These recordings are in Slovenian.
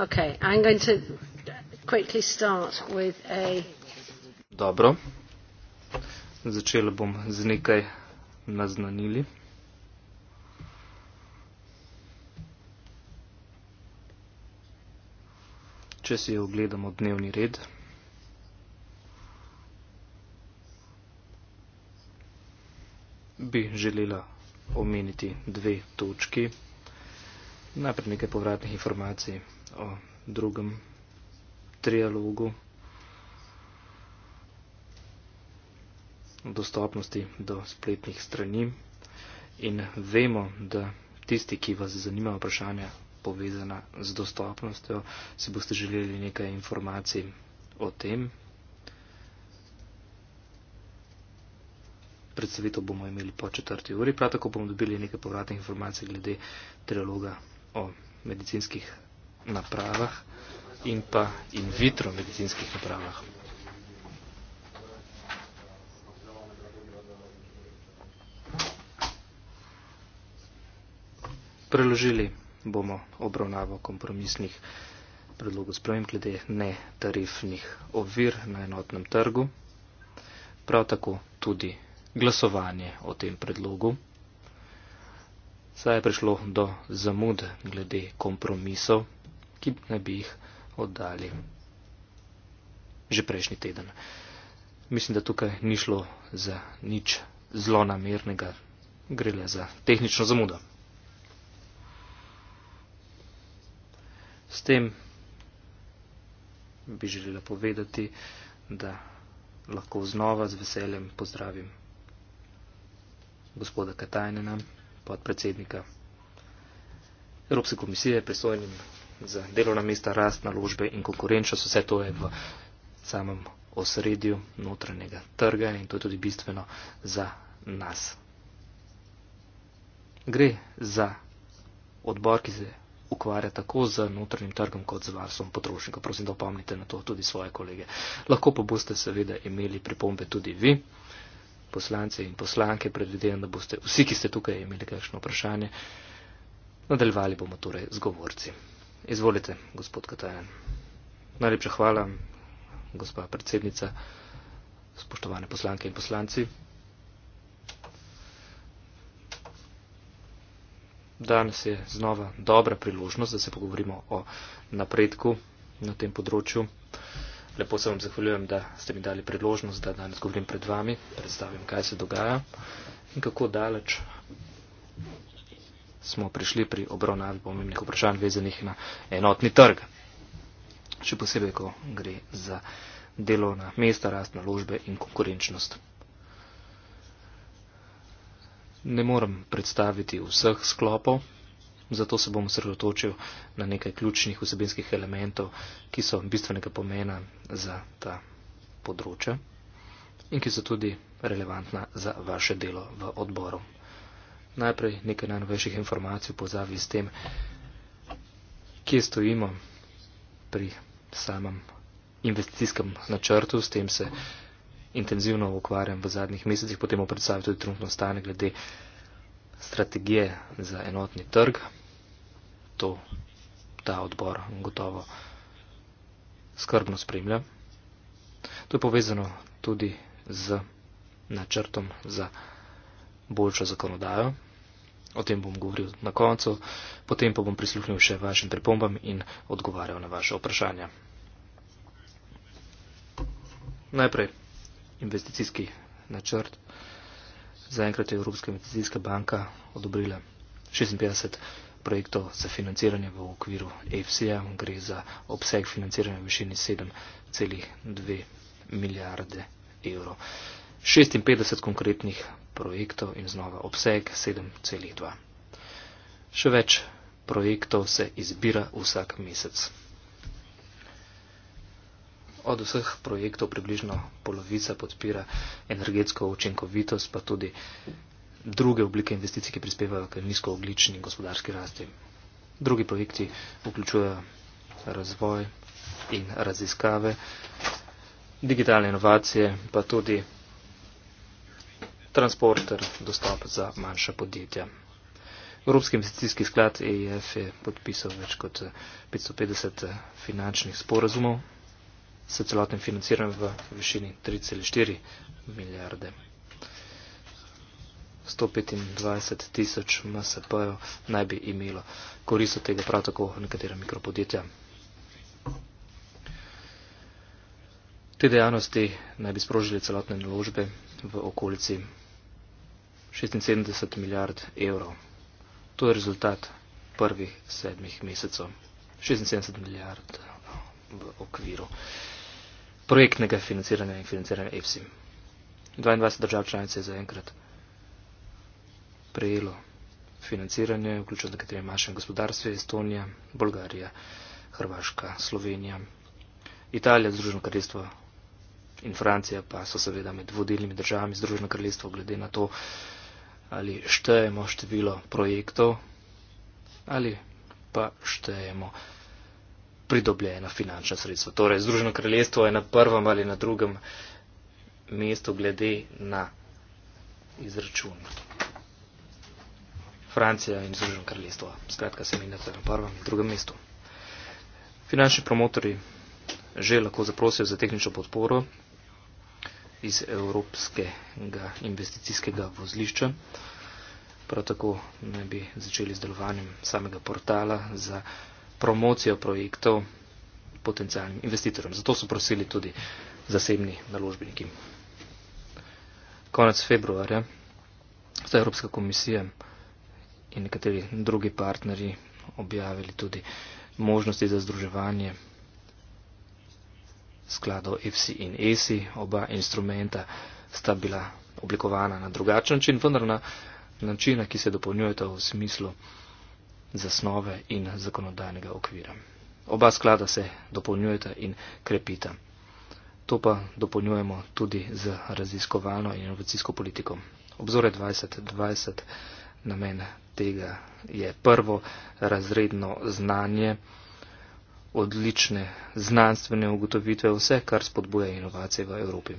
Okay, I'm going to quickly start with a... Dobro. Začela bom z nekaj naznanili. Če si ogledamo dnevni red, bi želela omeniti dve točki. Najprej nekaj povratnih informacij o drugem trialogu dostopnosti do spletnih strani in vemo, da tisti, ki vas zanima vprašanja povezana z dostopnostjo, si boste želeli nekaj informacij o tem. Predstavitev bomo imeli po četrti uri, prav tako bomo dobili nekaj povratnih informacij glede trialoga o medicinskih napravah in pa in vitro medicinskih napravah. Preložili bomo obravnavo kompromisnih predlogov spremem glede ne tarifnih ovir na enotnem trgu, prav tako tudi glasovanje o tem predlogu. Saj je prišlo do zamud glede kompromisov ki naj bi jih oddali že prejšnji teden. Mislim, da tukaj ni šlo za nič zlonamernega, gre le za tehnično zamudo. S tem bi želela povedati, da lahko znova z veseljem pozdravim gospoda Katajnena, podpredsednika Evropske komisije, pristojnim za delovna mesta, rast, naložbe in konkurenčnost. Vse to je v samem osredju notranjega trga in to je tudi bistveno za nas. Gre za odbor, ki se ukvarja tako z notranjim trgom kot z varstvom potrošnikov. Prosim, da opomnite na to tudi svoje kolege. Lahko pa boste seveda imeli pripombe tudi vi, poslance in poslanke. Predvidevam, da boste vsi, ki ste tukaj, imeli kakšno vprašanje. Nadaljevali bomo torej z govorci. Izvolite, gospod Katajan. Najlepša hvala, gospa predsednica, spoštovane poslanke in poslanci. Danes je znova dobra priložnost, da se pogovorimo o napredku na tem področju. Lepo se vam zahvaljujem, da ste mi dali priložnost, da danes govorim pred vami, predstavim, kaj se dogaja in kako daleč smo prišli pri obravnavi pomembnih vprašanj vezanih na enotni trg. Še posebej, ko gre za delovna mesta, rast naložbe in konkurenčnost. Ne moram predstaviti vseh sklopov, zato se bom sredotočil na nekaj ključnih vsebinskih elementov, ki so bistvenega pomena za ta področja in ki so tudi relevantna za vaše delo v odboru najprej nekaj najnovejših informacij v pozavi s tem, kje stojimo pri samem investicijskem načrtu, s tem se intenzivno ukvarjam v zadnjih mesecih, potem bo predstavil tudi trenutno stanje glede strategije za enotni trg. To ta odbor gotovo skrbno spremlja. To je povezano tudi z načrtom za boljšo zakonodajo. O tem bom govoril na koncu, potem pa bom prisluhnil še vašim pripombam in odgovarjal na vaše vprašanja. Najprej investicijski načrt. Zaenkrat je Evropska investicijska banka odobrila 56 projektov za financiranje v okviru EFSI-ja. Gre za obseg financiranja v višini 7,2 milijarde evrov. 56 konkretnih projektov in znova obseg 7,2. Še več projektov se izbira vsak mesec. Od vseh projektov približno polovica podpira energetsko učinkovitost, pa tudi druge oblike investicij, ki prispevajo k nizkooglični gospodarski rasti. Drugi projekti vključujejo razvoj in raziskave, digitalne inovacije, pa tudi transporter, dostop za manjša podjetja. Evropski investicijski sklad EIF je podpisal več kot 550 eh, eh, finančnih sporazumov s celotnim financiranjem v višini 3,4 milijarde. 125 tisoč MSP-jev naj bi imelo korist od tega prav tako nekatera mikropodjetja. Te dejavnosti naj bi sprožili celotne naložbe v okolici 76 milijard evrov. To je rezultat prvih sedmih mesecev. 76 milijard eh, v okviru projektnega financiranja in financiranja EPSI. 22 držav članice je zaenkrat prejelo financiranje, vključno nekaterim manjšim gospodarstvom, Estonija, Bolgarija, Hrvaška, Slovenija, Italija, Združeno kraljestvo, in Francija pa so seveda med vodilnimi državami Združeno kraljestvo glede na to, ali štejemo število projektov ali pa štejemo pridobljena finančna sredstva. Torej, Združeno kraljestvo je na prvem ali na drugem mestu glede na izračun. Francija in Združeno kraljestvo. Skratka, se menjate na prvem in drugem mestu. Finančni promotori že lahko zaprosijo za tehnično podporo iz Evropskega investicijskega vozlišča. Prav tako naj bi začeli z delovanjem samega portala za promocijo projektov potencijalnim investitorjem. Zato so prosili tudi zasebni naložbeniki. Konec februarja sta Evropska komisija in nekateri drugi partnerji objavili tudi možnosti za združevanje skladov EFSI in ESI. Oba instrumenta sta bila oblikovana na drugačen način, vendar na načina, ki se dopolnjujeta v smislu zasnove in zakonodajnega okvira. Oba sklada se dopolnjujeta in krepita. To pa dopolnjujemo tudi z raziskovalno in inovacijsko politiko. Obzore 2020 namen tega je prvo razredno znanje odlične znanstvene ugotovitve, vse, kar spodbuja inovacije v Evropi.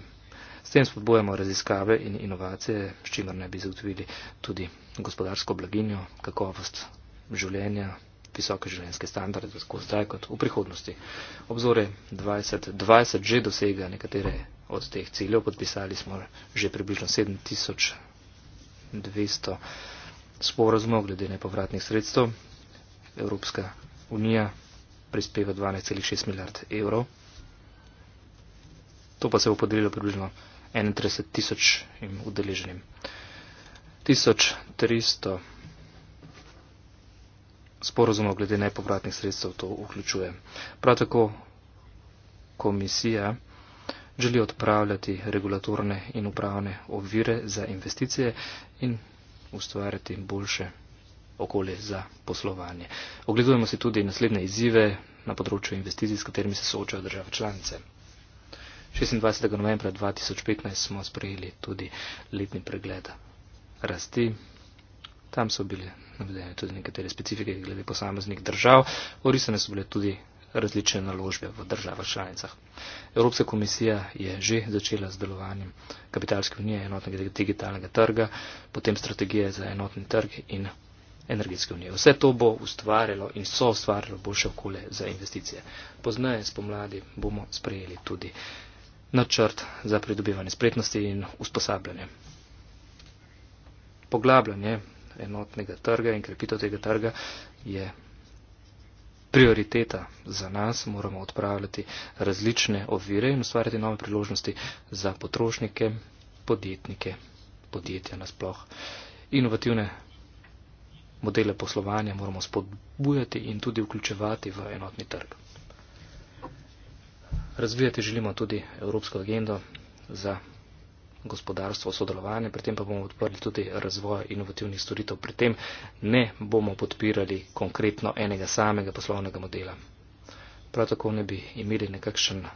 S tem spodbujamo raziskave in inovacije, s čimer naj bi zagotovili tudi gospodarsko blaginjo, kakovost življenja, visoke življenjske standarde, tako zdaj kot v prihodnosti. Obzore 2020 že dosega nekatere od teh ciljev, podpisali smo že približno 7200 sporozumov glede nepovratnih sredstev. Evropska unija prispeva 12,6 milijard evrov. To pa se bo podelilo približno 31 tisoč in udeleženim. 1300 sporozumov glede nepovratnih sredstev to vključuje. Prav tako komisija želi odpravljati regulatorne in upravne ovire za investicije in ustvarjati boljše okolje za poslovanje. Ogledujemo si tudi naslednje izzive na področju investicij, s katerimi se soočajo države članice. 26. novembra 2015 smo sprejeli tudi letni pregled rasti. Tam so bile navedene tudi nekatere specifike glede posameznih držav. Orisane so bile tudi različne naložbe v državah članicah. Evropska komisija je že začela z delovanjem kapitalske unije enotnega digitalnega trga, potem strategije za enotni trg in energetske unije. Vse to bo ustvarjalo in so ustvarjalo boljše okolje za investicije. Poznaje spomladi bomo sprejeli tudi načrt za pridobivanje spretnosti in usposabljanje. Poglabljanje enotnega trga in krepitev tega trga je prioriteta za nas. Moramo odpravljati različne ovire in ustvarjati nove priložnosti za potrošnike, podjetnike, podjetja nasploh. Inovativne modele poslovanja moramo spodbujati in tudi vključevati v enotni trg. Razvijati želimo tudi evropsko agendo za gospodarstvo, sodelovanje, pri tem pa bomo odprli tudi razvoj inovativnih storitev. Pri tem ne bomo podpirali konkretno enega samega poslovnega modela. Prav tako ne bi imeli nekakšen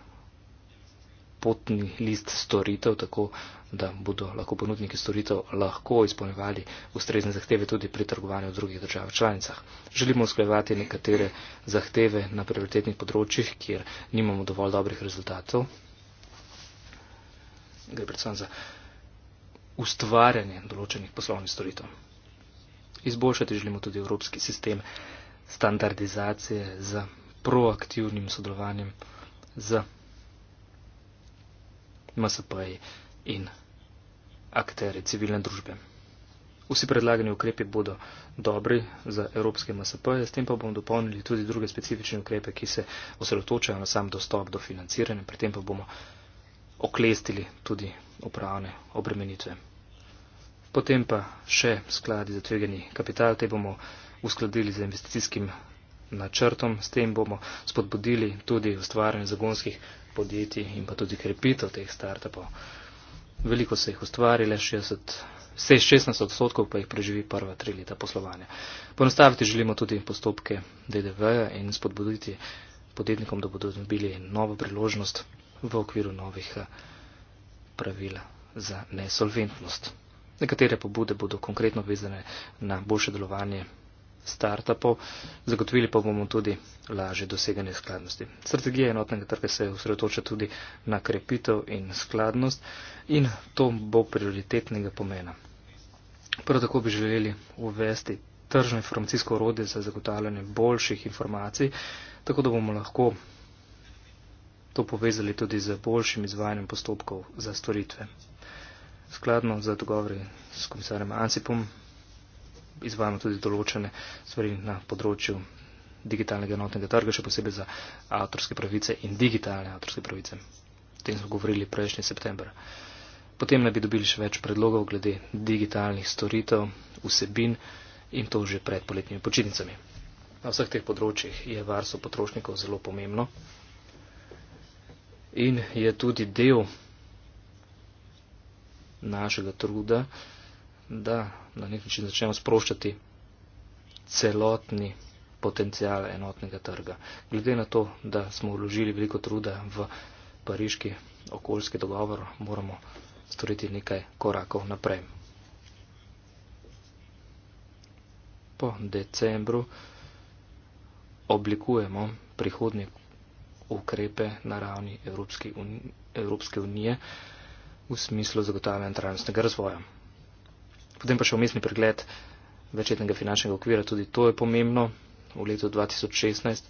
potni list storitev, tako da bodo lahko ponudniki storitev lahko izpolnjevali ustrezne zahteve tudi pri trgovanju v drugih držav članicah. Želimo usklajevati nekatere zahteve na prioritetnih področjih, kjer nimamo dovolj dobrih rezultatov. Gre predvsem za ustvarjanje določenih poslovnih storitev. Izboljšati želimo tudi evropski sistem standardizacije z proaktivnim sodelovanjem z MSP-ji in akteri civilne družbe. Vsi predlagani ukrepi bodo dobri za evropske MSP-je, s tem pa bomo dopolnili tudi druge specifične ukrepe, ki se osredotočajo na sam dostop do financiranja, pri tem pa bomo oklestili tudi upravne obremenitve. Potem pa še skladi za tvegani kapital, te bomo uskladili z investicijskim načrtom. S tem bomo spodbudili tudi ustvarjanje zagonskih podjetij in pa tudi krepitev teh startupov. Veliko se jih ustvari, le 60, 16 odstotkov pa jih preživi prva tri leta poslovanja. Ponastaviti želimo tudi postopke DDV-ja in spodbuditi podjetnikom, da bodo dobili novo priložnost v okviru novih eh, pravila za nesolventnost. Nekatere pobude bodo konkretno vezane na boljše delovanje startupov, zagotovili pa bomo tudi laže doseganje skladnosti. Strategija enotnega trga se usredotoča tudi na krepitev in skladnost in to bo prioritetnega pomena. Prav tako bi želeli uvesti tržno informacijsko orodje za zagotavljanje boljših informacij, tako da bomo lahko to povezali tudi z boljšim izvajanjem postopkov za storitve. Skladno za dogovori s komisarjem Ansipom izvajamo tudi določene stvari na področju digitalnega enotnega trga, še posebej za avtorske pravice in digitalne avtorske pravice. O tem smo govorili prejšnji september. Potem naj bi dobili še več predlogov glede digitalnih storitev, vsebin in to že pred poletnimi počitnicami. Na vseh teh področjih je varstvo potrošnikov zelo pomembno in je tudi del našega truda, da na nek način začnemo sproščati celotni potencijal enotnega trga. Glede na to, da smo vložili veliko truda v pariški okoljski dogovor, moramo storiti nekaj korakov naprej. Po decembru oblikujemo prihodnje ukrepe na ravni Evropske unije v smislu zagotavljanja trajnostnega razvoja. Potem pa še umestni pregled večletnega finančnega okvira, tudi to je pomembno v letu 2016.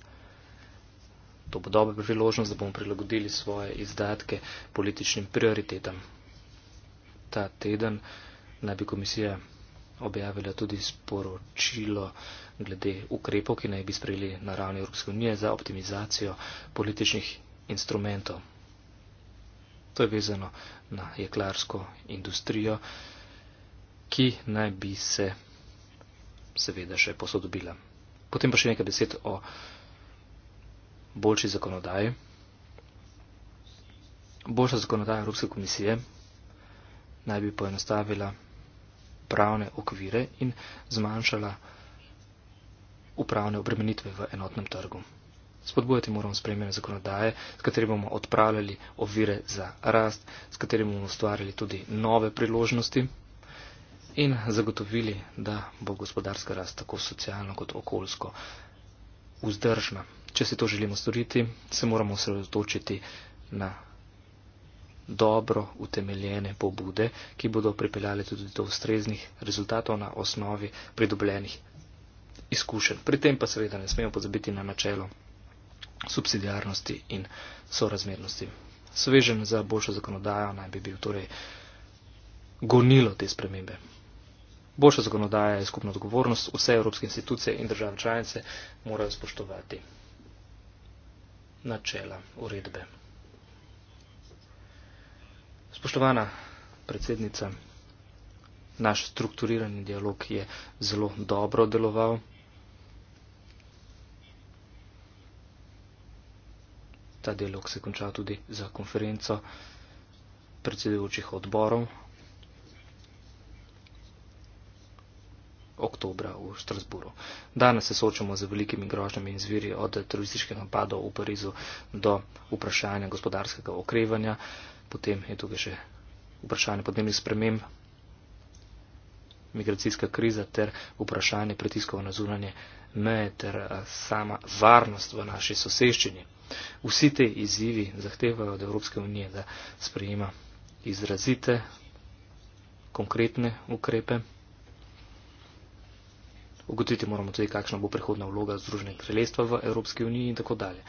To bo dobra priložnost, da bomo prilagodili svoje izdatke političnim prioritetam. Ta teden naj bi komisija objavila tudi sporočilo glede ukrepov, ki naj bi sprejeli na ravni Evropske unije za optimizacijo političnih instrumentov. To je vezano na jeklarsko industrijo ki naj bi se seveda še posodobila. Potem pa še nekaj besed o boljši zakonodaji. Boljša zakonodaja Evropske komisije naj bi poenostavila pravne okvire in zmanjšala upravne obremenitve v enotnem trgu. Spodbujati moramo spremljene zakonodaje, s katerimi bomo odpravljali ovire za rast, s katerimi bomo ustvarjali tudi nove priložnosti in zagotovili, da bo gospodarska rast tako socialno kot okoljsko vzdržna. Če se to želimo storiti, se moramo osredotočiti na dobro utemeljene pobude, ki bodo pripeljale tudi do ustreznih rezultatov na osnovi pridobljenih izkušenj. Pri tem pa seveda ne smemo pozabiti na načelo subsidijarnosti in sorazmernosti. Svežen za boljšo zakonodajo naj bi bil torej gonilo te spremembe. Boljša zakonodaja je skupna odgovornost, vse evropske institucije in države članice morajo spoštovati načela uredbe. Spoštovana predsednica, naš strukturirani dialog je zelo dobro deloval. Ta dialog se je končal tudi za konferenco predsedujočih odborov. oktobra v Štrasburu. Danes se soočamo z velikimi grožnjami in zviri od terorističkih napadov v Parizu do vprašanja gospodarskega okrevanja, potem je tukaj še vprašanje podnebnih sprememb, migracijska kriza ter vprašanje pritiskov na zunanje meje ter eh, sama varnost v naši soseščini. Vsi te izzivi zahtevajo od Evropske unije, da sprejema izrazite konkretne ukrepe. Ugotoviti moramo tudi, kakšna bo prihodna vloga Združenih kraljestva v Evropski uniji in tako dalje.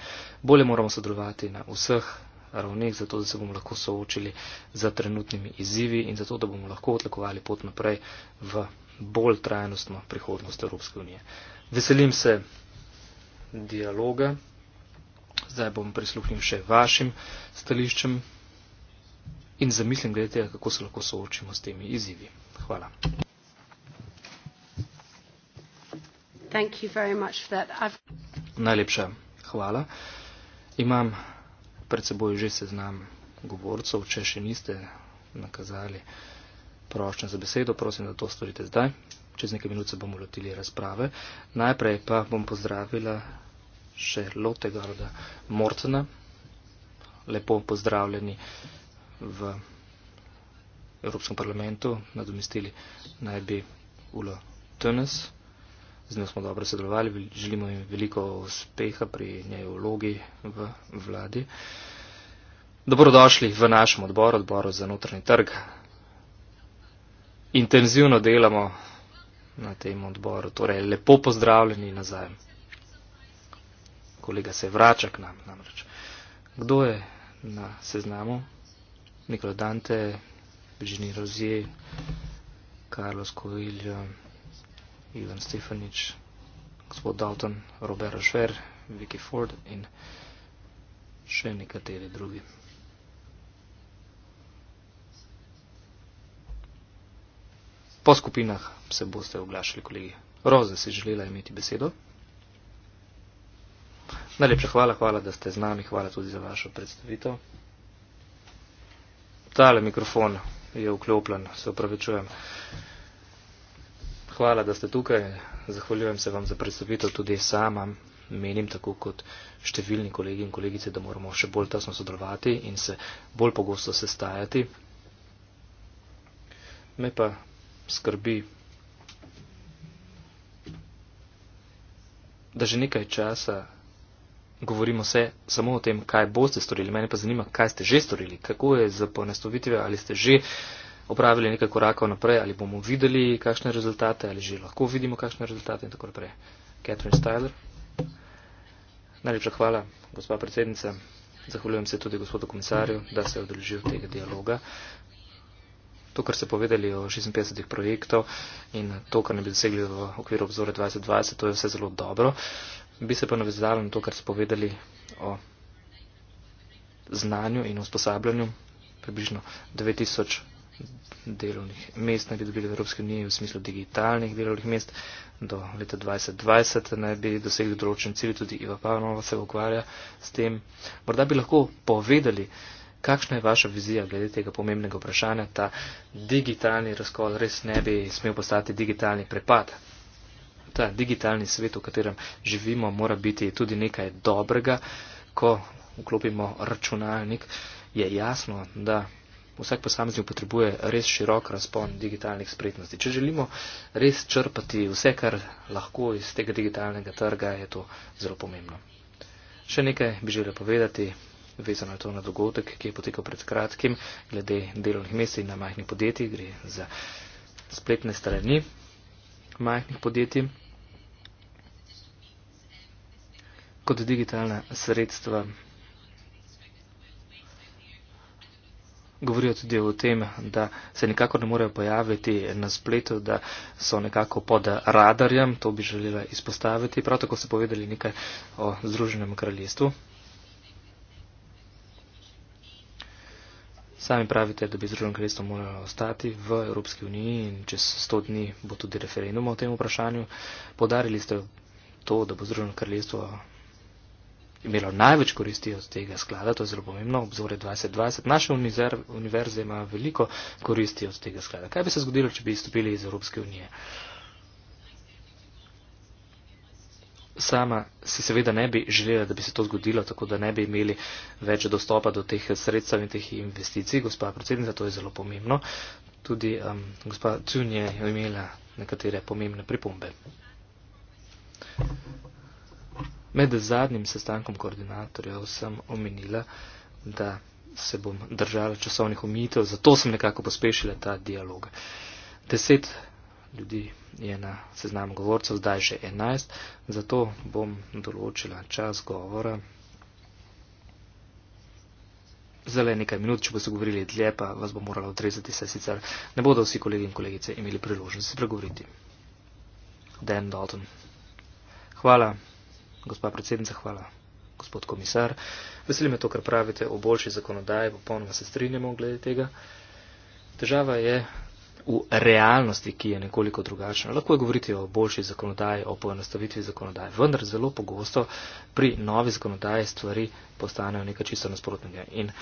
Bolje moramo sodelovati na vseh ravneh, zato da se bomo lahko soočili z trenutnimi izzivi in zato da bomo lahko odlakovali pot naprej v bolj trajnostno prihodnost Evropske unije. Veselim se dialoga. Zdaj bom prisluhnil še vašim stališčem in zamislim glede tega, kako se lahko soočimo s temi izzivi. Hvala. Thank you very much for that. I've... Najlepša hvala. Imam pred seboj že seznam govorcev, če še niste nakazali prošnje za besedo, prosim, da to storite zdaj. Čez nekaj minut se bomo lotili razprave. Najprej pa bom pozdravila še Lotegarda Mortena. Lepo pozdravljeni v Evropskem parlamentu. Nadomestili naj bi Ulo Tönes z njo smo dobro sodelovali, želimo jim veliko uspeha pri njej vlogi v vladi. Dobrodošli v našem odboru, odboru za notranji trg. Intenzivno delamo na tem odboru, torej lepo pozdravljeni nazaj. Kolega se vrača k nam namreč. Kdo je na seznamu? Nikola Dante, Žini Rozije, Carlos Coelho, Ivan Stefanič, gospod Dalton, Robert Ošver, Vicky Ford in še nekateri drugi. Po skupinah se boste oglašali, kolegi. Roza si želela imeti besedo. Najlepša hvala, hvala, da ste z nami, hvala tudi za vašo predstavitev. Tale mikrofon je vklopljen, se upravičujem hvala, da ste tukaj. Zahvaljujem se vam za predstavitev tudi sama. Menim, tako kot številni kolegi in kolegice, da moramo še bolj tasno sodelovati in se bolj pogosto sestajati. Me pa skrbi, da že nekaj časa govorimo se samo o tem, kaj boste storili. Mene pa zanima, kaj ste že storili, kako je za ponestovitve, ali ste že uh, opravili nekaj korakov naprej, ali bomo videli kakšne rezultate, ali že lahko vidimo kakšne rezultate in tako naprej. Catherine Styler. Najlepša hvala, gospa predsednica. Zahvaljujem se tudi gospodu komisarju, da se je odložil tega dialoga. To, kar ste povedali o 56 projektov in to, kar ne bi dosegli v okviru obzore 2020, to je vse zelo dobro. Bi se pa navezalo na to, kar ste povedali o znanju in usposabljanju približno 9000 delovnih mest naj bi dobili v Evropski uniji v smislu digitalnih delovnih mest. Do leta 2020 naj bi dosegli določen cilj, tudi Iva Pavlova se ukvarja s tem. Morda bi lahko povedali, kakšna je vaša vizija glede tega pomembnega vprašanja, ta digitalni razkol res ne bi smel postati digitalni prepad. Ta digitalni svet, v katerem živimo, mora biti tudi nekaj dobrega, ko vklopimo računalnik, je jasno, da vsak posameznik potrebuje res širok razpon digitalnih spretnosti. Če želimo res črpati vse, kar lahko iz tega digitalnega trga, je to zelo pomembno. Še nekaj bi želel povedati, vezano je to na dogodek, ki je potekal pred kratkim, glede delovnih mest in na majhnih podjetij, gre za spletne strani majhnih podjetij. Kot digitalna sredstva govorijo tudi o tem, da se nekako ne morejo pojaviti na spletu, da so nekako pod radarjem, to bi želela izpostaviti. Prav tako so povedali nekaj o Združenem kraljestvu. Sami pravite, da bi Združeno kraljestvo moralo ostati v Evropski uniji in čez 100 dni bo tudi referendum o tem vprašanju. Podarili ste to, da bo Združeno kraljestvo imelo največ koristi od tega sklada, to je zelo pomembno, obzore 2020. Naše univerze ima veliko koristi od tega sklada. Kaj bi se zgodilo, če bi izstopili iz Evropske unije? Sama si seveda ne bi želela, da bi se to zgodilo, tako da ne bi imeli več dostopa do teh sredstev in teh investicij. Gospa predsednica, to je zelo pomembno. Tudi um, gospa Cunje je imela nekatere pomembne pripombe. Med zadnjim sestankom koordinatorjev sem omenila, da se bom držala časovnih omitev, zato sem nekako pospešila ta dialog. Deset ljudi je na seznamu govorcev, zdaj že enajst, zato bom določila čas govora. Zdaj nekaj minut, če boste govorili dlje, pa vas bo morala odrezati, saj sicer ne bodo vsi kolegi in kolegice imeli priložnost se pregovoriti. Dan Dalton. Hvala. Gospa predsednica, hvala. Gospod komisar, veseli me to, kar pravite o boljši zakonodaji, popolnoma se strinjamo glede tega. Težava je v realnosti, ki je nekoliko drugačna. Lahko je govoriti o boljši zakonodaji, o poenostavitvi zakonodaje, vendar zelo pogosto pri novi zakonodaji stvari postanejo nekaj čisto nasprotnega. In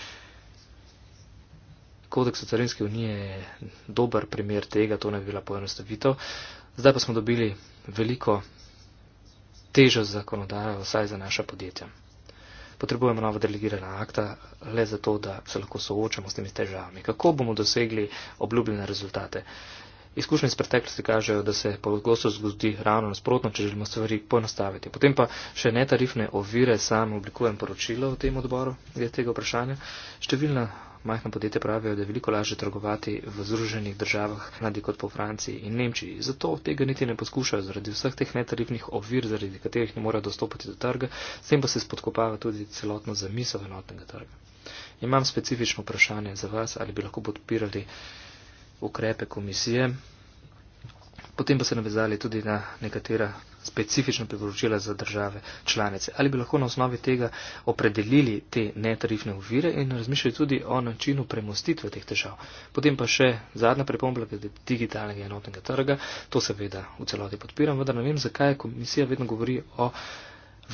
kodeks carinske unije je dober primer tega, to ne bi bila poenostavitev. Zdaj pa smo dobili veliko težo zakonodajo, vsaj za naša podjetja. Potrebujemo nova delegirana akta le zato, da se lahko soočamo s temi težavami. Kako bomo dosegli obljubljene rezultate? Izkušnje iz preteklosti kažejo, da se pogosto zgodi ravno nasprotno, če želimo stvari poenostaviti. Potem pa še netarifne ovire, sam oblikujem poročilo v tem odboru, glede tega vprašanja. Številna majhne podjetje pravijo, da je veliko lažje trgovati v Združenih državah, mladi kot po Franciji in Nemčiji. Zato tega niti ne poskušajo, zaradi vseh teh netarifnih ovir, zaradi katerih ne morejo dostopati do trga, s tem pa se spodkopava tudi celotno zamisel enotnega trga. Imam specifično vprašanje za vas, ali bi lahko podpirali ukrepe komisije. Potem pa se navezali tudi na nekatera specifična priporočila za države članice. Ali bi lahko na osnovi tega opredelili te netarifne uvire in razmišljali tudi o načinu premostitve teh težav. Potem pa še zadnja pripomba glede digitalnega enotnega trga. To seveda v celoti podpiram, vendar ne vem, zakaj komisija vedno govori o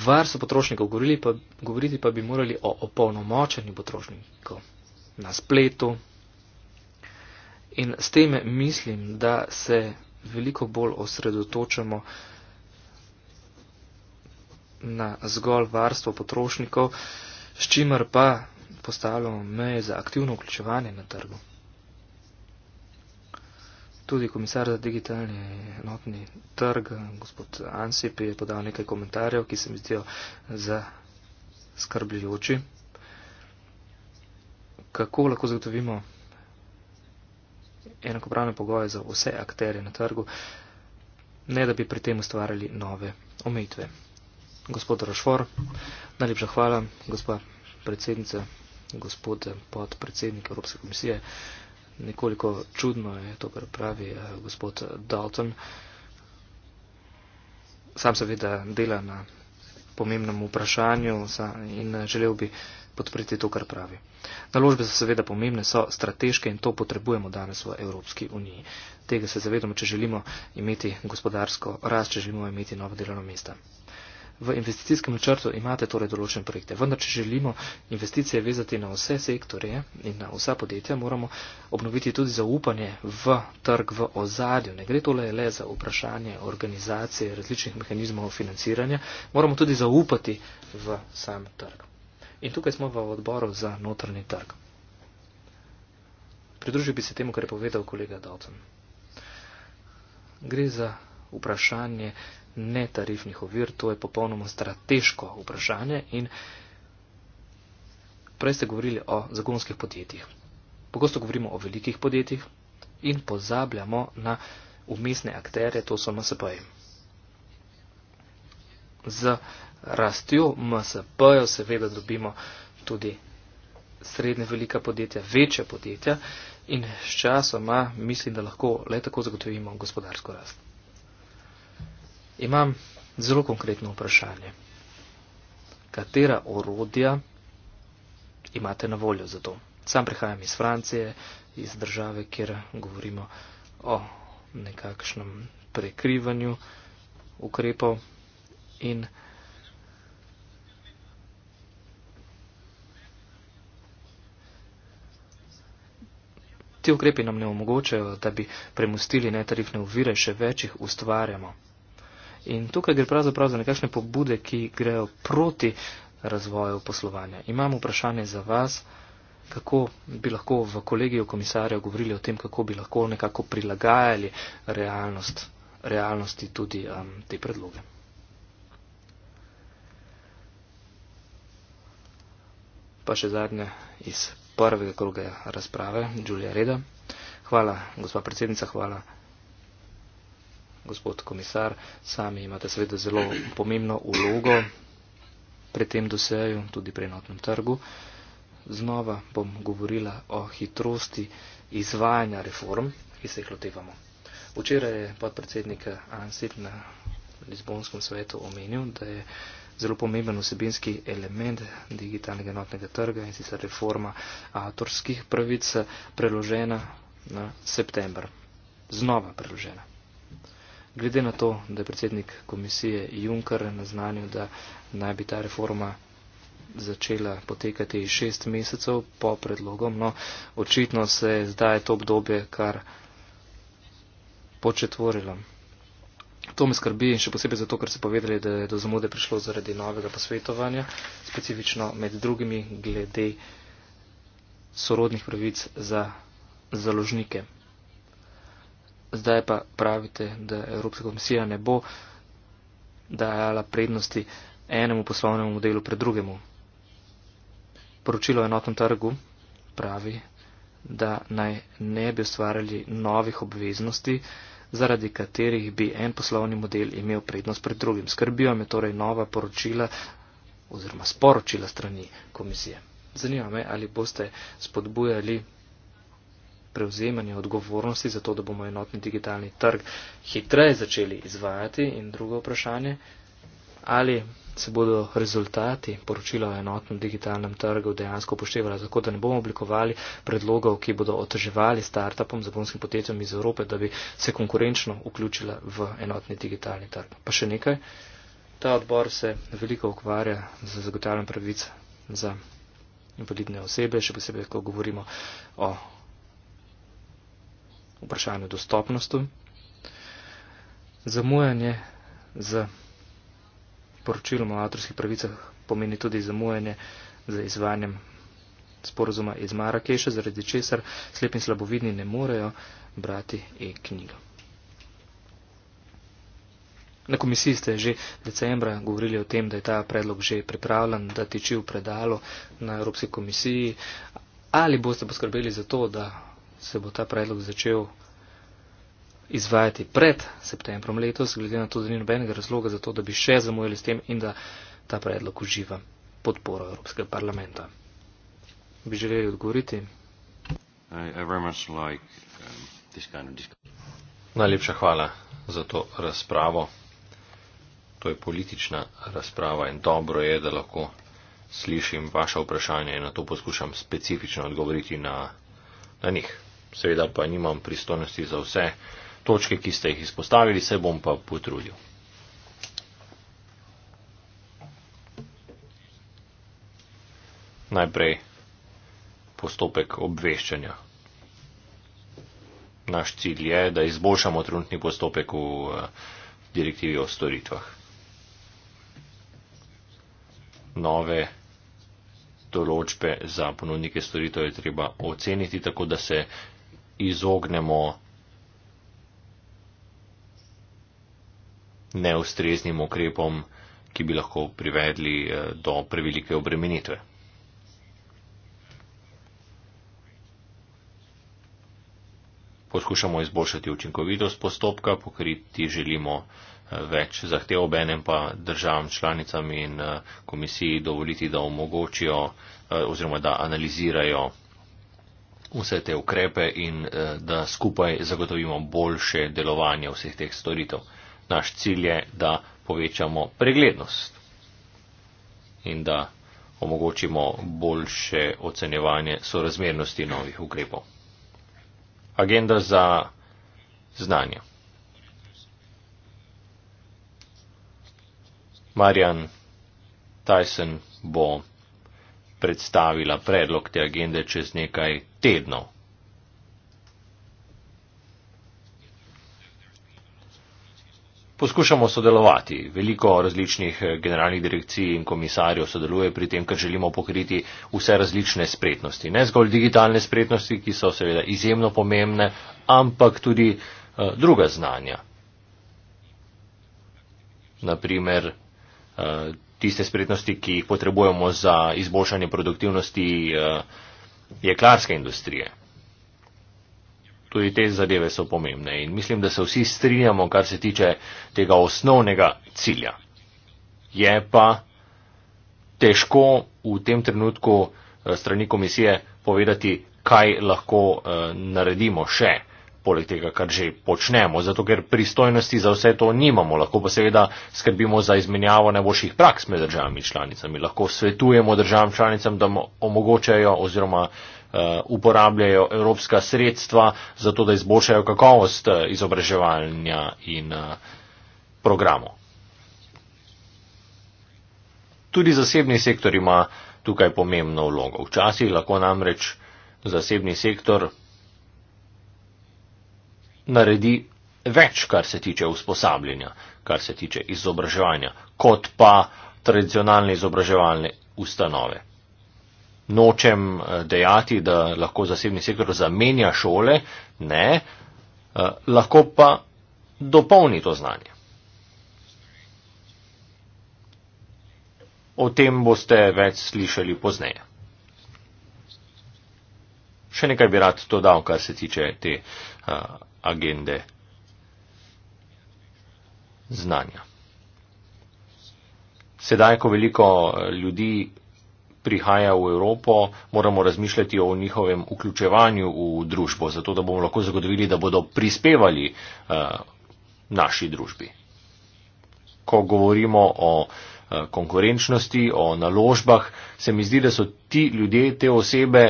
varstvu potrošnikov. Pa, govoriti pa bi morali o opolnomočenju potrošnikov na spletu. In s tem mislim, da se veliko bolj osredotočamo na zgolj varstvo potrošnikov, s čimer pa postavljamo meje za aktivno vključevanje na trgu. Tudi komisar za digitalni enotni trg, gospod Ansip, je podal nekaj komentarjev, ki se mi zdijo za skrbljujoči. Kako lahko zagotovimo enakopravne pogoje za vse akterje na trgu, ne da bi pri tem ustvarjali nove omejitve gospod Rašvor, najlepša hvala, gospa predsednica, gospod podpredsednik Evropske komisije. Nekoliko čudno je to, kar pravi eh, gospod Dalton. Sam seveda dela na pomembnem vprašanju in želel bi podpreti to, kar pravi. Naložbe so seveda pomembne, so strateške in to potrebujemo danes v Evropski uniji. Tega se zavedamo, če želimo imeti gospodarsko rast, če želimo imeti nove delovne mesta v investicijskem načrtu imate torej določen projekte. Vendar, če želimo investicije vezati na vse sektorje in na vsa podjetja, moramo obnoviti tudi zaupanje v trg v ozadju. Ne gre tole le za vprašanje organizacije različnih mehanizmov financiranja, moramo tudi zaupati v sam trg. In tukaj smo v odboru za notrni trg. Pridružil bi se temu, kar je povedal kolega Dalton. Gre za vprašanje netarifnih ovir, to je popolnoma strateško vprašanje in prej ste govorili o zagonskih podjetjih. Pogosto govorimo o velikih podjetjih in pozabljamo na umestne akterje, to so MSP-ji. Z rastjo MSP-jo seveda dobimo tudi srednje velika podjetja, večja podjetja in s časoma mislim, da lahko le tako zagotovimo gospodarsko rast. Imam zelo konkretno vprašanje. Katera orodja imate na voljo za to? Sam prihajam iz Francije, iz države, kjer govorimo o nekakšnem prekrivanju ukrepov in Ti ukrepi nam ne omogočajo, da bi premustili netarifne uvire, še večjih ustvarjamo. In tukaj gre pravzaprav za nekakšne pobude, ki grejo proti razvoju poslovanja. Imam vprašanje za vas, kako bi lahko v kolegiju komisarja govorili o tem, kako bi lahko nekako prilagajali realnost, realnosti tudi um, te predloge. Pa še zadnje iz prvega kroga razprave, Julija Reda. Hvala, gospod predsednica, hvala gospod komisar, sami imate seveda zelo pomembno ulogo pri tem doseju, tudi pri enotnem trgu. Znova bom govorila o hitrosti izvajanja reform, ki se jih lotevamo. Včeraj je podpredsednik Ansip na Lizbonskem svetu omenil, da je zelo pomemben osebinski element digitalnega enotnega trga in sicer reforma avtorskih pravic preložena na september. Znova preložena. Glede na to, da je predsednik komisije Juncker naznanil, da naj bi ta reforma začela potekati šest mesecev po predlogom, no očitno se je zdaj to obdobje kar početvorilo. To me skrbi in še posebej zato, ker so povedali, da je do zamude prišlo zaradi novega posvetovanja, specifično med drugimi glede sorodnih pravic za založnike zdaj pa pravite, da Evropska komisija ne bo dajala prednosti enemu poslovnemu modelu pred drugemu. Poročilo o enotnem trgu pravi, da naj ne bi ustvarjali novih obveznosti, zaradi katerih bi en poslovni model imel prednost pred drugim. Skrbijo me torej nova poročila oziroma sporočila strani komisije. Zanima me, ali boste spodbujali prevzemanje odgovornosti za to, da bomo enotni digitalni trg hitreje začeli izvajati in drugo vprašanje, ali se bodo rezultati poročila o enotnem digitalnem trgu dejansko upoštevali, tako da ne bomo oblikovali predlogov, ki bodo oteževali startupom, zagonskim podjetjem iz Evrope, da bi se konkurenčno vključila v enotni digitalni trg. Pa še nekaj, ta odbor se veliko ukvarja z zagotavljanjem pravic za invalidne osebe, še posebej, ko govorimo o vprašanju dostopnosti, zamujanje z poročilom o avtorskih pravicah pomeni tudi zamujanje z izvanjem sporozuma iz Marakeša, zaradi česar slepi in slabovidni ne morejo brati e-knjigo. Na komisiji ste že decembra govorili o tem, da je ta predlog že pripravljen, da tiči v predalo na Evropski komisiji. Ali boste poskrbeli za to, da se bo ta predlog začel izvajati pred septembrom letos, glede na to, da ni nobenega razloga za to, da bi še zamujali s tem in da ta predlog uživa podporo Evropskega parlamenta. Bi želeli odgovoriti? Um, Najlepša hvala za to razpravo. To je politična razprava in dobro je, da lahko slišim vaše vprašanje in na to poskušam specifično odgovoriti na, na njih seveda pa nimam pristojnosti za vse točke, ki ste jih izpostavili, se bom pa potrudil. Najprej postopek obveščanja. Naš cilj je, da izboljšamo trenutni postopek v eh, direktivi o storitvah. Nove določbe za ponudnike storitev je treba oceniti tako, da se izognemo neustreznim ukrepom, ki bi lahko privedli eh, do prevelike obremenitve. Poskušamo izboljšati učinkovitost postopka, pokriti želimo eh, več zahtev ob enem pa državam članicam in eh, komisiji dovoliti, da omogočijo oziroma da analizirajo vse te ukrepe in eh, da skupaj zagotovimo boljše delovanje vseh teh storitev. Naš cilj je, da povečamo preglednost in da omogočimo boljše ocenjevanje sorazmernosti novih ukrepov. Agenda za znanje. Marjan Tyson bo predstavila predlog te agende čez nekaj tednov. Poskušamo sodelovati. Veliko različnih eh, generalnih direkcij in komisarjev sodeluje pri tem, ker želimo pokriti vse različne spretnosti. Ne zgolj digitalne spretnosti, ki so seveda izjemno pomembne, ampak tudi uh, druga znanja. Naprimer, uh, eh, tiste spretnosti, ki jih potrebujemo za izboljšanje produktivnosti uh, jeklarske industrije. Tudi te zadeve so pomembne in mislim, da se vsi strinjamo, kar se tiče tega osnovnega cilja. Je pa težko v tem trenutku eh, strani komisije povedati, kaj lahko uh, naredimo še poleg tega, kar že počnemo, zato ker pristojnosti za vse to nimamo, lahko pa seveda skrbimo za izmenjavo najboljših praks med državami članicami, lahko svetujemo državam članicam, da omogočajo oziroma eh, uporabljajo evropska sredstva za to, da izboljšajo kakovost eh, izobraževanja in eh, programov. Tudi zasebni sektor ima tukaj pomembno vlogo. Včasih lahko namreč zasebni sektor naredi več, kar se tiče usposabljanja, kar se tiče izobraževanja, kot pa tradicionalne izobraževalne ustanove. Nočem eh, dejati, da lahko zasebni sektor zamenja šole, ne, eh, lahko pa dopolni to znanje. O tem boste več slišali pozneje še nekaj bi rad dodal, kar se tiče te uh, agende znanja. Sedaj, ko veliko ljudi prihaja v Evropo, moramo razmišljati o njihovem vključevanju v družbo, zato da bomo lahko zagotovili, da bodo prispevali uh, naši družbi. Ko govorimo o uh, konkurenčnosti, o naložbah, se mi zdi, da so ti ljudje, te osebe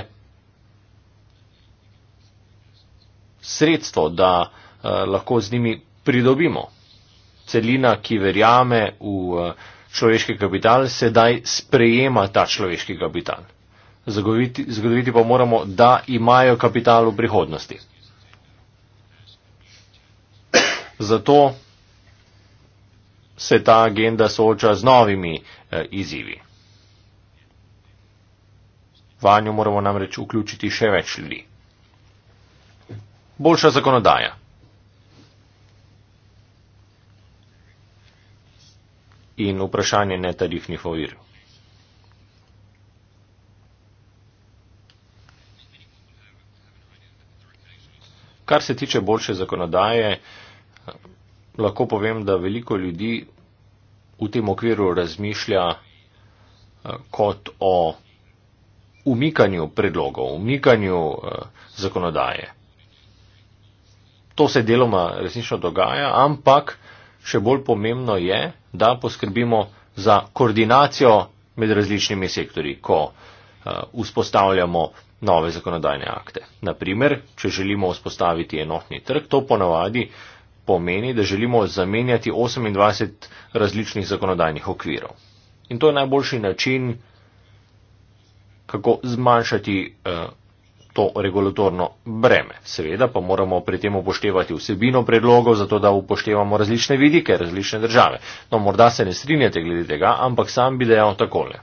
sredstvo, da eh, lahko z njimi pridobimo. Celina, ki verjame v eh, človeški kapital, sedaj sprejema ta človeški kapital. Zagoviti, zagoviti pa moramo, da imajo kapital v prihodnosti. Zato se ta agenda sooča z novimi eh, izzivi. Vanjo moramo namreč vključiti še več ljudi boljša zakonodaja. In vprašanje netarifnih ovir. Kar se tiče boljše zakonodaje, lahko povem, da veliko ljudi v tem okviru razmišlja eh, kot o umikanju predlogov, umikanju eh, zakonodaje to se deloma resnično dogaja, ampak še bolj pomembno je, da poskrbimo za koordinacijo med različnimi sektori, ko uh, vzpostavljamo nove zakonodajne akte. Naprimer, če želimo vzpostaviti enotni trg, to ponavadi pomeni, da želimo zamenjati 28 različnih zakonodajnih okvirov. In to je najboljši način, kako zmanjšati uh, to regulatorno breme. Seveda pa moramo pri tem upoštevati vsebino predlogov, zato da upoštevamo različne vidike, različne države. No, morda se ne strinjate glede tega, ampak sam bi dejal takole.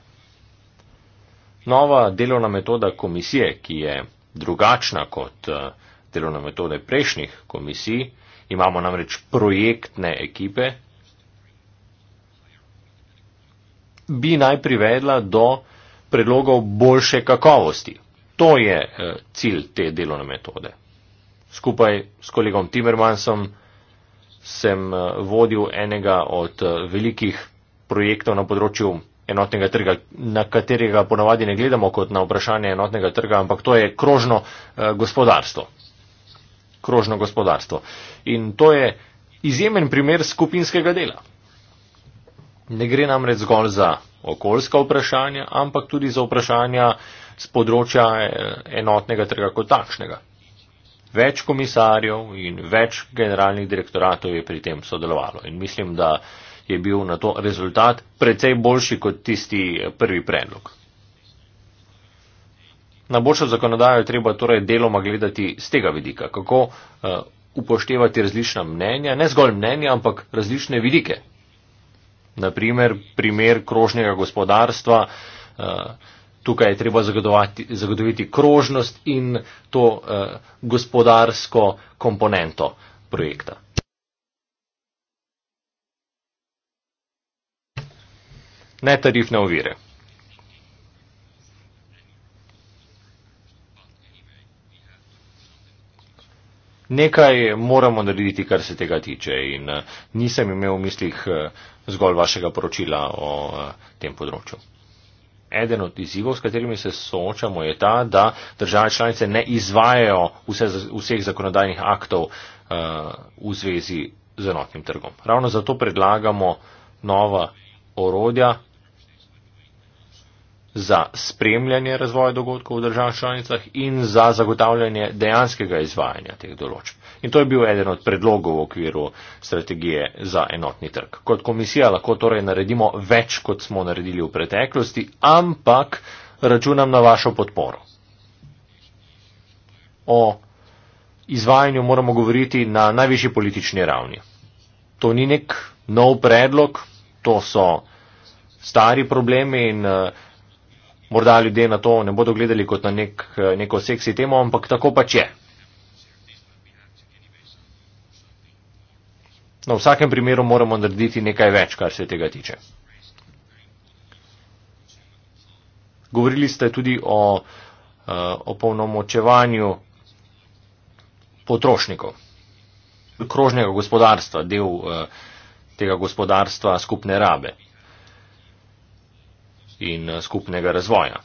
Nova delovna metoda komisije, ki je drugačna kot eh, delovne metode prejšnjih komisij, imamo namreč projektne ekipe, bi naj privedla do predlogov boljše kakovosti. To je eh, cilj te delovne metode. Skupaj s kolegom Timmermansom sem eh, vodil enega od eh, velikih projektov na področju enotnega trga, na katerega ponavadi ne gledamo kot na vprašanje enotnega trga, ampak to je krožno gospodarstvo. Krožno gospodarstvo. In to je izjemen primer skupinskega dela. Ne gre namreč zgolj za okoljska vprašanja, ampak tudi za vprašanja uh, s področja eh, enotnega trga kot takšnega. Več komisarjev in več generalnih direktoratov je pri tem sodelovalo in mislim, da je bil na to rezultat precej boljši kot tisti eh, prvi predlog. Na boljšo zakonodajo je treba torej deloma gledati z tega vidika, kako eh, upoštevati različna mnenja, ne zgolj mnenja, ampak različne vidike. Naprimer, primer krožnega gospodarstva. Uh, tukaj je treba zagotoviti krožnost in to eh, gospodarsko komponento projekta. Netarifne ovire. Nekaj moramo narediti, kar se tega tiče in eh, nisem imel v mislih eh, zgolj vašega poročila o eh, tem področju. Eden od izzivov, s katerimi se soočamo, je ta, da države članice ne izvajajo vse, vseh zakonodajnih aktov uh, v zvezi z enotnim trgom. Ravno zato predlagamo nova orodja za spremljanje razvoja dogodkov v državah članicah in za zagotavljanje dejanskega izvajanja teh določb. In to je bil eden od predlogov v okviru strategije za enotni trg. Kot komisija lahko torej naredimo več, kot smo naredili v preteklosti, ampak računam na vašo podporo. O izvajanju moramo govoriti na najvišji politični ravni. To ni nek nov predlog, to so stari problemi in eh, morda ljudje na to ne bodo gledali kot na nek, eh, neko seksi temo, ampak tako pač je. No, v vsakem primeru moramo narediti nekaj več, kar se tega tiče. Govorili ste tudi o eh, opolnomočevanju potrošnikov, krožnega gospodarstva, del eh, tega gospodarstva skupne rabe in eh, skupnega razvoja.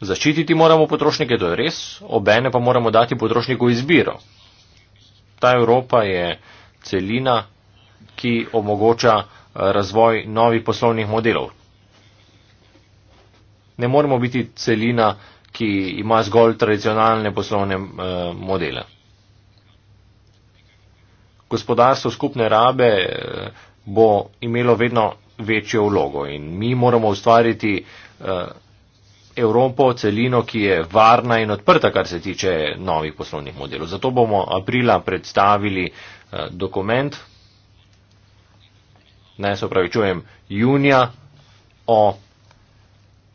Zaščititi moramo potrošnike, to je res, obene pa moramo dati potrošniku izbiro. Ta Evropa je celina, ki omogoča eh, razvoj novih poslovnih modelov. Ne moramo biti celina, ki ima zgolj tradicionalne poslovne eh, modele. Gospodarstvo skupne rabe eh, bo imelo vedno večjo vlogo in mi moramo ustvariti Evropo, celino, ki je varna in odprta, kar se tiče novih poslovnih modelov. Zato bomo aprila predstavili dokument, ne se opravičujem, junija o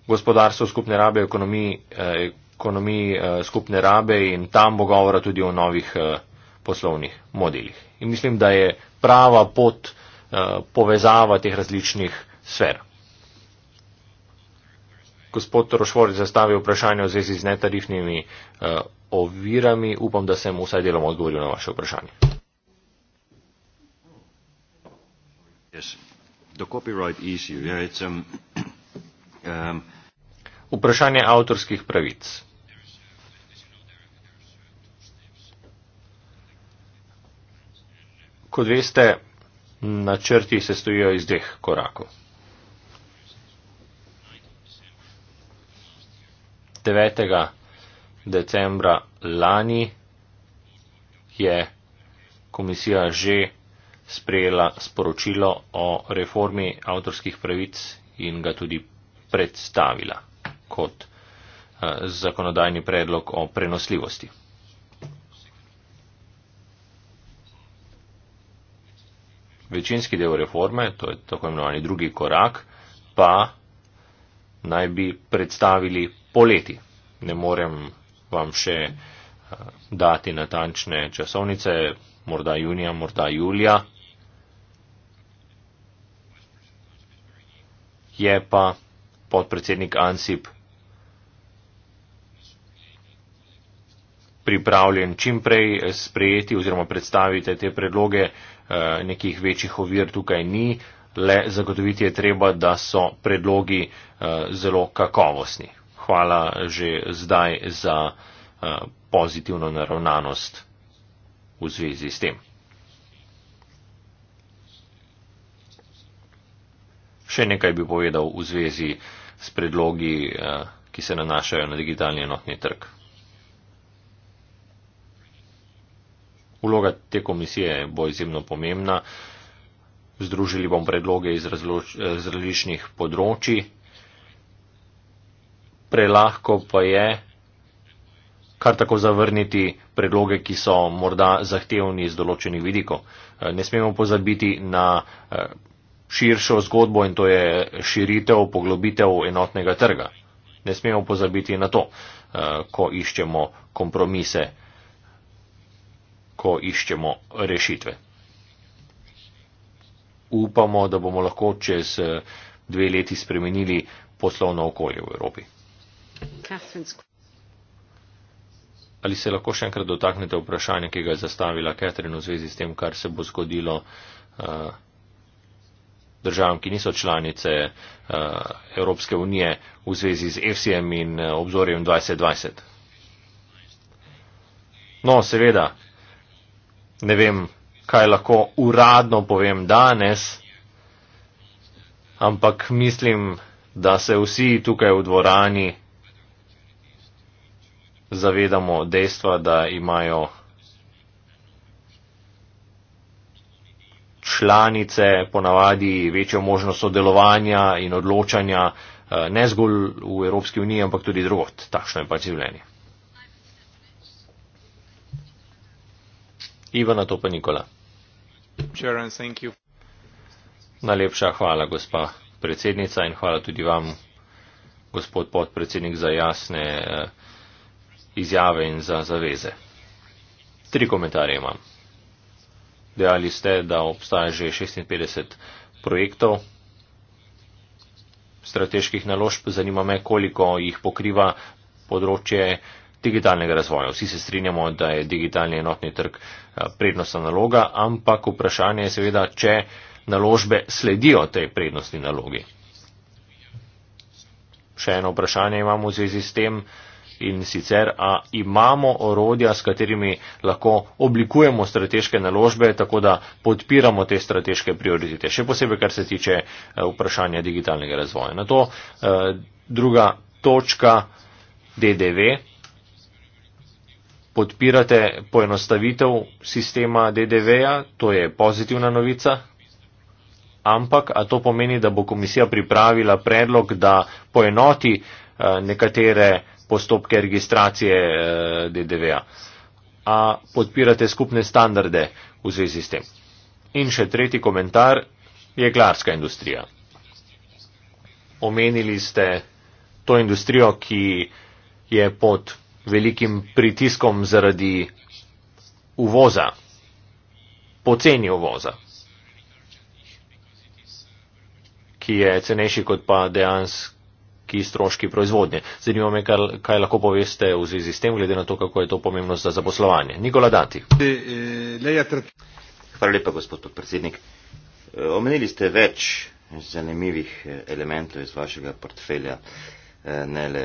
gospodarstvu skupne rabe, ekonomiji, eh, ekonomiji eh, skupne rabe in tam bo govora tudi o novih eh, poslovnih modelih. In mislim, da je prava pot povezava teh različnih sfer. Gospod Rošvor je zastavil vprašanje v zvezi z netarifnimi ovirami. Upam, da sem vsaj delom odgovoril na vaše vprašanje. Um, um, Vprašanje avtorskih pravic. Kot veste, načrti se stojijo iz dveh korakov. 9. decembra lani je komisija že sprejela sporočilo o reformi avtorskih pravic in ga tudi predstavila kot eh, zakonodajni predlog o prenosljivosti. Večinski del reforme, to je tako imenovani drugi korak, pa naj bi predstavili poleti. Ne morem vam še eh, dati natančne časovnice, morda junija, morda julija. je pa podpredsednik Ansip pripravljen čimprej sprejeti oziroma predstaviti te predloge, eh, nekih večjih ovir tukaj ni, le zagotoviti je treba, da so predlogi eh, zelo kakovostni. Hvala že zdaj za eh, pozitivno naravnanost v zvezi s tem. Še nekaj bi povedal v zvezi s predlogi, eh, ki se nanašajo na digitalni enotni trg. Uloga te komisije bo izjemno pomembna. Združili bom predloge iz, razloč, iz različnih področji. Prelahko pa je kar tako zavrniti predloge, ki so morda zahtevni iz določenih vidikov. Eh, ne smemo pozabiti na eh, širšo zgodbo in to je širitev, poglobitev enotnega trga. Ne smemo pozabiti na to, eh, ko iščemo kompromise, ko iščemo rešitve. Upamo, da bomo lahko čez eh, dve leti spremenili poslovno okolje v Evropi. Ali se lahko še enkrat dotaknete vprašanja, ki ga je zastavila Katrin v zvezi s tem, kar se bo zgodilo? Uh, državam, ki niso članice eh, Evropske unije v zvezi z EFSI-jem in eh, obzorjem 2020. No, seveda, ne vem, kaj lahko uradno povem danes, ampak mislim, da se vsi tukaj v dvorani zavedamo dejstva, da imajo članice ponavadi večjo možnost sodelovanja in odločanja eh, ne zgolj v Evropski uniji, ampak tudi drugot. Takšno je pač življenje. Ivana Topa Nikola. Najlepša hvala, gospa predsednica, in hvala tudi vam, gospod podpredsednik, za jasne eh, izjave in za zaveze. Tri komentarje imam. Dejali ste, da obstaja že 56 projektov strateških naložb. Zanima me, koliko jih pokriva področje digitalnega razvoja. Vsi se strinjamo, da je digitalni enotni trg prednostna naloga, ampak vprašanje je seveda, če naložbe sledijo tej prednostni nalogi. Še eno vprašanje imamo v zvezi s tem in sicer, a imamo orodja, s katerimi lahko oblikujemo strateške naložbe, tako da podpiramo te strateške prioritete, še posebej, kar se tiče e, vprašanja digitalnega razvoja. Na to e, druga točka DDV. Podpirate poenostavitev sistema DDV-ja, to je pozitivna novica. Ampak, a to pomeni, da bo komisija pripravila predlog, da poenoti e, nekatere postopke registracije eh, DDV-ja. A podpirate skupne standarde v zvezi s tem? In še tretji komentar je glarska industrija. Omenili ste to industrijo, ki je pod velikim pritiskom zaradi uvoza, poceni uvoza, ki je cenejši kot pa dejansko ki stroški proizvodnje. Zanima me, kaj, kaj lahko poveste v zvezi s tem, glede na to, kako je to pomembno za zaposlovanje. Nikola Danti. Eh, eh, Hvala lepa, gospod podpredsednik. Eh, omenili ste več zanimivih elementov iz vašega portfelja, ne le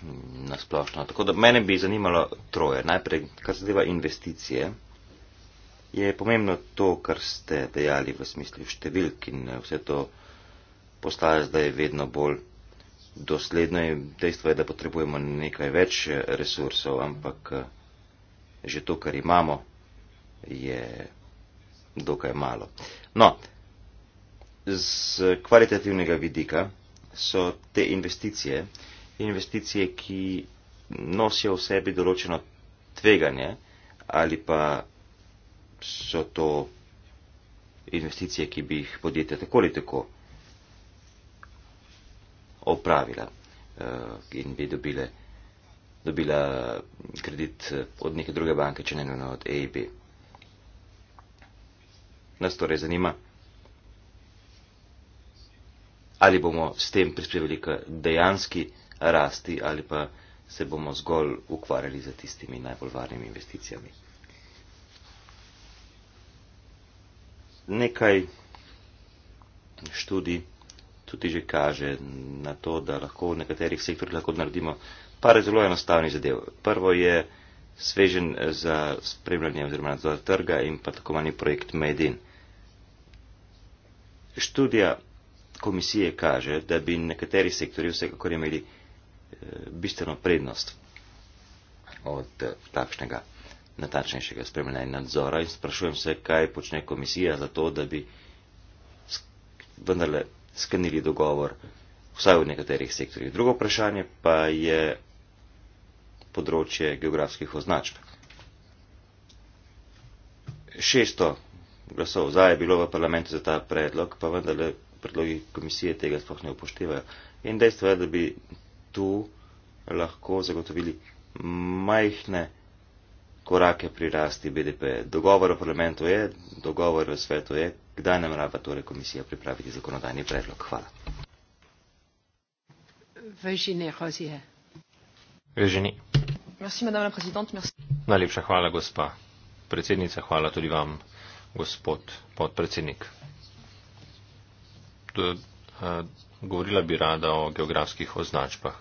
hm, nasplošno. Tako da mene bi zanimalo troje. Najprej, kar zadeva investicije, je pomembno to, kar ste dejali v smislu številk in vse to postaja zdaj vedno bolj dosledna in dejstvo je, da potrebujemo nekaj več eh, resursov, ampak eh, že to, kar imamo, je dokaj malo. No, z kvalitativnega vidika so te investicije, investicije, ki nosijo v sebi določeno tveganje ali pa so to investicije, ki bi jih podjetja tako ali tako opravila eh, in bi dobile, dobila kredit eh, od neke druge banke, če ne nujno od AIB. Nas torej zanima, ali bomo s tem prispevali k dejanski rasti ali pa se bomo zgolj ukvarjali za tistimi najbolj varnimi investicijami. Nekaj študij tudi že kaže na to, da lahko v nekaterih sektorjih lahko naredimo par zelo enostavnih zadev. Prvo je svežen eh, za spremljanje oziroma nadzor trga in pa tako manj projekt Medin. Študija komisije kaže, da bi nekateri sektori vsekakor imeli eh, bistveno prednost od eh, takšnega natačnejšega spremljanja in nadzora in sprašujem se, kaj počne komisija za to, da bi vendarle sklenili dogovor, vsaj v nekaterih sektorjih. Drugo vprašanje pa je področje geografskih označb. 600 glasov za je bilo v parlamentu za ta predlog, pa vendarle predlogi komisije tega sploh ne upoštevajo. In dejstvo je, da bi tu lahko zagotovili majhne korake pri rasti BDP. Dogovor v parlamentu je, dogovor v svetu je, Kdaj namerava torej komisija pripraviti zakonodajni predlog? Hvala. Najlepša hvala, gospa predsednica. Hvala tudi vam, gospod podpredsednik. To, uh, eh, govorila bi rada o geografskih označbah.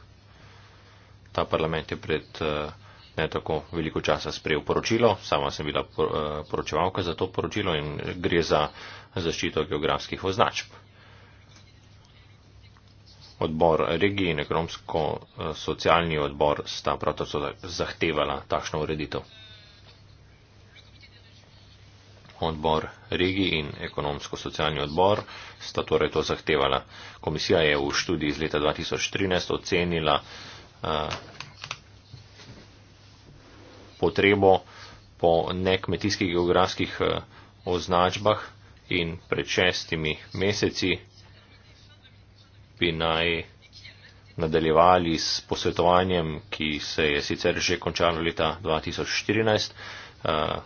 Ta parlament je pred. Uh, ne tako veliko časa sprejel poročilo, sama sem bila eh, poročevalka za to poročilo in gre za zaščito geografskih označb. Odbor regije in ekonomsko-socialni odbor sta prav tako zahtevala takšno ureditev. Odbor regije in ekonomsko-socialni odbor sta torej to zahtevala. Komisija je v študiji iz leta 2013 ocenila, eh, potrebo po nekmetijskih geografskih eh, označbah in pred šestimi meseci bi naj nadaljevali s posvetovanjem, ki se je sicer že končalo leta 2014. Eh,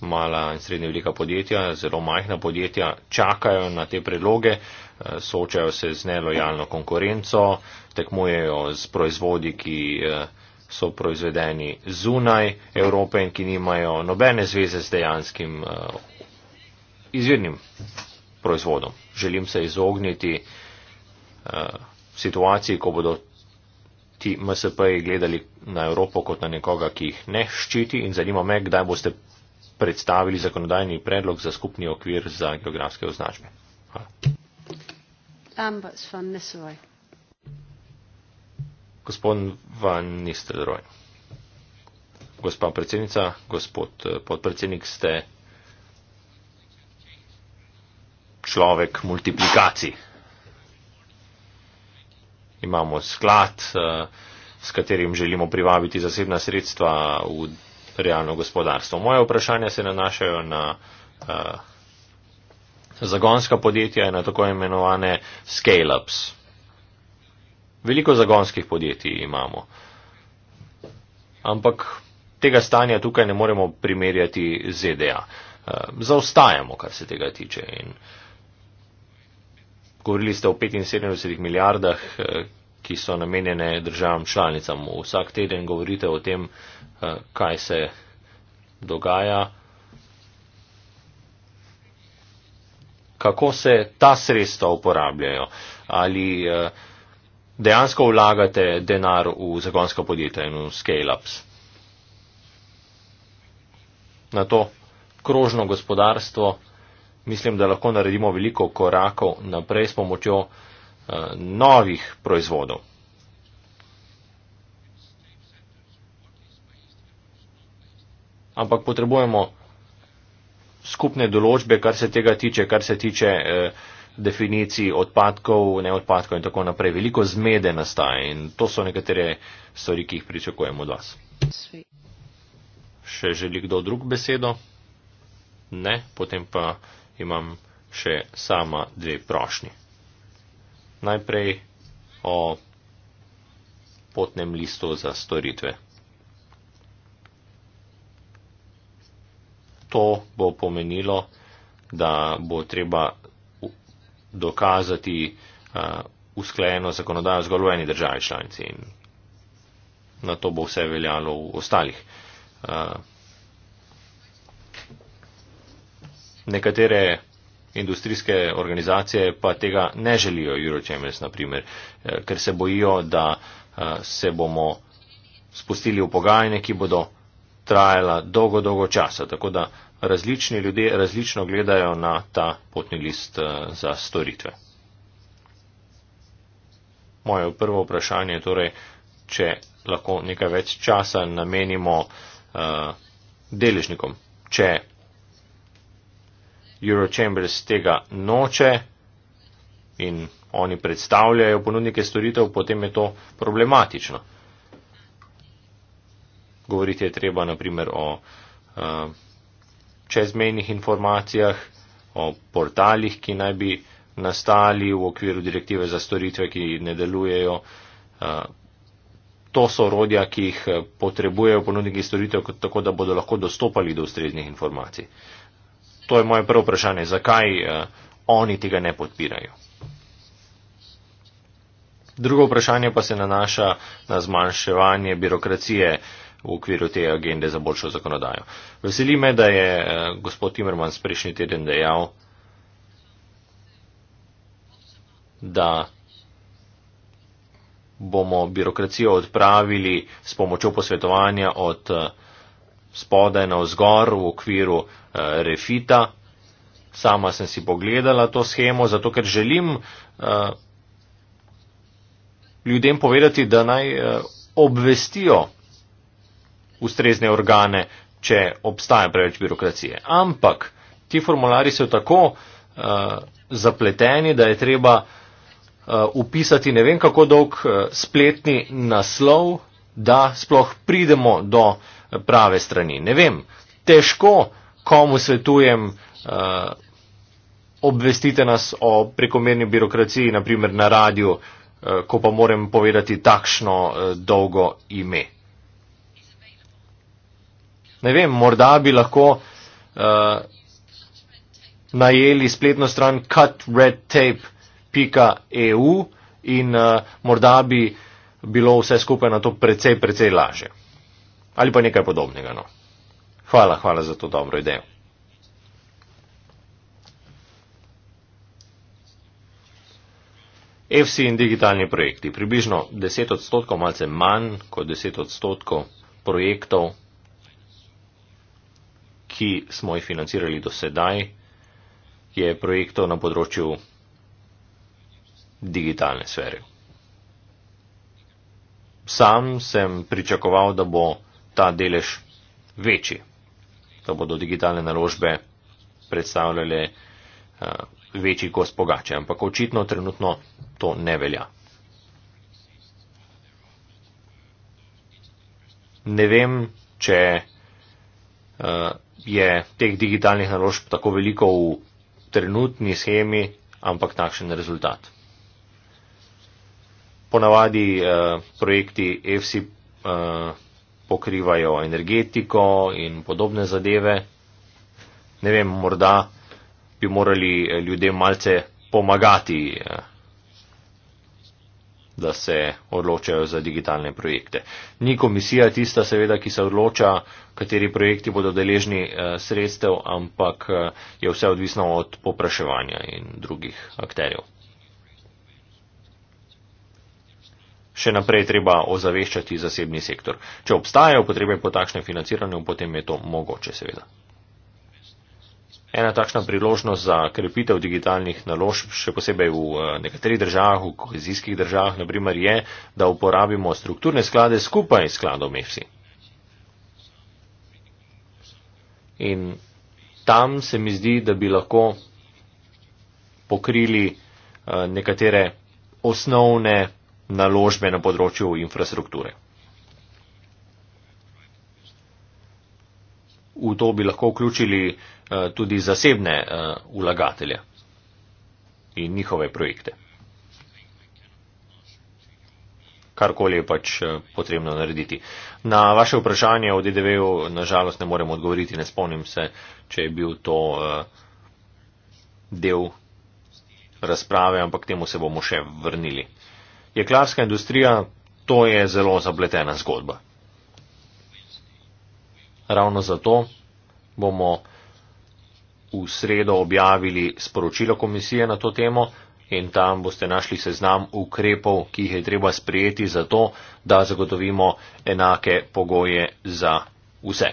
mala in srednje velika podjetja, zelo majhna podjetja čakajo na te predloge, eh, soočajo se z nelojalno konkurenco, tekmujejo z proizvodi, ki so proizvedeni zunaj Evrope in ki nimajo nobene zveze z dejanskim uh, izvirnim proizvodom. Želim se izogniti uh, situaciji, ko bodo ti MSP-ji gledali na Evropo kot na nekoga, ki jih ne ščiti in zanima me, kdaj boste predstavili zakonodajni predlog za skupni okvir za geografske označbe. Hvala. Lambert's from Nisroy. Gospod Van Nistelrooy. Gospa predsednica, gospod eh, podpredsednik, ste človek multiplikacij. Imamo sklad, eh, s katerim želimo privabiti zasebna sredstva v realno gospodarstvo. Moje vprašanje se nanašajo na uh, zagonska podjetja in na tako imenovane scale-ups. Veliko zagonskih podjetij imamo. Ampak tega stanja tukaj ne moremo primerjati z ZDA. Eh, zaostajamo, kar se tega tiče. In govorili ste o 75 milijardah, eh, ki so namenjene državam članicam. Vsak teden govorite o tem, eh, kaj se dogaja. Kako se ta sredstva uporabljajo? Ali uh, dejansko vlagate denar v zagonsko podjetje in v scale-ups. Na to krožno gospodarstvo mislim, da lahko naredimo veliko korakov naprej s pomočjo uh, novih proizvodov. Ampak potrebujemo skupne določbe, kar se tega tiče, kar se tiče. Uh, definiciji odpadkov, neodpadkov in tako naprej. Veliko zmede nastaja in to so nekatere stvari, ki jih pričakujem od vas. Še želi kdo drug besedo? Ne, potem pa imam še sama dve prošnji. Najprej o potnem listu za storitve. To bo pomenilo, da bo treba dokazati eh, usklajeno zakonodajo zgolj v eni državi članici in na to bo vse veljalo v ostalih. Eh. Nekatere industrijske organizacije pa tega ne želijo, Eurochemers na primer, eh, ker se bojijo, da se bomo spustili v pogajanje, ki bodo trajala dolgo, dolgo časa. Tako da različni ljudje različno gledajo na ta potni list eh, za storitve. Moje prvo vprašanje je torej, če lahko nekaj več časa namenimo uh, deležnikom. Če Eurochambers tega noče in oni predstavljajo ponudnike storitev, potem je to problematično. Govoriti je treba naprimer o uh, čezmejnih informacijah, o portalih, ki naj bi nastali v okviru direktive za storitve, ki ne delujejo. Eh, to so orodja, ki jih eh, potrebujejo ponudniki storitev, tako da bodo lahko dostopali do ustreznih informacij. To je moje prvo vprašanje. Zakaj eh, oni tega ne podpirajo? Drugo vprašanje pa se nanaša na zmanjševanje birokracije. Uh, v okviru te agende za boljšo zakonodajo. Veseli me, da je eh, gospod Timerman sprešnji teden dejal, da bomo birokracijo odpravili s pomočjo posvetovanja od eh, spodaj na vzgor v okviru eh, refita. Sama sem si pogledala to schemo, zato ker želim uh, ljudem povedati, da naj uh, obvestijo ustrezne organe, če obstaja preveč birokracije. Ampak ti formulari so tako uh, zapleteni, da je treba uh, upisati ne vem kako dolg uh, spletni naslov, da sploh pridemo do uh, prave strani. Ne vem, težko, komu svetujem, uh, obvestite nas o prekomerni birokraciji, naprimer na radiju, uh, ko pa moram povedati takšno uh, dolgo ime ne vem, morda bi lahko uh, najeli spletno stran cutredtape.eu in uh, morda bi bilo vse skupaj na to precej, precej laže. Ali pa nekaj podobnega. No. Hvala, hvala za to dobro idejo. FC in digitalni projekti. Približno 10 odstotkov, malce manj kot 10 odstotkov projektov ki smo jih financirali do sedaj, je projektov na področju digitalne sfere. Sam sem pričakoval, da bo ta delež večji, da bodo digitalne naložbe predstavljale uh, večji kos pogače, ampak očitno trenutno to ne velja. Ne vem, če uh, je teh digitalnih naložb tako veliko v trenutni schemi, ampak takšen rezultat. Ponavadi eh, projekti EFSI eh, pokrivajo energetiko in podobne zadeve. Ne vem, morda bi morali eh, ljudem malce pomagati. Eh, da se odločajo za digitalne projekte. Ni komisija tista, seveda, ki se odloča, kateri projekti bodo deležni eh, sredstev, ampak eh, je vse odvisno od popraševanja in drugih akterjev. Še naprej treba ozaveščati zasebni sektor. Če obstajajo potrebe po takšnem financiranju, potem je to mogoče, seveda. Ena takšna priložnost za krepitev digitalnih naložb, še posebej v eh, nekaterih državah, v kohezijskih državah, naprimer, je, da uporabimo strukturne sklade skupaj s skladom EFSI. In tam se mi zdi, da bi lahko pokrili eh, nekatere osnovne naložbe na področju infrastrukture. v to bi lahko vključili eh, tudi zasebne eh, vlagatelje in njihove projekte. Karkoli je pač eh, potrebno narediti. Na vaše vprašanje o DDV-u nažalost ne morem odgovoriti, ne spomnim se, če je bil to del razprave, ampak temu se bomo še vrnili. Jeklarska industrija, to je zelo zapletena zgodba. Ravno zato bomo v sredo objavili sporočilo komisije na to temo in tam boste našli seznam ukrepov, ki jih je treba sprejeti za to, da zagotovimo enake pogoje za vse.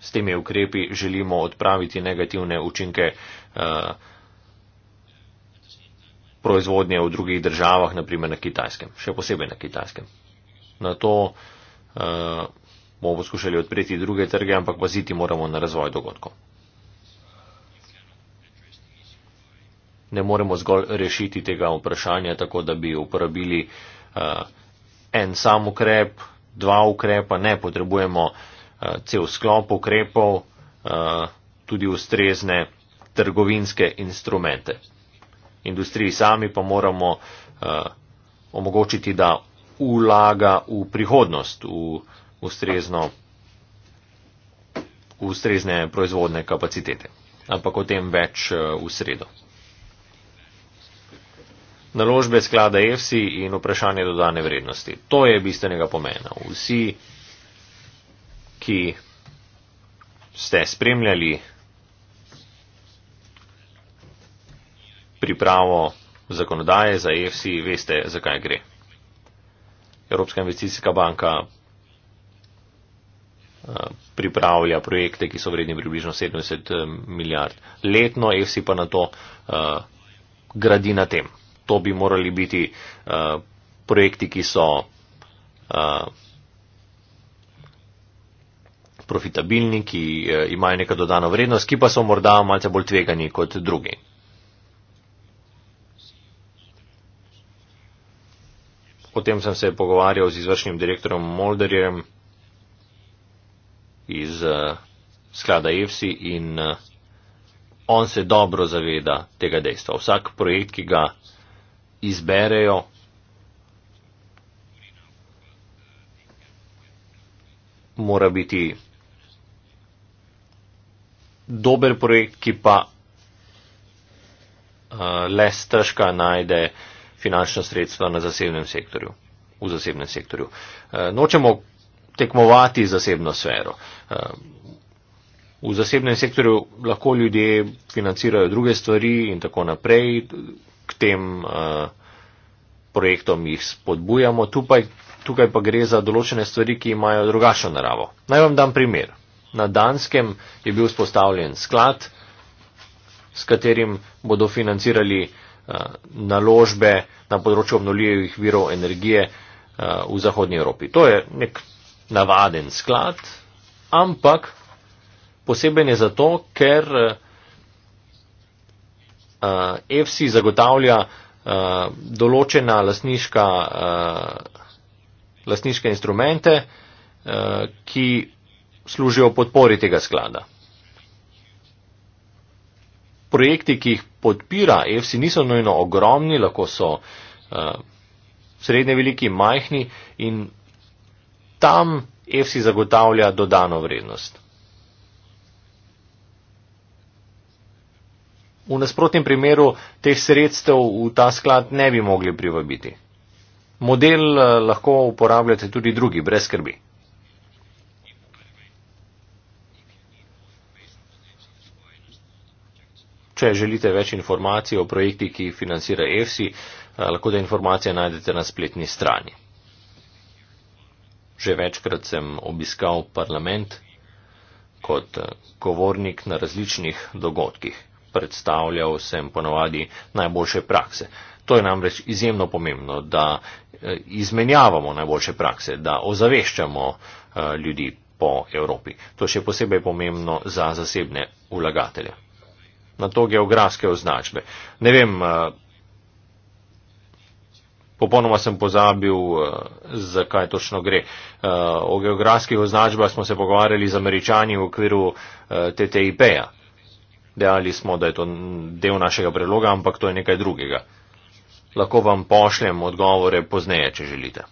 S temi ukrepi želimo odpraviti negativne učinke eh, proizvodnje v drugih državah, naprimer na kitajskem, še posebej na kitajskem na to uh, bomo poskušali odpreti druge trge, ampak paziti moramo na razvoj dogodkov. Ne moremo zgolj rešiti tega vprašanja tako, da bi uporabili uh, en sam ukrep, dva ukrepa, ne potrebujemo uh, cel sklop ukrepov, uh, tudi ustrezne trgovinske instrumente. Industriji sami pa moramo uh, omogočiti, da ulaga v prihodnost, v ustrezno, v ustrezne proizvodne kapacitete. Ampak o tem več eh, v sredo. Naložbe sklada EFSI in vprašanje dodane vrednosti. To je bistvenega pomena. Vsi, ki ste spremljali pripravo zakonodaje za EFSI, veste, zakaj gre. Evropska investicijska banka eh, pripravlja projekte, ki so vredni približno 70 eh, milijard. Letno EFSI pa na to uh, gradi na tem. To bi morali biti uh, projekti, ki so uh, profitabilni, ki uh, imajo neka dodano vrednost, ki pa so morda malce bolj tvegani kot drugi. Potem sem se pogovarjal z izvršnim direktorom Molderjem iz uh, sklada EFSI in uh, on se dobro zaveda tega dejstva. Vsak projekt, ki ga izberejo, mora biti dober projekt, ki pa uh, le stržka najde uh, finančna sredstva na zasebnem sektorju, v zasebnem sektorju. Eh, nočemo tekmovati zasebno sfero. Eh, v zasebnem sektorju lahko ljudje financirajo druge stvari in tako naprej, k tem eh, projektom jih spodbujamo, tukaj, tukaj pa gre za določene stvari, ki imajo drugačno naravo. Naj vam dam primer. Na Danskem je bil spostavljen sklad, s katerim bodo financirali uh, Eh, naložbe na področju obnovljivih virov energije eh, v Zahodnji Evropi. To je nek navaden sklad, ampak poseben je zato, ker EFSI eh, zagotavlja določena lasniška, lasniške instrumente, ki služijo podpori tega sklada projekti, ki jih podpira EFSI, niso nujno ogromni, lahko so uh, srednje veliki, majhni in tam EFSI zagotavlja dodano vrednost. V nasprotnem primeru teh sredstev v ta sklad ne bi mogli privabiti. Model eh, lahko uporabljate tudi drugi, brez skrbi. Če želite več informacij o projektih, ki jih financira EFSI, eh, lahko da informacije najdete na spletni strani. Že večkrat sem obiskal parlament kot eh, govornik na različnih dogodkih. Predstavljal sem ponovadi najboljše prakse. To je namreč izjemno pomembno, da eh, izmenjavamo najboljše prakse, da ozaveščamo ljudi po Evropi. To je še posebej pomembno za zasebne vlagatelje na to geografske označbe. Ne vem, eh, popolnoma sem pozabil, eh, zakaj točno gre. Eh, o geografskih označbah smo se pogovarjali z američani v okviru TTIP-ja. Dejali smo, da je to del našega predloga, ampak to je nekaj drugega. Lahko vam pošljem odgovore pozneje, če želite.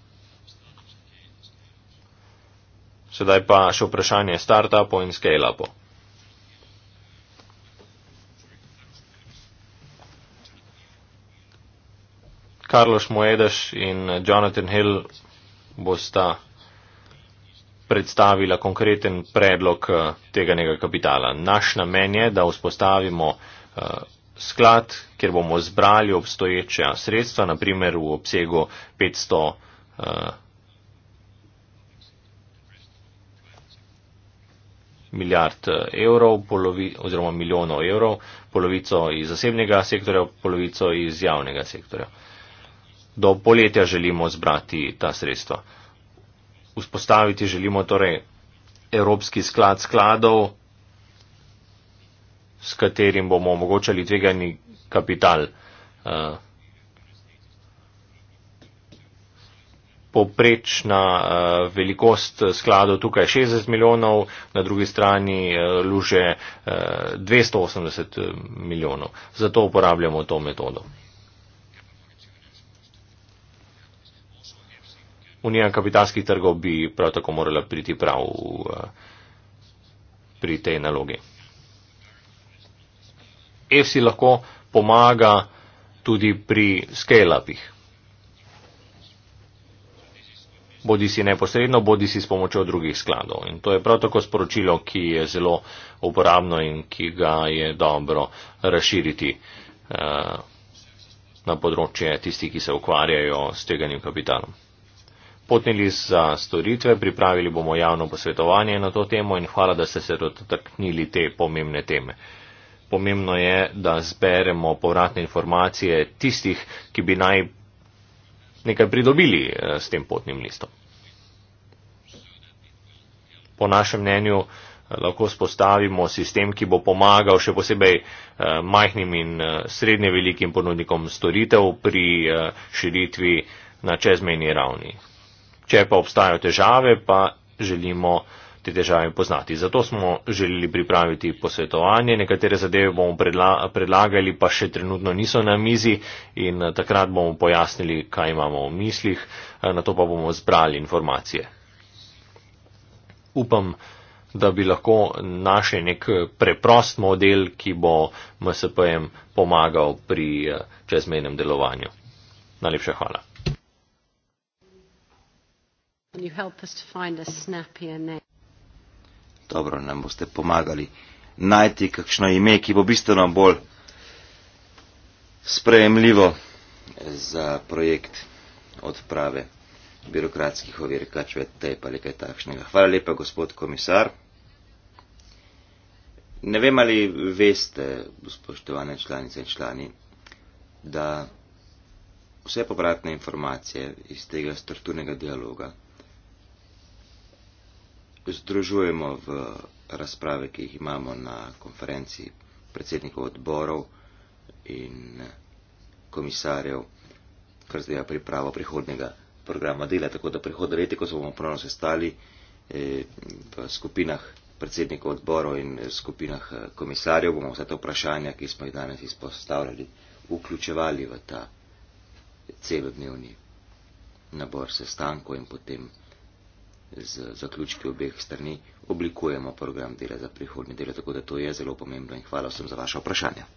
Sedaj pa še vprašanje start-upov in scale-upov. Karloš Moedaš in Jonathan Hill bosta predstavila konkreten predlog eh, tega nega kapitala. Naš namen je, da vzpostavimo eh, sklad, kjer bomo zbrali obstoječa sredstva, naprimer v obsegu 500 eh, milijard evrov polovi, oziroma milijonov evrov, polovico iz zasebnega sektorja, polovico iz javnega sektorja. Uh, do poletja želimo zbrati ta sredstva. Vzpostaviti želimo torej Evropski sklad skladov, s katerim bomo omogočali tvegani kapital. Eh, Poprečna eh, velikost skladov tukaj je 60 milijonov, na drugi strani eh, luže 280 milijonov. Zato uporabljamo to metodo. Unija kapitalskih trgov bi prav tako morala priti prav v, eh, pri tej nalogi. EFSI lahko pomaga tudi pri scale-upih. Bodi si neposredno, bodi si s pomočjo drugih skladov. In to je prav tako sporočilo, ki je zelo uporabno in ki ga je dobro razširiti eh, na področje tistih, ki se ukvarjajo s teganjem kapitalom potnili za storitve, pripravili bomo javno posvetovanje na to temo in hvala, da ste se dotaknili te pomembne teme. Pomembno je, da zberemo povratne informacije tistih, ki bi naj nekaj pridobili eh, s tem potnim listom. Po našem mnenju eh, lahko spostavimo sistem, ki bo pomagal še posebej eh, majhnim in srednje velikim ponudnikom storitev pri širitvi na čezmejni ravni. Če pa obstajajo težave, pa želimo te težave poznati. Zato smo želeli pripraviti posvetovanje. Nekatere zadeve bomo predla predlagali, pa še trenutno niso na mizi in eh, takrat bomo pojasnili, kaj imamo v mislih, eh, na to pa bomo zbrali informacije. Upam, da bi lahko našli nek preprost model, ki bo MSP-jem pomagal pri eh, čezmenem delovanju. Najlepša hvala. Dobro nam boste pomagali najti kakšno ime, ki bo bistveno bolj sprejemljivo za projekt odprave birokratskih ovir, kačve tep ali kaj takšnega. Hvala lepa, gospod komisar. Ne vem, ali veste, spoštovane članice in člani, da vse popratne informacije iz tega strukturnega dialoga združujemo v razprave, ki jih imamo na konferenci predsednikov odborov in komisarjev, kar zdaj je pripravo prihodnega programa dela. Tako da prihodne leti, ko se bomo ponovno sestali eh, v skupinah predsednikov odborov in eh, skupinah eh, komisarjev, bomo vse te vprašanja, ki smo jih danes izpostavljali, vključevali v ta celodnevni nabor sestankov in potem z zaključki obeh strani oblikujemo program dela za prihodnje delo, tako da to je zelo pomembno in hvala vsem za vaše vprašanje.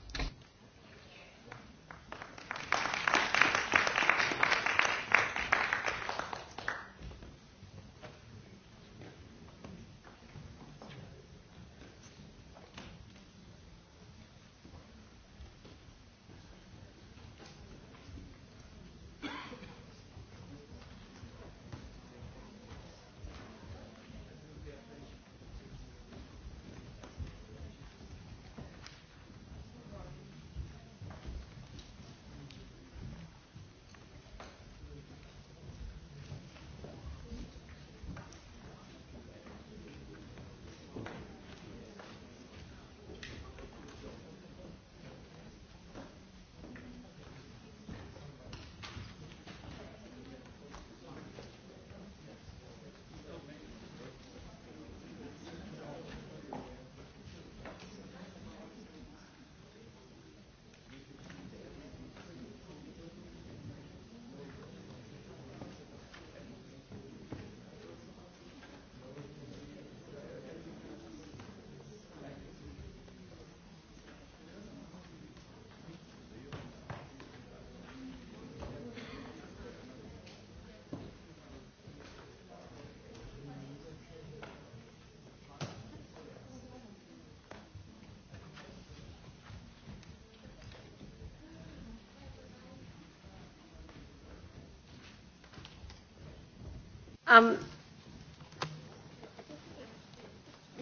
Um,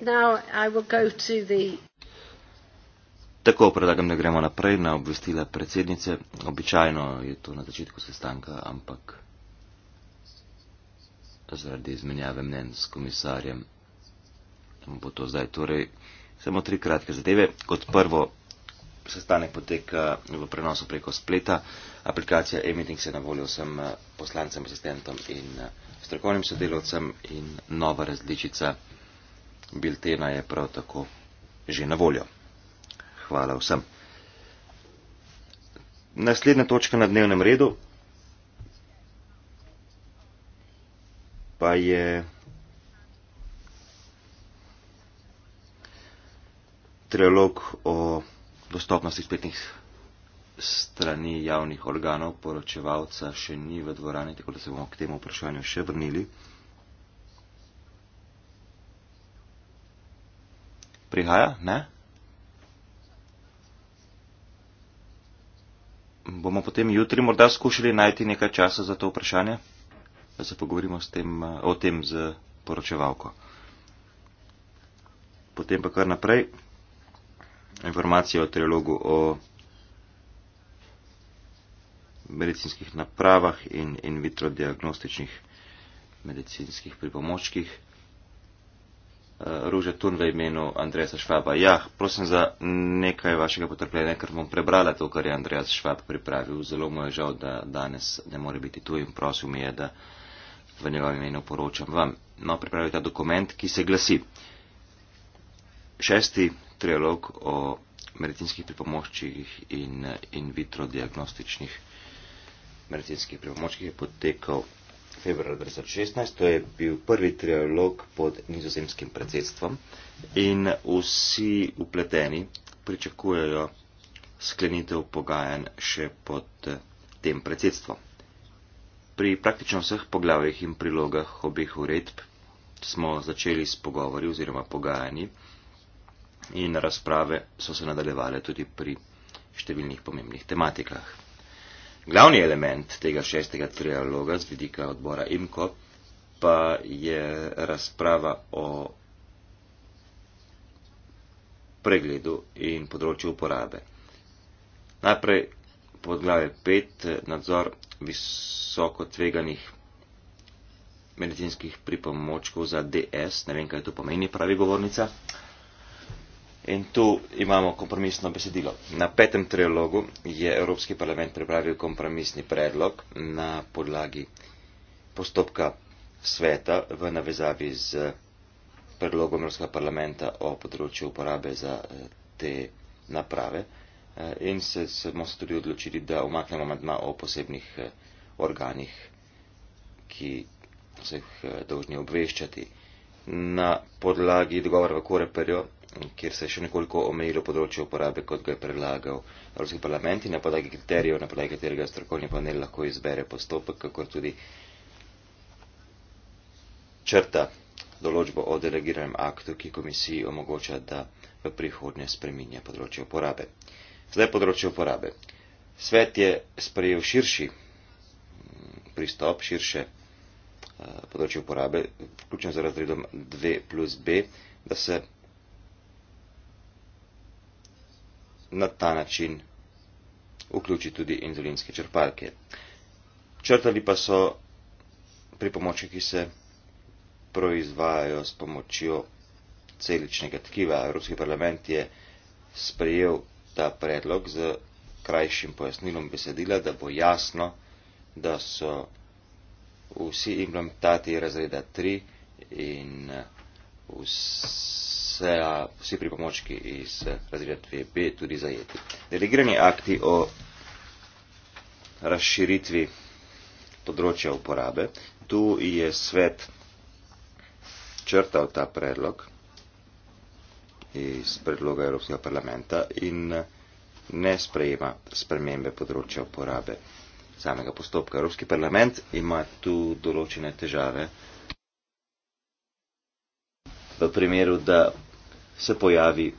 now I will go to the... Tako predlagam, da gremo naprej na obvestila predsednice. Običajno je to na začetku sestanka, ampak zaradi izmenjave mnen s komisarjem bo to zdaj. Torej, samo tri kratke zadeve. Kot prvo, sestanek poteka v prenosu preko spleta. Aplikacija Emiting se je na voljo vsem eh, poslancem, asistentom in eh, strokovnim sodelovcem in nova različica biltena je prav tako že na voljo. Hvala vsem. Naslednja točka na dnevnem redu pa je trilog o dostopnosti spletnih strani javnih organov, poročevalca še ni v dvorani, tako da se bomo k temu vprašanju še vrnili. Prihaja? Ne? Bomo potem jutri morda skušali najti nekaj časa za to vprašanje, da se pogovorimo s tem, o tem z poročevalko. Potem pa kar naprej informacije o trilogu o medicinskih napravah in in vitro diagnostičnih medicinskih pripomočkih. Eh, Ruža Tun v imenu Andreja Švaba. Ja, prosim za nekaj vašega potrpljenja, ker bom prebrala to, kar je Andreja Švab pripravil. Zelo mu je žal, da danes ne more biti tu in prosil mi je, da v njegovem imenu poročam vam. No, pripravil ta dokument, ki se glasi šesti trialog o medicinskih pripomoščih in in vitro diagnostičnih medicinskih pripomoščih je potekal februar 2016. To je bil prvi trialog pod nizozemskim predsedstvom in vsi upleteni pričakujejo sklenitev pogajanj še pod tem predsedstvom. Pri praktično vseh poglavjih in prilogah obeh uredb smo začeli s pogovori oziroma pogajanji in razprave so se nadaljevale tudi pri številnih pomembnih tematikah. Glavni element tega šestega trialoga z vidika odbora IMKO pa je razprava o pregledu in področju uporabe. Najprej pod glave 5 nadzor visoko tveganih medicinskih pripomočkov za DS, ne vem, kaj to pomeni, pravi govornica. Uh, In tu imamo kompromisno besedilo. Na petem trilogu je Evropski parlament pripravil kompromisni predlog na podlagi postopka sveta v navezavi z predlogom Evropskega parlamenta o področju uporabe za eh, te naprave. Eh, in se smo se tudi odločili, da omaknemo madma o posebnih eh, organih, ki se jih dožni obveščati. Na podlagi dogovora v Koreperju kjer se je še nekoliko omejilo področje uporabe, kot ga je predlagal Evropski parlament in na podlagi kriterijev, na podlagi katerega strokovni panel lahko izbere postopek, kakor tudi črta določbo o delegiranem aktu, ki komisiji omogoča, da v prihodnje spreminja področje uporabe. Zdaj področje uporabe. Svet je sprejel širši mm, pristop, širše uh, področje uporabe, vključno z razredom 2 plus B, da se na ta način vključi tudi inzulinske črpalke. Črtali pa so pri pomoči, ki se proizvajajo s pomočjo celičnega tkiva. Evropski parlament je sprejel ta predlog z krajšim pojasnilom besedila, da bo jasno, da so vsi implantati razreda 3 in vsi vse, vsi pripomočki iz razreda 2B tudi zajeti. Delegirani akti o razširitvi področja uporabe. Tu je svet črtal ta predlog iz predloga Evropskega parlamenta in ne sprejema spremembe področja uporabe samega postopka. Evropski parlament ima tu določene težave. V primeru, da se pojavi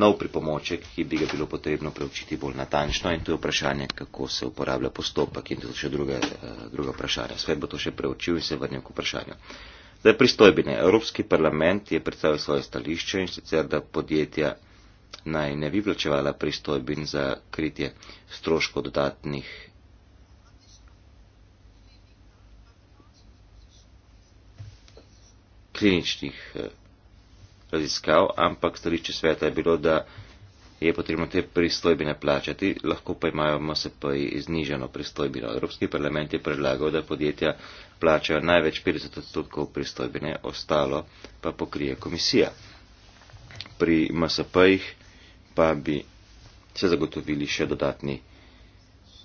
nov pripomoček, ki bi ga bilo potrebno preučiti bolj natančno in to je vprašanje, kako se uporablja postopek in to so še druge, eh, druga vprašanja. Svet bo to še preučil in se vrnil k vprašanju. Zdaj pristojbine. Evropski parlament je predstavil svoje stališče in sicer, da podjetja naj ne bi plačevala pristojbin za kritje stroško dodatnih. kliničnih uh raziskav, ampak stališče sveta je bilo, da je potrebno te pristojbine plačati, lahko pa imajo MSP iznižano pristojbino. Evropski parlament je predlagal, da podjetja plačajo največ 50 odstotkov pristojbine, ostalo pa pokrije komisija. Pri MSP-jih pa bi se zagotovili še dodatni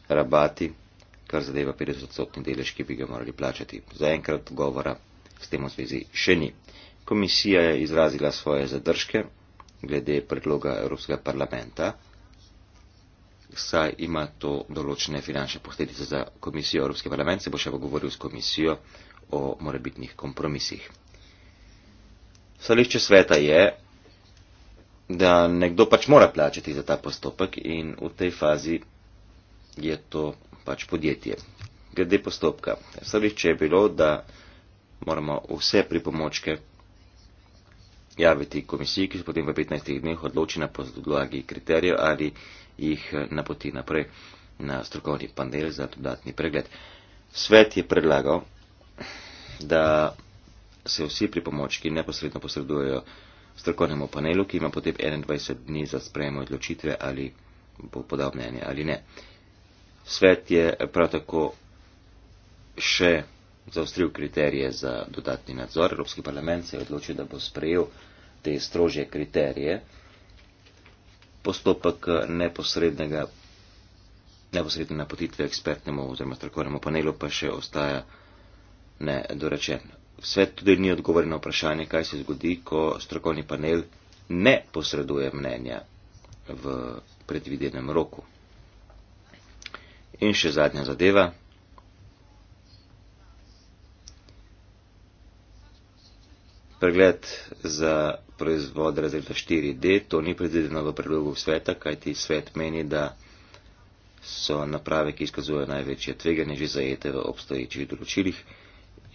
rabati, kar zadeva 50 odstotni delež, ki bi ga morali plačati. Zaenkrat govora s tem v zvezi še ni. Komisija je izrazila svoje zadržke glede predloga Evropskega parlamenta, saj ima to določene finančne posledice za komisijo Evropskega parlamenta, se bo še pogovoril s komisijo o morebitnih kompromisih. Stališče sveta je, da nekdo pač mora plačati za ta postopek in v tej fazi je to pač podjetje. Glede postopka, stališče je bilo, da moramo vse pripomočke javiti komisiji, ki se potem v 15 dneh odloči na podlagi kriterijev ali jih napoti naprej na strokovni panel za dodatni pregled. Svet je predlagal, da se vsi pripomočki neposredno posredujejo strokovnemu panelu, ki ima potem 21 dni za sprejemo odločitve ali bo podal mnenje ali ne. Svet je prav tako še zaostril kriterije za dodatni nadzor. Evropski parlament se je odločil, da bo sprejel te strožje kriterije. Postopek neposrednega, neposredne napotitve ekspertnemu oziroma strokovnemu panelu pa še ostaja nedorečen. Svet tudi ni odgovoren na vprašanje, kaj se zgodi, ko strokovni panel ne posreduje mnenja v predvidenem roku. In še zadnja zadeva. pregled za proizvode razreda 4D. To ni predvideno v predlogu sveta, kajti svet meni, da so naprave, ki izkazujejo največje tveganje, že zajete v obstoječih določilih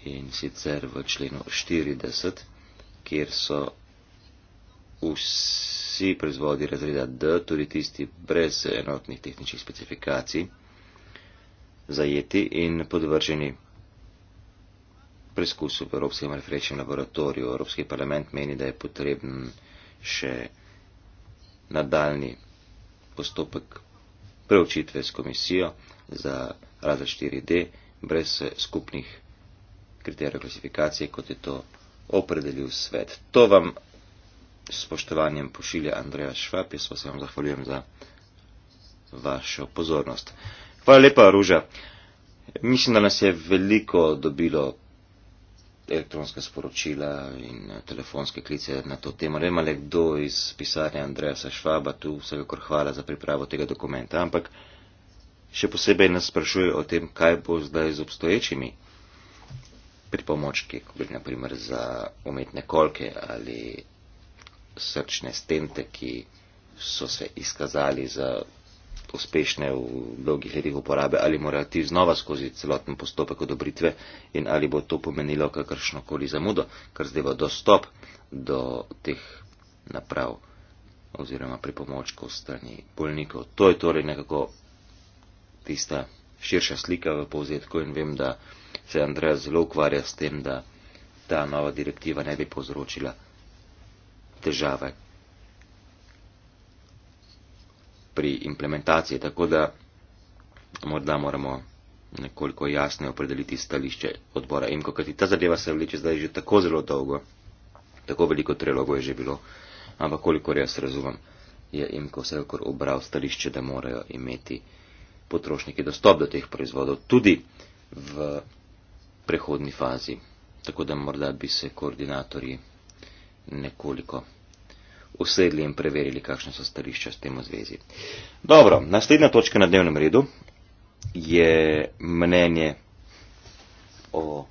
in sicer v členu 40, kjer so vsi proizvodi razreda D, tudi tisti brez enotnih tehničnih specifikacij, zajeti in podvrženi preizkusu v Evropskem referenčnem laboratoriju. Evropski parlament meni, da je potreben še nadaljni postopek preučitve s komisijo za raza 4D brez skupnih kriterijev klasifikacije, kot je to opredelil svet. To vam s spoštovanjem pošilja Andreja Švab, jaz pa se vam zahvaljujem za vašo pozornost. Hvala lepa, Ruža. Mislim, da nas je veliko dobilo elektronska sporočila in eh, telefonske klice na to temo. Ne vem, ali kdo iz pisarne Andreja Švaba tu vsekakor hvala za pripravo tega dokumenta, ampak še posebej nas sprašuje o tem, kaj bo zdaj z obstoječimi pripomočki, kot bi naprimer za umetne kolke ali srčne stente, ki so se izkazali za uspešne v dolgih letih uporabe, ali morajo ti znova skozi celoten postopek odobritve in ali bo to pomenilo kakršnokoli zamudo, kar zdeva dostop do teh naprav oziroma pripomočkov strani bolnikov. To je torej nekako tista širša slika v povzetku in vem, da se Andreja zelo ukvarja s tem, da ta nova direktiva ne bi povzročila težave, pri implementaciji, tako da morda moramo nekoliko jasne opredeliti stališče odbora IMKO, kajti ta zadeva se vleče zdaj že tako zelo dolgo, tako veliko trilogov je že bilo, ampak kolikor jaz razumem, je IMKO vsekakor obral stališče, da morajo imeti potrošniki dostop do teh proizvodov tudi v prehodni fazi. Tako da morda bi se koordinatorji nekoliko usedli in preverili, kakšne so stališča s tem v zvezi. Dobro, naslednja točka na dnevnem redu je mnenje o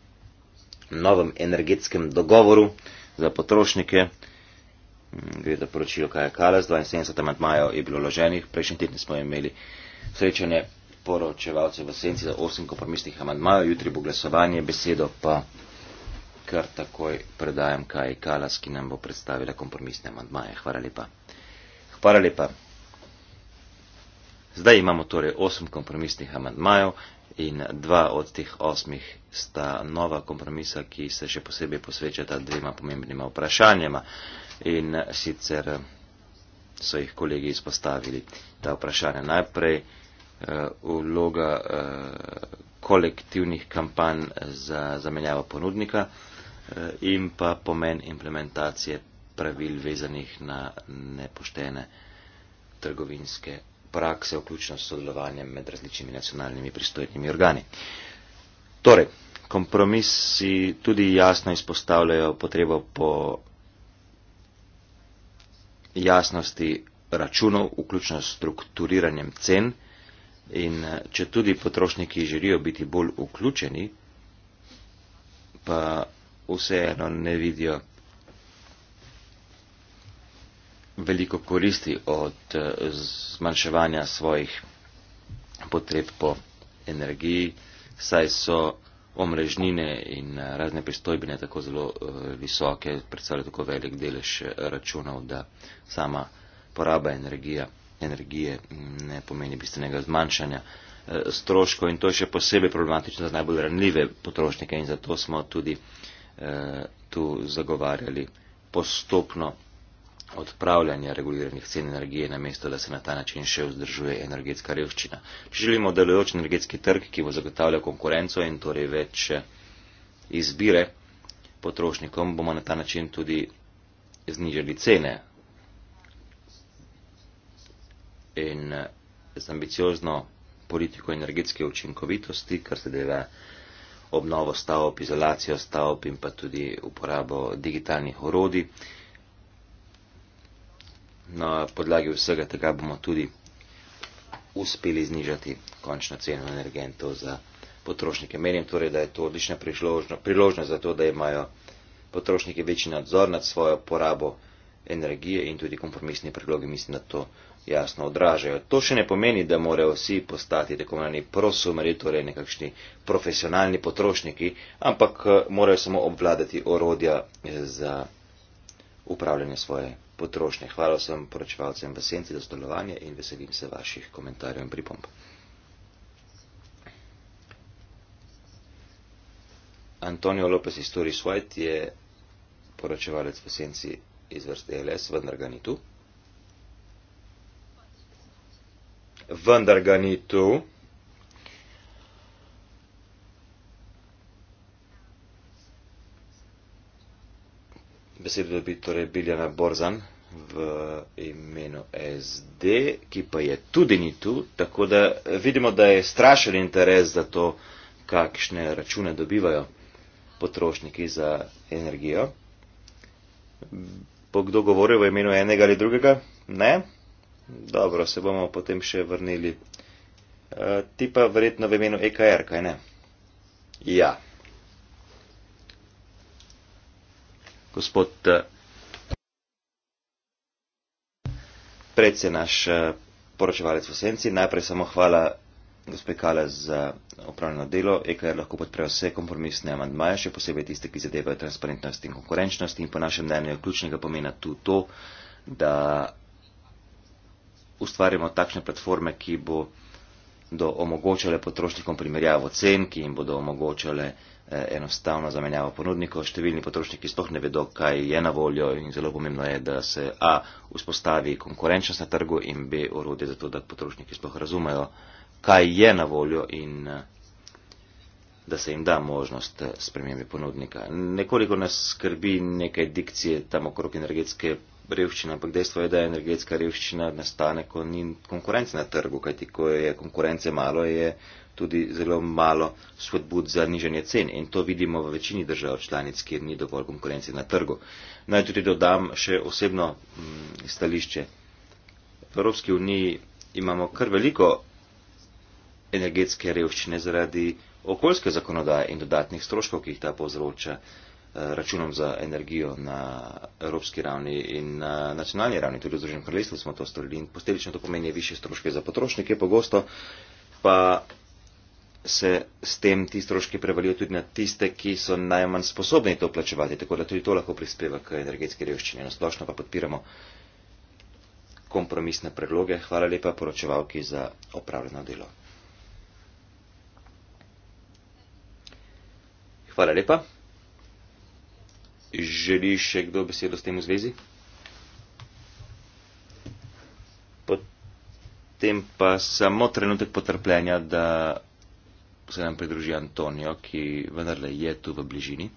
novem energetskem dogovoru za potrošnike. Gre za poročilo, kaj je Kalas, 72. matmajo je bilo loženih, prejšnji teden smo imeli srečanje poročevalcev v senci za osem kompromisnih amandmajev, jutri bo glasovanje, besedo pa kar takoj predajam Kaj Kalas, ki nam bo predstavila kompromisne amantmaje. Hvala lepa. Hvala lepa. Zdaj imamo torej osem kompromisnih amantmajev in dva od teh osmih sta nova kompromisa, ki se še posebej posvečata dvema pomembnima vprašanjama. In sicer eh, so jih kolegi izpostavili ta vprašanja. Najprej eh, vloga eh, kolektivnih kampanj za zamenjavo ponudnika. Eh, in pa pomen implementacije pravil vezanih na nepoštene trgovinske prakse, vključno s sodelovanjem med različnimi nacionalnimi pristojnimi organi. Torej, kompromisi tudi jasno izpostavljajo potrebo po jasnosti računov, vključno s strukturiranjem cen in eh, če tudi potrošniki želijo biti bolj vključeni, pa vseeno ne vidijo veliko koristi od eh, zmanjševanja svojih potreb po energiji, saj so omrežnine in eh, razne pristojbine tako zelo eh, visoke, predstavljajo tako velik delež računov, da sama poraba energija, energije mm, ne pomeni bistvenega zmanjšanja stroškov in to je še posebej problematično za najbolj ranljive potrošnike in zato smo tudi uh, Eh, tu zagovarjali postopno odpravljanje reguliranih cen energije, namesto da se na ta način še vzdržuje energetska revščina. Če želimo delujoč energetski trg, ki bo zagotavljal konkurenco in torej več eh, izbire potrošnikom, bomo na ta način tudi znižali cene. In eh, z ambiciozno politiko energetske učinkovitosti, kar se deva obnovo stavb, izolacijo stavb in pa tudi uporabo digitalnih orodij. Na podlagi vsega tega bomo tudi uspeli znižati končno ceno energentov za potrošnike. Menim torej, da je to odlična priložnost za to, da imajo potrošniki večji nadzor nad svojo porabo energije in tudi kompromisni predlogi. Mislim, da to jasno odražajo. To še ne pomeni, da morajo vsi postati tako imenovani prosumeri, torej nekakšni profesionalni potrošniki, ampak eh, morajo samo obvladati orodja eh, za upravljanje svoje potrošnje. Hvala vsem poročevalcem v senci za sodelovanje in veselim se vaših komentarjev in pripomb. Antonio Lopez iz Turis White je poročevalec v senci iz vrste LS, vendar ga ni tu. vendar ga ni tu. Besedo dobi torej Biljana Borzan v imenu SD, ki pa je tudi ni tu, tako da vidimo, da je strašen interes za to, kakšne račune dobivajo potrošniki za energijo. Bo kdo govoril v imenu enega ali drugega? Ne. Dobro, se bomo potem še vrnili. E, ti pa verjetno v imenu EKR, kaj ne? Ja. Gospod. Eh, Predsednik naš eh, poročevalec v Senci, najprej samo hvala gospe Kale za upravljeno delo. EKR lahko podpre vse kompromisne amandmaje, še posebej tiste, ki zadevajo transparentnost in konkurenčnost. In po našem mnenju je ključnega pomena tudi to, da ustvarjamo takšne platforme, ki bodo omogočale potrošnikom primerjavo cen, ki jim bodo omogočale eh, enostavno zamenjavo ponudnikov. Številni potrošniki sploh ne vedo, kaj je na voljo in zelo pomembno je, da se A vzpostavi konkurenčnost na trgu in B orodje za to, da potrošniki sploh razumejo, kaj je na voljo in eh, da se jim da možnost eh, spremembe ponudnika. Nekoliko nas skrbi nekaj dikcije tam okrog energetske revščina, ampak dejstvo je, da je energetska revščina nastane, ko ni konkurence na trgu, kajti ko je konkurence malo, je tudi zelo malo spodbud za nižanje cen. In to vidimo v večini držav članic, kjer ni dovolj konkurence na trgu. Naj tudi dodam še osebno mm, stališče. V Evropski uniji imamo kar veliko energetske revščine zaradi okoljske zakonodaje in dodatnih stroškov, ki jih ta povzroča. Eh, računom za energijo na evropski ravni in na nacionalni ravni, tudi v Združenem kraljestvu smo to storili in posteljično to pomeni više stroške za potrošnike, pogosto pa se s tem ti stroški prevalijo tudi na tiste, ki so najmanj sposobni to plačevati, tako da tudi to lahko prispeva k energetski revščini. Na splošno pa podpiramo kompromisne predloge. Hvala lepa poročevalki za opravljeno delo. Hvala lepa. Želi še kdo besedo s tem v zvezi? Potem pa samo trenutek potrpljenja, da se nam pridruži Antonijo, ki vendarle je tu v bližini.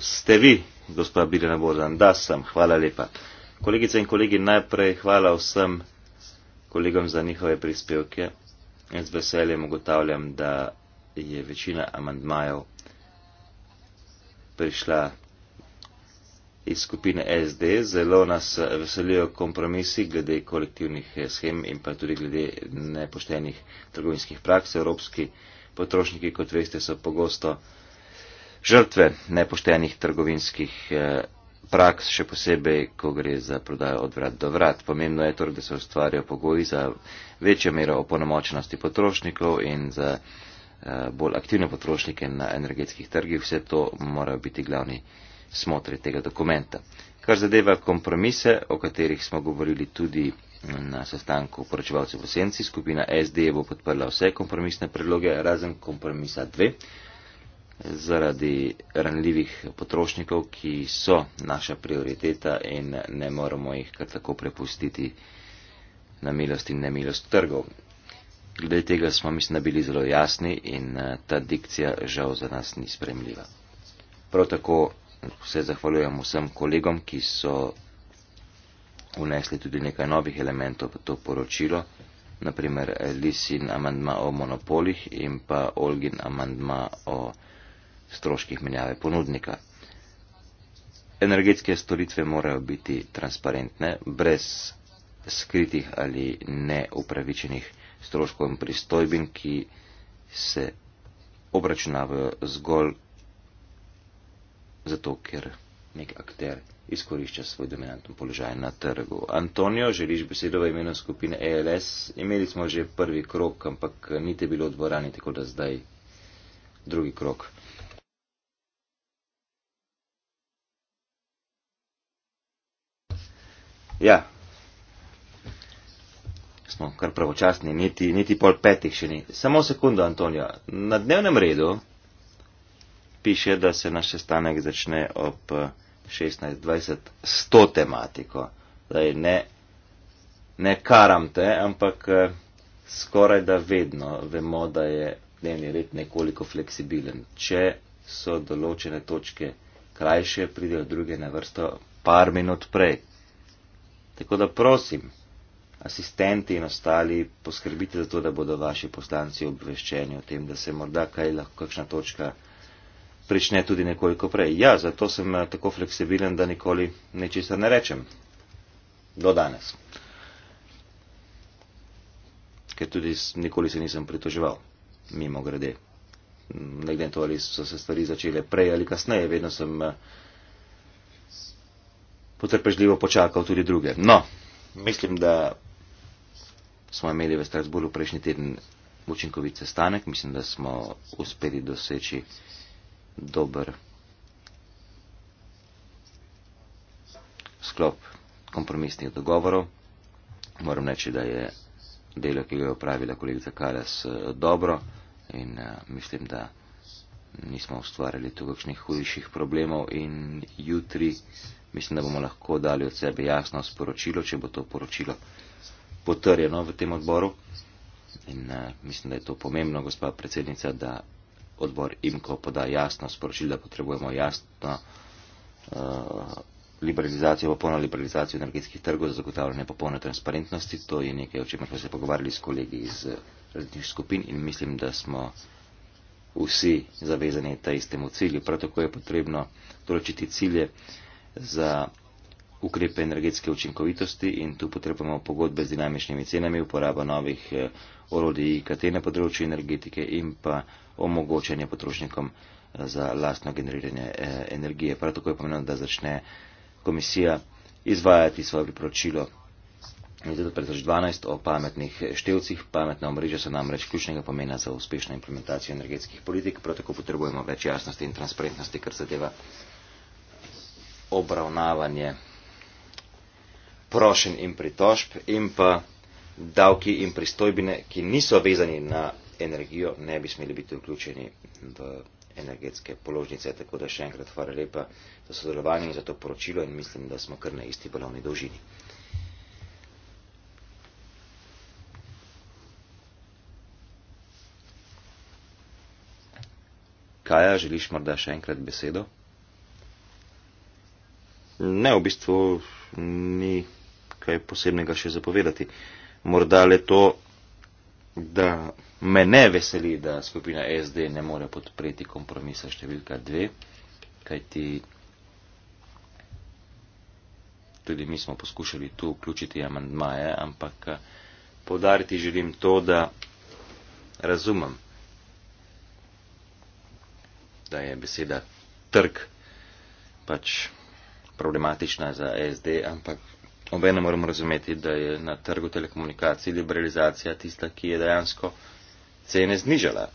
Ste vi, gospa Biljana Bozan? Da, sem. Hvala lepa. Kolegice in kolegi, najprej hvala vsem kolegom za njihove prispevke. Z veseljem ugotavljam, da je večina amandmajev prišla iz skupine SD. Zelo nas veselijo kompromisi glede kolektivnih eh, schem in pa tudi glede nepoštenih trgovinskih praks. Evropski potrošniki, kot veste, so pogosto žrtve nepoštenih trgovinskih eh, praks, še posebej, ko gre za prodajo od vrat do vrat. Pomembno je torej, da se ustvarjajo pogoji za večjo mero oponomočenosti potrošnikov in za eh, bolj aktivne potrošnike na energetskih trgih. Vse to mora biti glavni smotri tega dokumenta. Kar zadeva kompromise, o katerih smo govorili tudi na sestanku poročevalcev v Senci. Skupina SD bo podprla vse kompromisne predloge, razen kompromisa 2, zaradi ranljivih potrošnikov, ki so naša prioriteta in ne moramo jih kar tako prepustiti na milost in nemilost trgov. Glede tega smo, mislim, bili zelo jasni in eh, ta dikcija žal za nas ni spremljiva. Prav tako se zahvaljujem vsem kolegom, ki so vnesli tudi nekaj novih elementov v to poročilo, naprimer Lisin amandma o monopolih in pa Olgin amandma o stroških menjave ponudnika. Energetske storitve morajo biti transparentne, brez skritih ali neupravičenih stroškov in pristojbin, ki se obračunavajo zgolj zato, ker nek akter izkorišča svoj dominanten položaj na trgu. Antonijo, želiš besedo v imenu skupine ALS? E Imeli smo že prvi krok, ampak niti bilo v dvorani, tako da zdaj drugi krok. Ja, smo kar pravočasni, niti, niti pol petih še ni. Samo sekundo, Antonija. Na dnevnem redu piše, da se naš sestanek začne ob 16, 20, 100 tematiko. Zdaj, ne, ne karam te, ampak eh, skoraj da vedno vemo, da je dnevni red nekoliko fleksibilen. Če so določene točke krajše, pridejo druge na vrsto par minut prej. Tako da prosim, asistenti in ostali, poskrbite za to, da bodo vaši poslanci obveščeni o tem, da se morda kaj lahko kakšna točka prične tudi nekoliko prej. Ja, zato sem eh, tako fleksibilen, da nikoli nečesa ne rečem. Do danes. Ker tudi nikoli se nisem pritoževal, mimo grede. Mm, Nekdaj to ali so se stvari začele prej ali kasneje, vedno sem eh, potrpežljivo počakal tudi druge. No, mislim, da smo imeli v Strasbourgu prejšnji teden učinkovit sestanek, mislim, da smo uspeli doseči dober sklop kompromisnih dogovorov. Moram reči, da je delo, ki ga je opravila kolegica Kales, eh, dobro in eh, mislim, da nismo ustvarjali tu kakšnih hujših problemov in jutri mislim, da bomo lahko dali od sebe jasno sporočilo, če bo to poročilo potrjeno v tem odboru. In uh, mislim, da je to pomembno, gospa predsednica, da odbor IMKO poda jasno sporočilo, da potrebujemo jasno eh, liberalizacijo, popolno liberalizacijo energetskih trgov za zagotavljanje popolne transparentnosti. To je nekaj, o čemer smo se pogovarjali s kolegi iz različnih skupin in mislim, da smo vsi zavezani ta istemu cilju. Prav tako je potrebno določiti cilje za ukrepe energetske učinkovitosti in tu potrebujemo pogodbe z dinamičnimi cenami, uporaba novih eh, orodij IKT na področju energetike in pa omogočanje potrošnikom eh, za lastno generiranje eh, energije. Prav tako je pomenilo, da začne komisija izvajati svoje priporočilo iz leta 2012 o pametnih števcih. Pametna omrežja so namreč ključnega pomena za uspešno implementacijo energetskih politik. Prav tako potrebujemo več jasnosti in transparentnosti, kar zadeva obravnavanje prošen in pritožb in pa davki in pristojbine, ki niso vezani na energijo, ne bi smeli biti vključeni v energetske položnice. Tako da še enkrat hvala lepa za sodelovanje in za to poročilo in mislim, da smo kar na isti balovni dolžini. Kaja, želiš morda še enkrat besedo? Ne, v bistvu ni kaj posebnega še zapovedati. Morda le to da me ne veseli, da skupina SD ne more podpreti kompromisa številka dve, kajti tudi mi smo poskušali tu vključiti amandmaje, ampak eh, povdariti želim to, da razumem, da je beseda trg pač problematična za SD, ampak obenem moramo razumeti, da je na trgu telekomunikacij liberalizacija tista, ki je dejansko cene znižala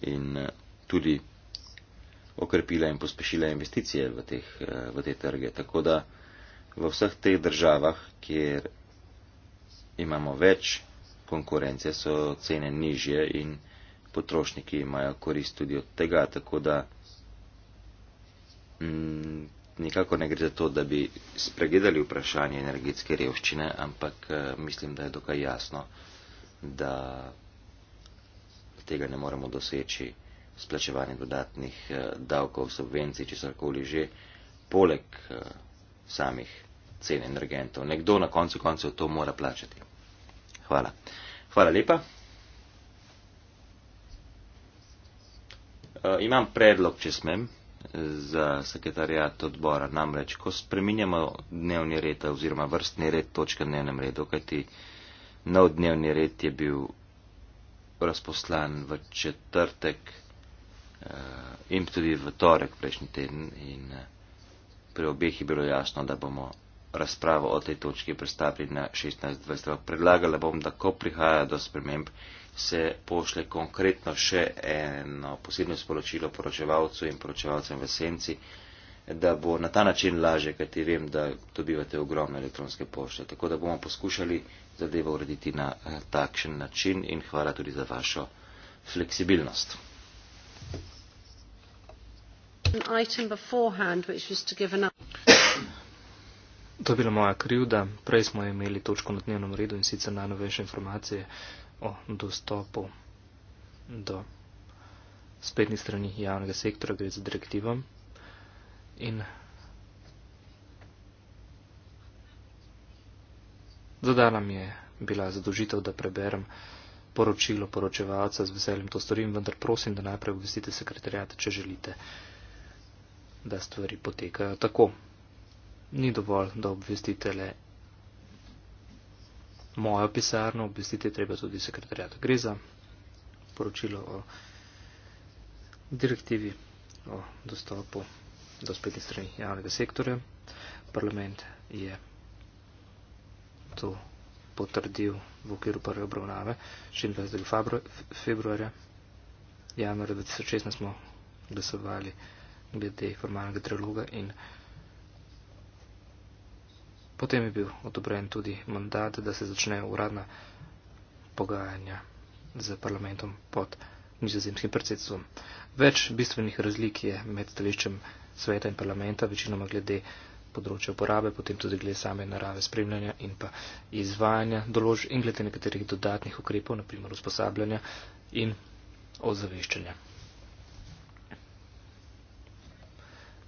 in eh, tudi okrepila in pospešila investicije v, teh, eh, v te trge. Tako da v vseh teh državah, kjer imamo več konkurence, so cene nižje in potrošniki imajo korist tudi od tega. Tako da. Mm, nikako ne gre za to, da bi spregledali vprašanje energetske revščine, ampak eh, mislim, da je dokaj jasno, da tega ne moremo doseči s plačevanjem dodatnih eh, davkov, subvencij, če karkoli že, poleg eh, samih cen energentov. Nekdo na koncu koncev to mora plačati. Hvala. Hvala lepa. Uh, imam predlog, če smem za sekretarjat odbora. Namreč, ko spreminjamo dnevni red oziroma vrstni red točke dnevnem redu, kajti nov dnevni red je bil razposlan v četrtek eh, in tudi v torek prejšnji teden in eh, pri obeh je bilo jasno, da bomo razpravo o tej točki prestavili na 16.20. Predlagala bom, da ko prihaja do sprememb, se pošle konkretno še eno posebno sporočilo poročevalcu in poročevalcem v senci, da bo na ta način laže, kajti vem, da dobivate ogromne elektronske pošte. Tako da bomo poskušali zadevo urediti na eh, takšen način in hvala tudi za vašo fleksibilnost. To je bila moja krivda. Prej smo imeli točko na dnevnem redu in sicer najnovejše informacije o dostopu do spletnih strani javnega sektora, gre za direktivo. In zadala mi je bila zadožitev, da preberem poročilo poročevalca, z veseljem to storim, vendar prosim, da najprej obvestite sekretarjate, če želite, da stvari potekajo tako. Ni dovolj, da obvestite le mojo pisarno, obvestite treba tudi sekretarjata. Gre za poročilo o direktivi o dostopu do spletnih strani javnega sektorja. Parlament je to potrdil v okviru prve obravnave 26. februarja. Januarja 2016 smo glasovali glede formalnega trialoga in Potem je bil odobren tudi mandat, da se začne uradna pogajanja z parlamentom pod nizozemskim predsedstvom. Več bistvenih razlik je med stališčem sveta in parlamenta, večinoma glede področja uporabe, potem tudi glede same narave spremljanja in pa izvajanja določb in glede nekaterih dodatnih ukrepov, naprimer usposabljanja in ozaveščanja.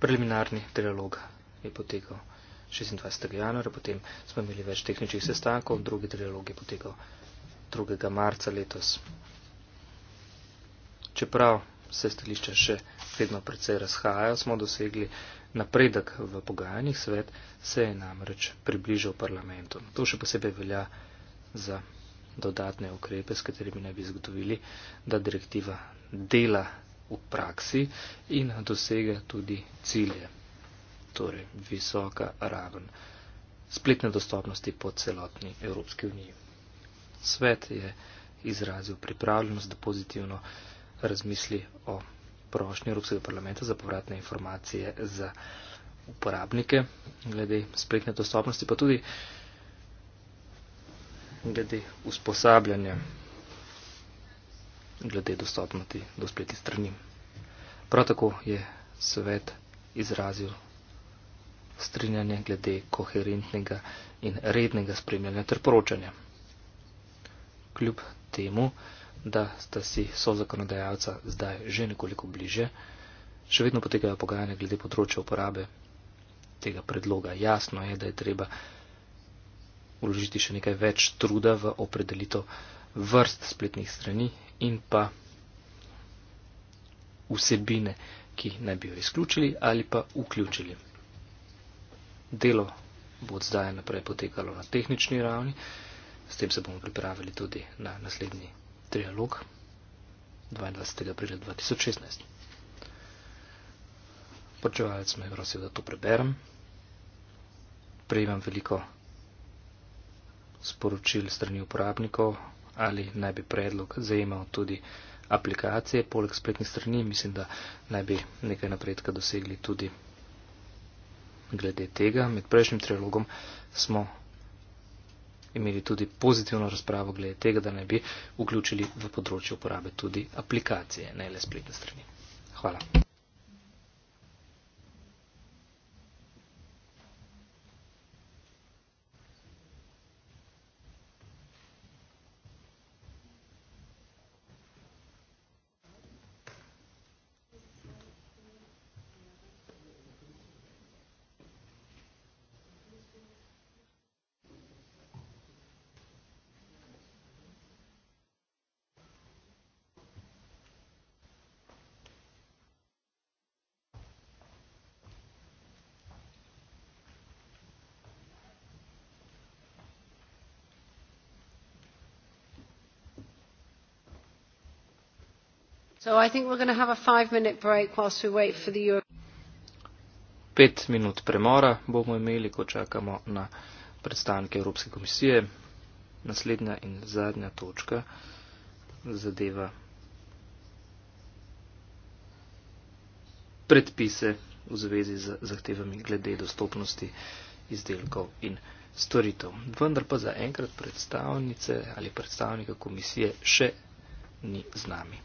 Preliminarni trilog je potekal. 26. januarja, potem smo imeli več tehničnih sestankov, drugi trilog je potekal 2. marca letos. Čeprav se stališča še vedno precej razhajajo, smo dosegli napredek v pogajanjih, svet se je namreč približal parlamentu. To še posebej velja za dodatne ukrepe, s katerimi naj bi zagotovili, da direktiva dela v praksi in dosega tudi cilje torej visoka raven spletne dostopnosti po celotni Evropski uniji. Svet je izrazil pripravljenost, da pozitivno razmisli o prošnji Evropskega parlamenta za povratne informacije za uporabnike glede spletne dostopnosti, pa tudi glede usposabljanja glede dostopnosti do spletnih strani. Prav tako je svet izrazil strinjanje glede koherentnega in rednega spremljanja ter poročanja. Kljub temu, da sta si so zakonodajalca zdaj že nekoliko bliže, še vedno potekajo pogajanja glede področja uporabe tega predloga. Jasno je, da je treba vložiti še nekaj več truda v opredelitev vrst spletnih strani in pa vsebine, ki naj bi jo izključili ali pa vključili delo bo od zdaj naprej potekalo na tehnični ravni, s tem se bomo pripravili tudi na naslednji trialog 22. aprila 2016. Prčevalec me je prosil, da to preberem. Prejemam veliko sporočil strani uporabnikov, ali naj bi predlog zajemal tudi aplikacije, poleg spletnih strani, mislim, da naj bi nekaj napredka dosegli tudi glede tega. Med prejšnjim trilogom smo imeli tudi pozitivno razpravo glede tega, da ne bi vključili v področje uporabe tudi aplikacije, ne le spletne strani. Hvala. I think we're going to have a five minute break whilst we wait for the Europe. Pet minut premora bomo imeli, ko čakamo na predstavnike Evropske komisije. Naslednja in zadnja točka zadeva predpise v zvezi z zahtevami glede dostopnosti izdelkov in storitev. Vendar pa za enkrat predstavnice ali predstavnika komisije še ni z nami.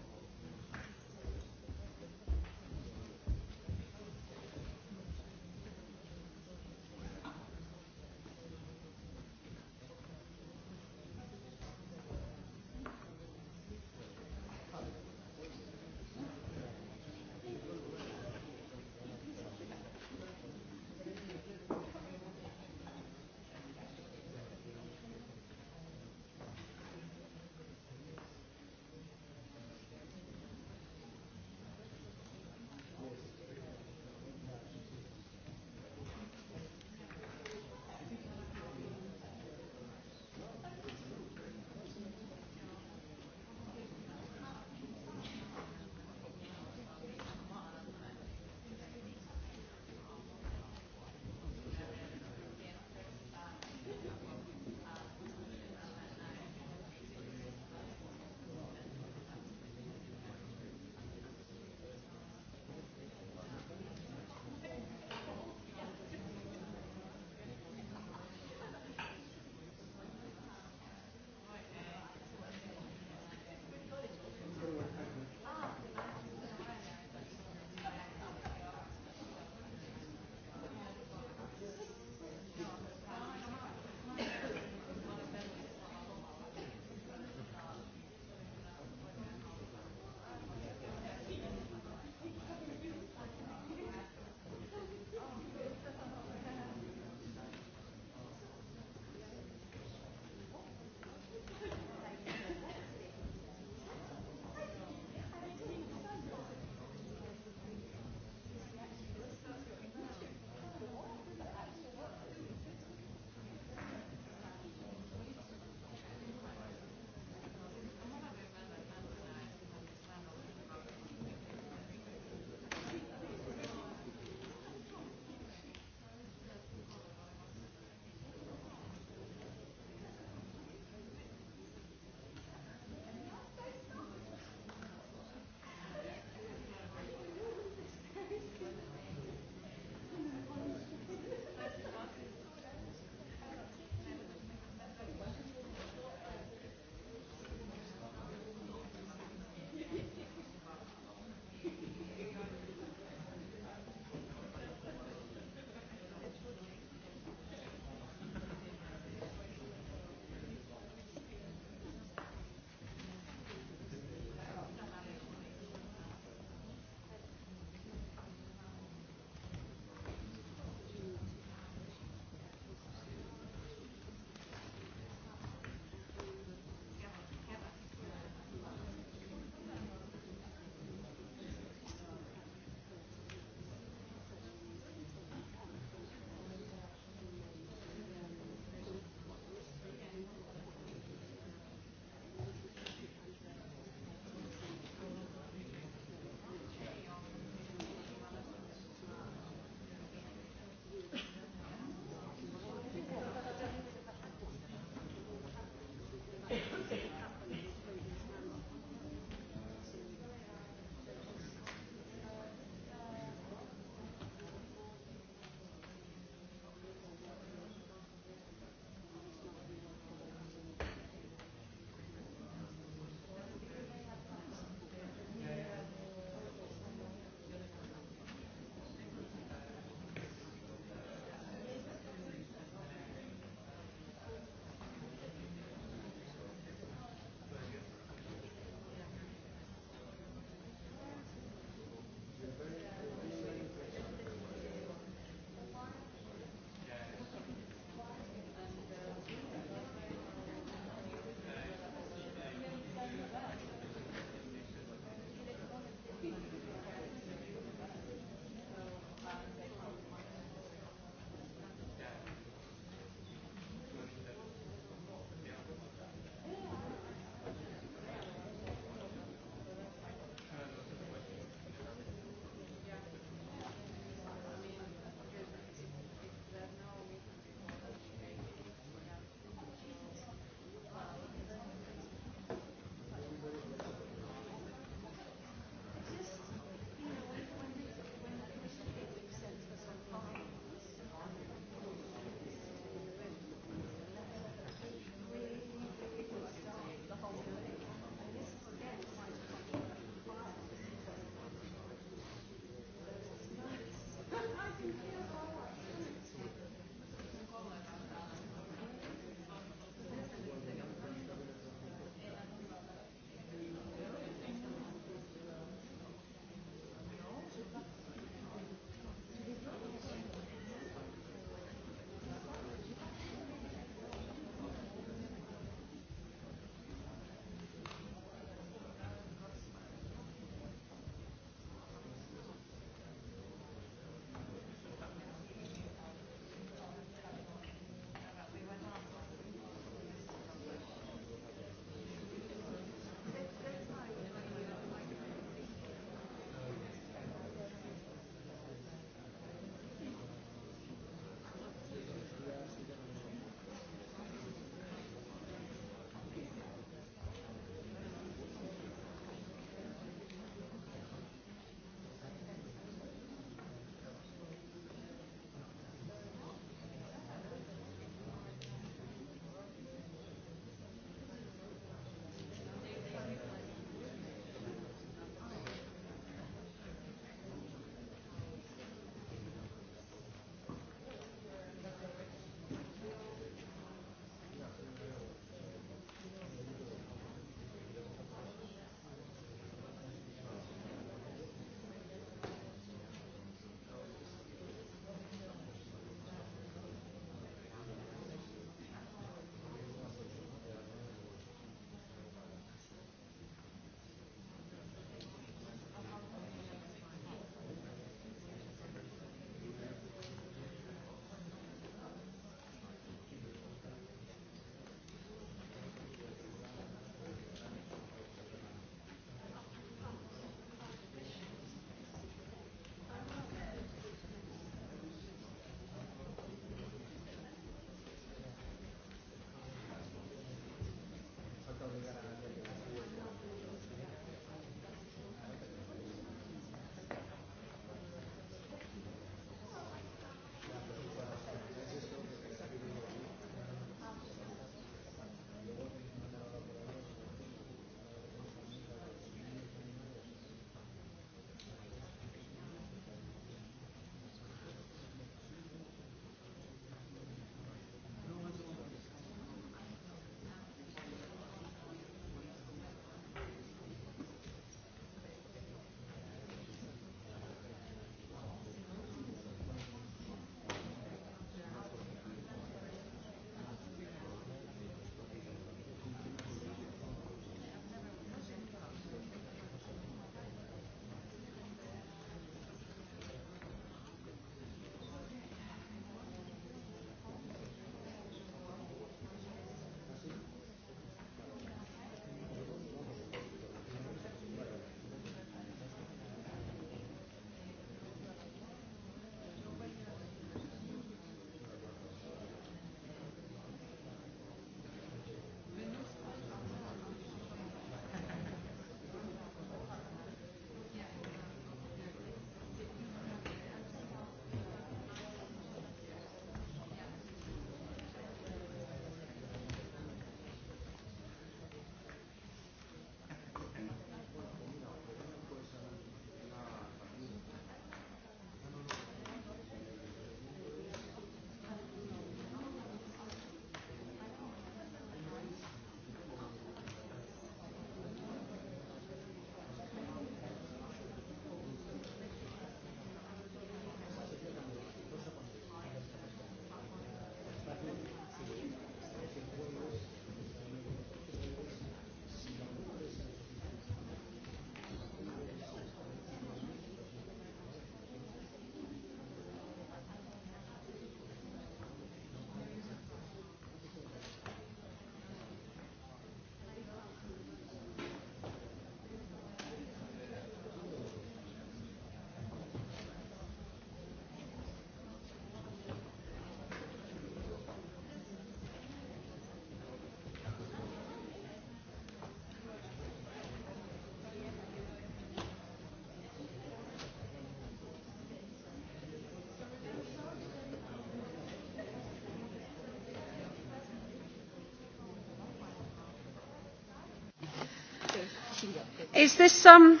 is this um,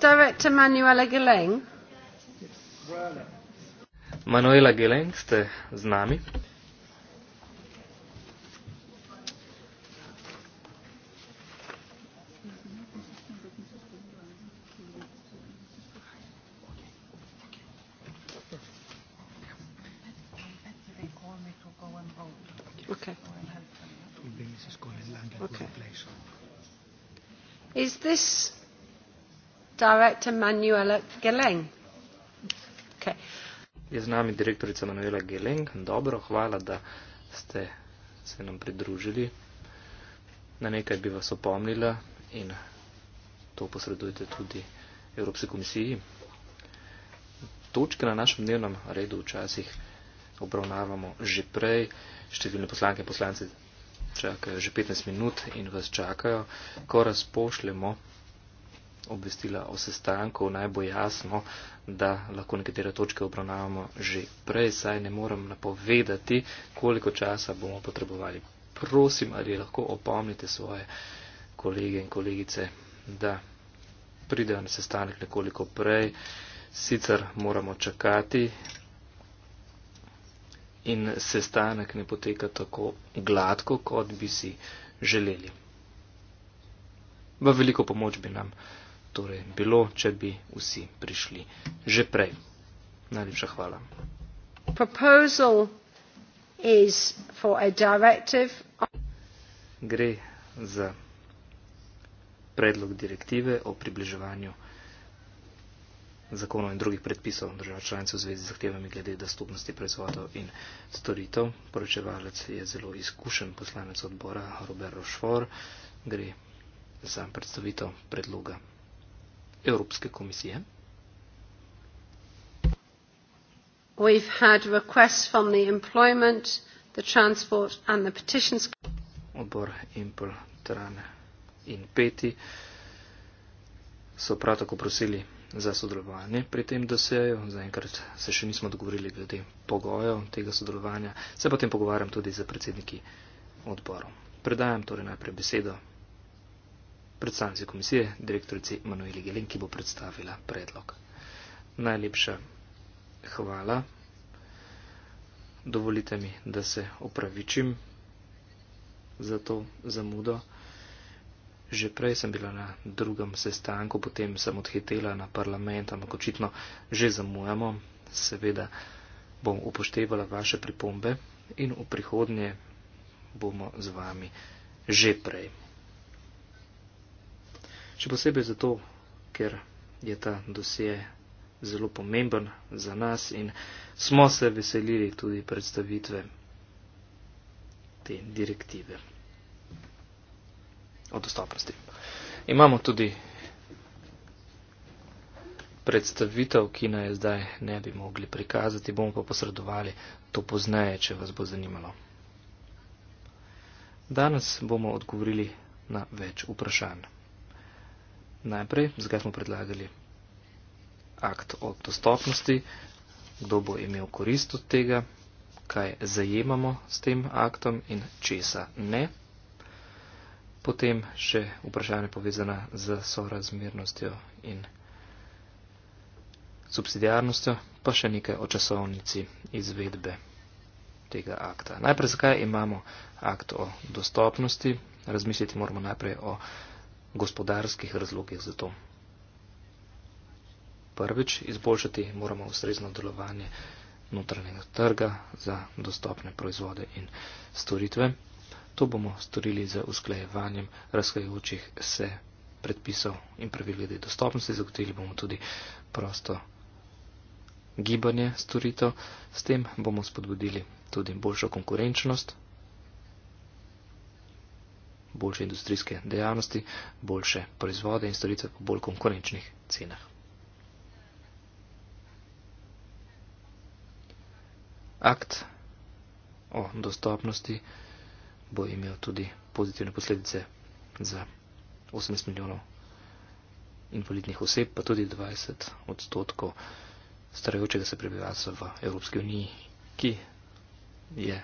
director Manuela Geleng? Manuela Geleng, ste z nami? this director Manuela Geleng? Okay. Je z nami direktorica Manuela Geleng. Dobro, hvala, da ste se nam pridružili. Na nekaj bi vas opomnila in to posredujete tudi Evropske komisiji. Točke na našem dnevnem redu včasih obravnavamo že prej. Številne poslanke in poslanci čakajo že 15 minut in vas čakajo. Ko razpošljemo obvestila o sestanku, naj bo jasno, da lahko nekatere točke obravnavamo že prej, saj ne moram napovedati, koliko časa bomo potrebovali. Prosim, ali lahko opomnite svoje kolege in kolegice, da pridejo na sestanek nekoliko prej. Sicer moramo čakati, in sestanek ne poteka tako gladko, kot bi si želeli. V veliko pomoč bi nam torej bilo, če bi vsi prišli že prej. Najlepša hvala. Gre za predlog direktive o približevanju zakonov in drugih predpisov držav članice v zvezi z zahtevami glede dostopnosti proizvodov in storitev. Poročevalec je zelo izkušen poslanec odbora Robert Rošfor. Gre za predstavitev predloga Evropske komisije. We've had requests from the employment, the transport and the petitions. Odbor Impel, Trane in Peti so prav tako prosili za sodelovanje pri tem dosejo. Zaenkrat se še nismo dogovorili glede pogojev tega sodelovanja. Se potem pogovarjam tudi z predsedniki odborov. Predajam torej najprej besedo predstavnici komisije, direktorici Manueli Gelin, ki bo predstavila predlog. Najlepša hvala. Dovolite mi, da se opravičim za to zamudo. Že prej sem bila na drugem sestanku, potem sem odhitela na parlament, ampak očitno že zamujamo. Seveda bom upoštevala vaše pripombe in v prihodnje bomo z vami že prej. Še posebej zato, ker je ta dosje zelo pomemben za nas in smo se veselili tudi predstavitve te direktive o dostopnosti. Imamo tudi predstavitev, ki na je zdaj ne bi mogli prikazati, bomo pa posredovali to pozneje, če vas bo zanimalo. Danes bomo odgovorili na več vprašanj. Najprej, zakaj smo predlagali akt o dostopnosti, kdo bo imel korist od tega, kaj zajemamo s tem aktom in česa ne. Potem še vprašanje povezana z sorazmernostjo in subsidijarnostjo, pa še nekaj o časovnici izvedbe tega akta. Najprej, zakaj imamo akt o dostopnosti? Razmisliti moramo najprej o gospodarskih razlogih za to. Prvič, izboljšati moramo ustrezno delovanje notranjega trga za dostopne proizvode in storitve. To bomo storili z usklajevanjem razhajajočih se predpisov in pravil glede dostopnosti, zagotovili bomo tudi prosto gibanje storitev, s tem bomo spodbudili tudi boljšo konkurenčnost, boljše industrijske dejavnosti, boljše proizvode in storitve po bolj konkurenčnih cenah. Akt o dostopnosti bo imel tudi pozitivne posledice za 18 milijonov invalidnih oseb, pa tudi 20 odstotkov starajočega se prebivalstva v Evropski uniji, ki je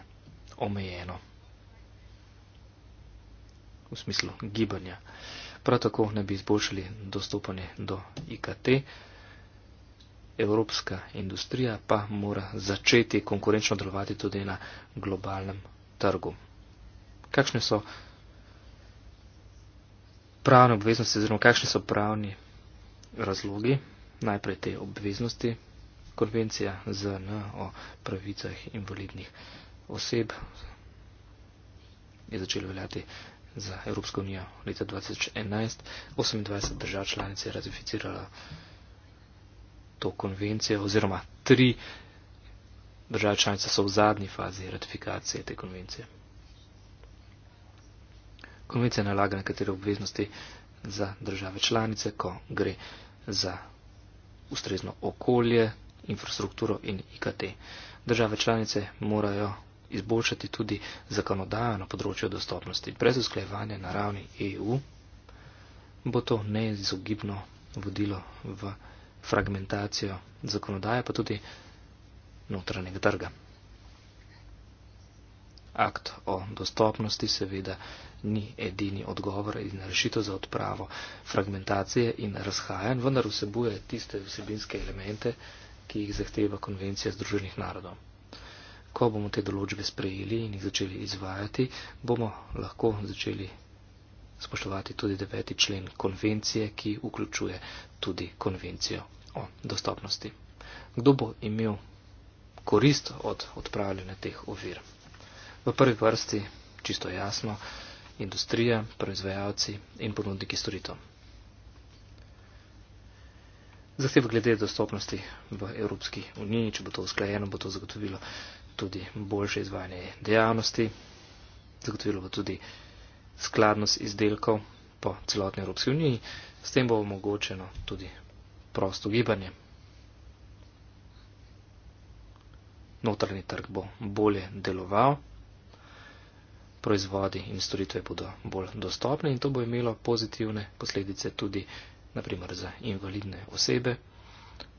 omejeno v smislu gibanja. Prav tako ne bi izboljšali dostopanje do IKT. Evropska industrija pa mora začeti konkurenčno delovati tudi na globalnem trgu kakšne so pravne obveznosti oziroma kakšni so pravni razlogi, najprej te obveznosti, konvencija ZN o pravicah invalidnih oseb je začela veljati za Evropsko unijo leta 2011. 28 držav članic je ratificirala to konvencijo oziroma tri države članice so v zadnji fazi ratifikacije te konvencije. Konvencija nalaga nekatere obveznosti za države članice, ko gre za ustrezno okolje, infrastrukturo in IKT. Države članice morajo izboljšati tudi zakonodajo na področju dostopnosti. Brez usklejevanja na ravni EU bo to neizogibno vodilo v fragmentacijo zakonodaje, pa tudi notranjega trga akt o dostopnosti seveda ni edini odgovor in rešitev za odpravo fragmentacije in razhajanj, vendar vsebuje tiste vsebinske elemente, ki jih zahteva konvencija Združenih narodov. Ko bomo te določbe sprejeli in jih začeli izvajati, bomo lahko začeli spoštovati tudi deveti člen konvencije, ki vključuje tudi konvencijo o dostopnosti. Kdo bo imel korist od odpravljanja teh ovir? V prvi vrsti, čisto jasno, industrija, proizvajalci in ponudniki storitev. Zahtev glede dostopnosti v Evropski uniji, če bo to usklajeno, bo to zagotovilo tudi boljše izvajanje dejavnosti, zagotovilo bo tudi skladnost izdelkov po celotni Evropski uniji, s tem bo omogočeno tudi prosto gibanje. Notranji trg bo bolje deloval proizvodi in storitve bodo bolj dostopne in to bo imelo pozitivne posledice tudi naprimer za invalidne osebe,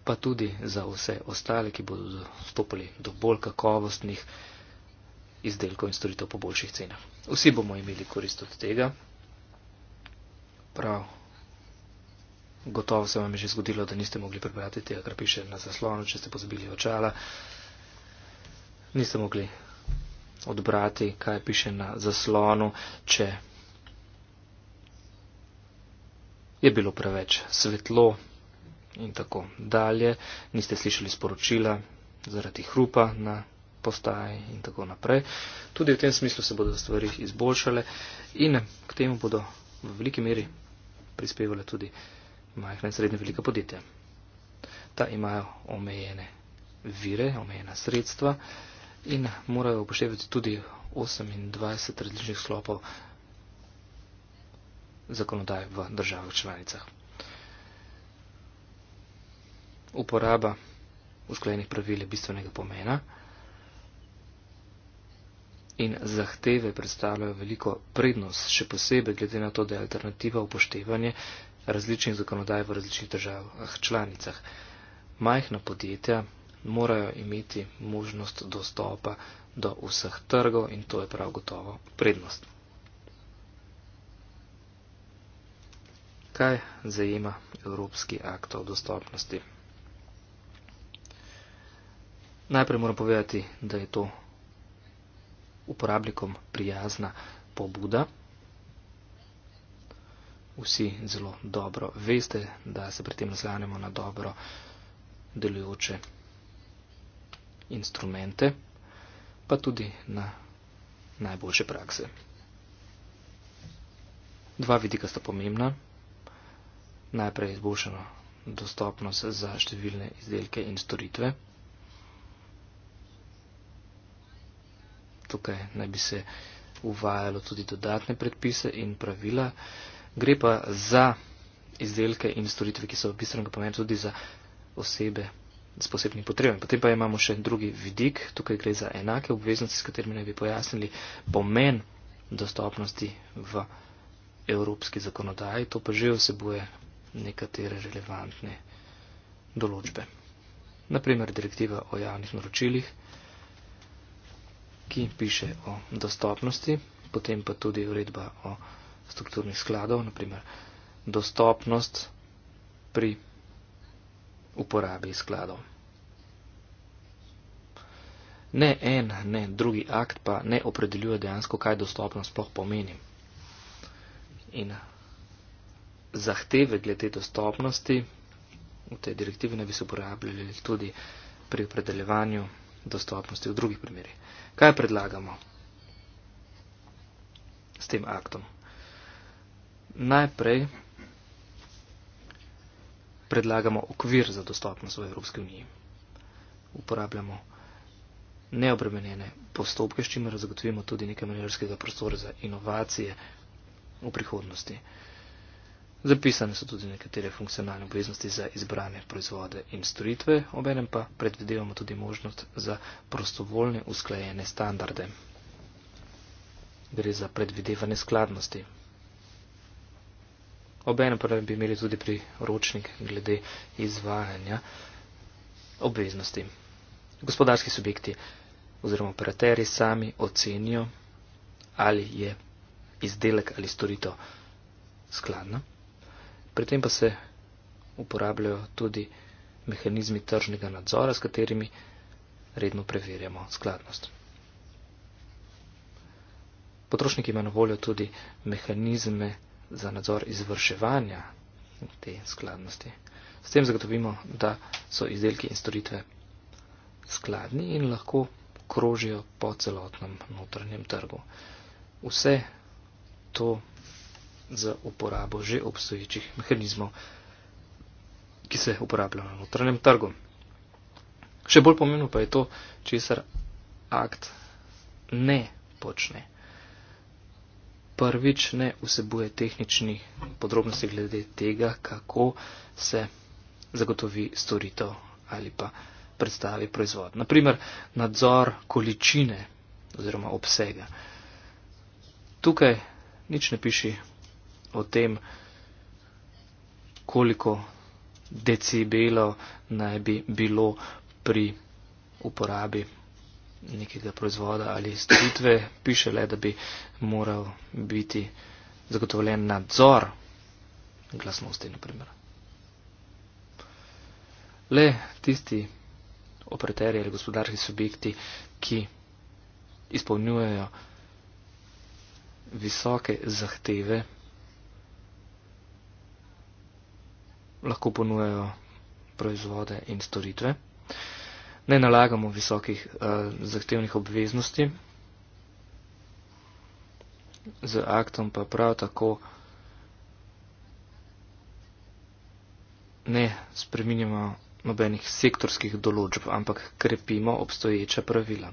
pa tudi za vse ostale, ki bodo dostopili do bolj kakovostnih izdelkov in storitev po boljših cenah. Vsi bomo imeli korist od tega. Prav gotovo se vam je že zgodilo, da niste mogli prebrati tega, kar piše na zaslonu, če ste pozabili očala. Niste mogli odbrati, kaj piše na zaslonu, če je bilo preveč svetlo in tako dalje, niste slišali sporočila zaradi hrupa na postaji in tako naprej. Tudi v tem smislu se bodo stvari izboljšale in k temu bodo v veliki meri prispevale tudi majhne in srednje velike podjetja. Ta imajo omejene vire, omejena sredstva in morajo upoštevati tudi 28 različnih sklopov zakonodaj v državah članicah. Uporaba usklajenih pravil je bistvenega pomena in zahteve predstavljajo veliko prednost, še posebej glede na to, da je alternativa upoštevanje različnih zakonodaj v različnih državah članicah. Majhna podjetja, morajo imeti možnost dostopa do vseh trgov in to je prav gotovo prednost. Kaj zajema Evropski akt o dostopnosti? Najprej moram povedati, da je to uporabnikom prijazna pobuda. Vsi zelo dobro veste, da se pri tem naslanjamo na dobro delujoče instrumente, pa tudi na najboljše prakse. Dva vidika sta pomembna. Najprej izboljšana dostopnost za številne izdelke in storitve. Tukaj naj bi se uvajalo tudi dodatne predpise in pravila. Gre pa za izdelke in storitve, ki so v bistvenem pomenu tudi za osebe, s posebnimi potrebami. Potem pa imamo še drugi vidik, tukaj gre za enake obveznosti, s katerimi naj bi pojasnili pomen dostopnosti v evropski zakonodaji. To pa že vsebuje nekatere relevantne določbe. Naprimer direktiva o javnih naročilih, ki piše o dostopnosti, potem pa tudi uredba o strukturnih skladov, naprimer dostopnost pri uporabi skladov. Ne en, ne drugi akt pa ne opredeljuje dejansko, kaj dostopnost sploh pomeni. In zahteve glede dostopnosti v tej direktivi ne bi se uporabljali tudi pri opredeljevanju dostopnosti v drugih primerih. Kaj predlagamo s tem aktom? Najprej predlagamo okvir za dostopnost v Evropski uniji. Uporabljamo neobremenjene postopke, s čimer zagotovimo tudi nekaj manjerskega prostora za inovacije v prihodnosti. Zapisane so tudi nekatere funkcionalne obveznosti za izbrane proizvode in storitve, obenem pa predvidevamo tudi možnost za prostovoljne usklajene standarde. Gre za predvidevanje skladnosti Obenem pa bi imeli tudi priročnik glede izvajanja obveznosti. Gospodarski subjekti oziroma operaterji sami ocenijo, ali je izdelek ali storitev skladna. Pri tem pa se uporabljajo tudi mehanizmi tržnega nadzora, s katerimi redno preverjamo skladnost. Potrošnik ima na voljo tudi mehanizme za nadzor izvrševanja te skladnosti. S tem zagotovimo, da so izdelki in storitve skladni in lahko krožijo po celotnem notranjem trgu. Vse to za uporabo že obstoječih mehanizmov, ki se uporabljajo na notranjem trgu. Še bolj pomembno pa je to, česar akt ne počne prvič ne vsebuje tehničnih podrobnosti glede tega, kako se zagotovi storitev ali pa predstavi proizvod. Naprimer, nadzor količine oziroma obsega. Tukaj nič ne piši o tem, koliko decibelov naj bi bilo pri uporabi nekega proizvoda ali storitve, piše le, da bi moral biti zagotovljen nadzor glasnosti, naprimer. Le tisti operaterji ali gospodarski subjekti, ki izpolnjujejo visoke zahteve, lahko ponujejo proizvode in storitve ne nalagamo visokih eh, zahtevnih obveznosti. Z aktom pa prav tako ne spreminjamo nobenih sektorskih določb, ampak krepimo obstoječa pravila.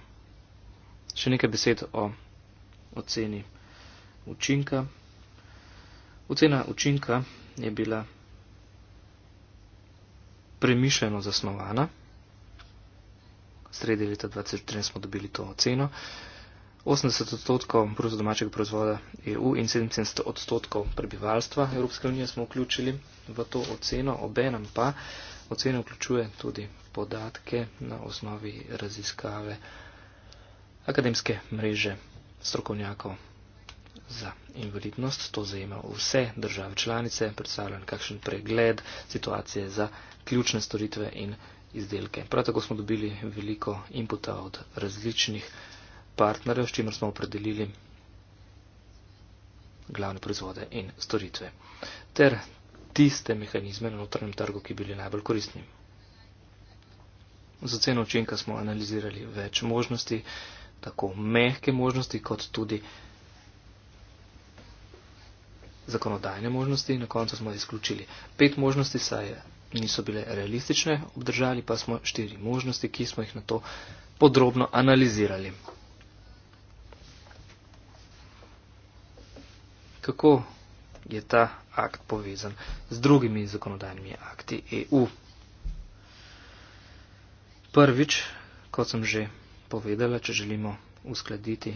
Še nekaj besed o oceni učinka. Ocena učinka je bila premišljeno zasnovana sredi leta 2013 smo dobili to oceno. 80 odstotkov bruto domačega proizvoda EU in 77 odstotkov prebivalstva Evropske unije smo vključili v to oceno, obenem pa ocena vključuje tudi podatke na osnovi raziskave akademske mreže strokovnjakov za invalidnost. To zajema vse države članice, predstavljam kakšen pregled situacije za ključne storitve in pregled izdelke. Prav tako smo dobili veliko inputa od različnih partnerjev, s čimer smo opredelili glavne proizvode in storitve. Ter tiste mehanizme na notranjem trgu, ki bili najbolj koristni. Za ceno učinka smo analizirali več možnosti, tako mehke možnosti, kot tudi zakonodajne možnosti. Na koncu smo izključili pet možnosti, saj niso bile realistične, obdržali pa smo štiri možnosti, ki smo jih na to podrobno analizirali. Kako je ta akt povezan z drugimi zakonodajnimi akti EU? Prvič, kot sem že povedala, če želimo uskladiti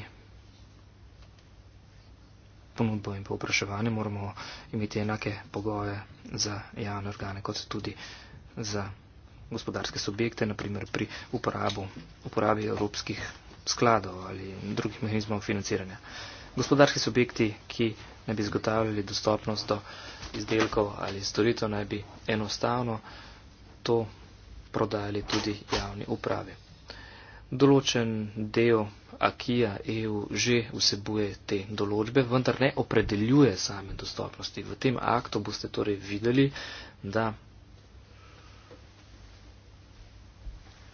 ponudbo in povpraševanje, moramo imeti enake pogoje za javne organe, kot tudi za gospodarske subjekte, naprimer pri uporabu, uporabi evropskih skladov ali drugih mehanizmov financiranja. Gospodarski subjekti, ki ne bi zgotavljali dostopnost do izdelkov ali storitev, naj bi enostavno to prodajali tudi javni upravi določen del Akija EU že vsebuje te določbe, vendar ne opredeljuje same dostopnosti. V tem aktu boste torej videli, da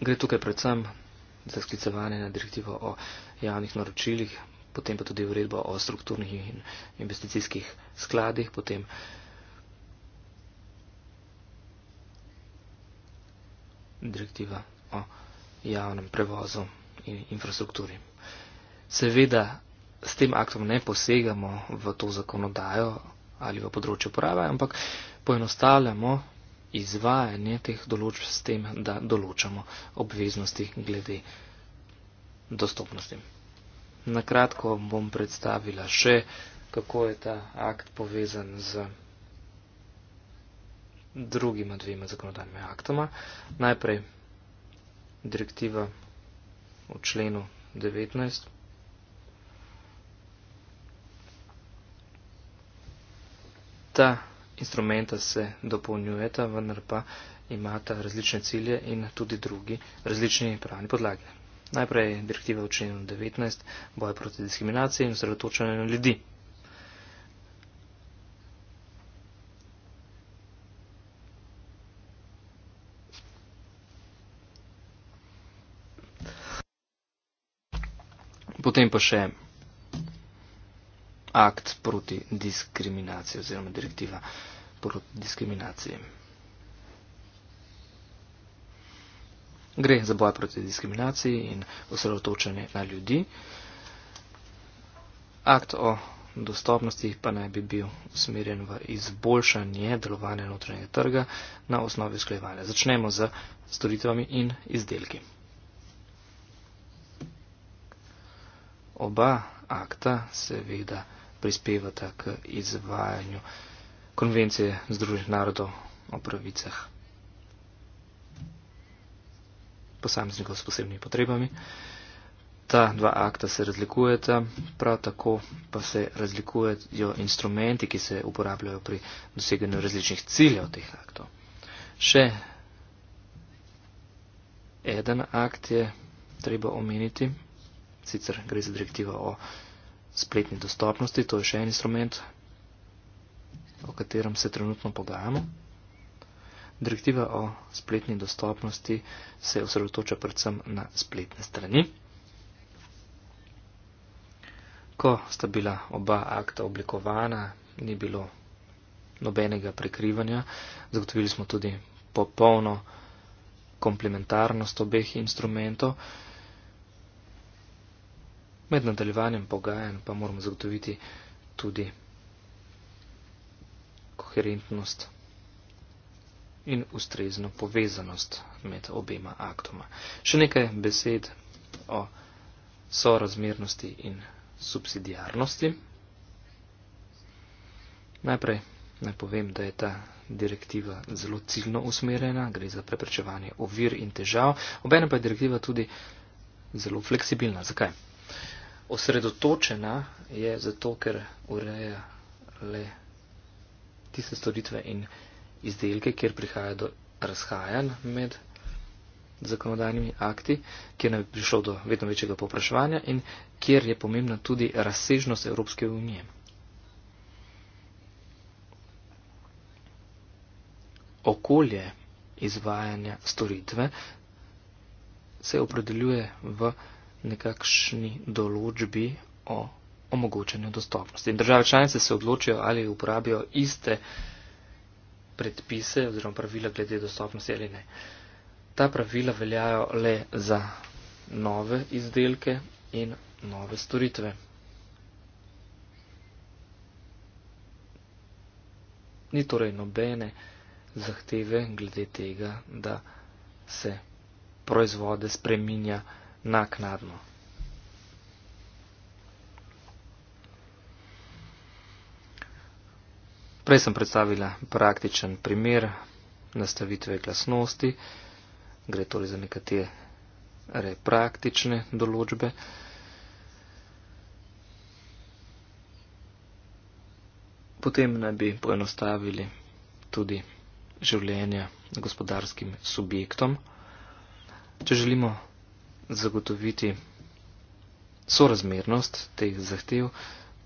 gre tukaj predvsem za sklicevanje na direktivo o javnih naročilih, potem pa tudi uredbo o strukturnih in investicijskih skladih, potem direktiva o javnem prevozu in infrastrukturi. Seveda s tem aktom ne posegamo v to zakonodajo ali v področje uporabe, ampak poenostavljamo izvajanje teh določb s tem, da določamo obveznosti glede dostopnosti. Na kratko bom predstavila še, kako je ta akt povezan z drugima dvema zakonodajnima aktoma. Najprej direktiva v členu 19. Ta instrumenta se dopolnjujeta, vendar pa imata različne cilje in tudi drugi različni pravni podlage. Najprej direktiva v členu 19, boj proti diskriminaciji in osredotočanje na ljudi. potem pa še akt proti diskriminaciji oziroma direktiva proti diskriminaciji. Gre za boj proti diskriminaciji in osredotočenje na ljudi. Akt o dostopnosti pa naj bi bil usmerjen v izboljšanje delovanja notranjega trga na osnovi usklejevanja. Začnemo z storitvami in izdelki. Oba akta seveda prispevata k izvajanju konvencije Združenih narodov o pravicah posameznikov s posebnimi potrebami. Ta dva akta se razlikujeta, prav tako pa se razlikujejo instrumenti, ki se uporabljajo pri doseganju različnih ciljev teh aktov. Še eden akt je treba omeniti sicer gre za direktivo o spletni dostopnosti, to je še en instrument, o katerem se trenutno pogajamo. Direktiva o spletni dostopnosti se osredotoča predvsem na spletne strani. Ko sta bila oba akta oblikovana, ni bilo nobenega prekrivanja, zagotovili smo tudi popolno komplementarnost obeh instrumentov. Med nadaljevanjem pogajanj pa moramo zagotoviti tudi koherentnost in ustrezno povezanost med obema aktoma. Še nekaj besed o sorazmernosti in subsidijarnosti. Najprej naj povem, da je ta direktiva zelo ciljno usmerjena, gre za preprečevanje ovir in težav, obenem pa je direktiva tudi zelo fleksibilna. Zakaj? osredotočena je zato, ker ureja le tiste storitve in izdelke, kjer prihaja do razhajanj med zakonodajnimi akti, kjer nam je prišlo do vedno večjega poprašovanja in kjer je pomembna tudi razsežnost Evropske unije. Okolje izvajanja storitve se opredeljuje v nekakšni določbi o omogočanju dostopnosti. In države članice se odločijo, ali uporabijo iste predpise oziroma pravila glede dostopnosti ali ne. Ta pravila veljajo le za nove izdelke in nove storitve. Ni torej nobene zahteve glede tega, da se proizvode spreminja naknadno. Prej sem predstavila praktičen primer nastavitve glasnosti, gre torej za nekatere praktične določbe. Potem naj bi poenostavili tudi življenje gospodarskim subjektom. Če želimo zagotoviti sorazmernost teh zahtev,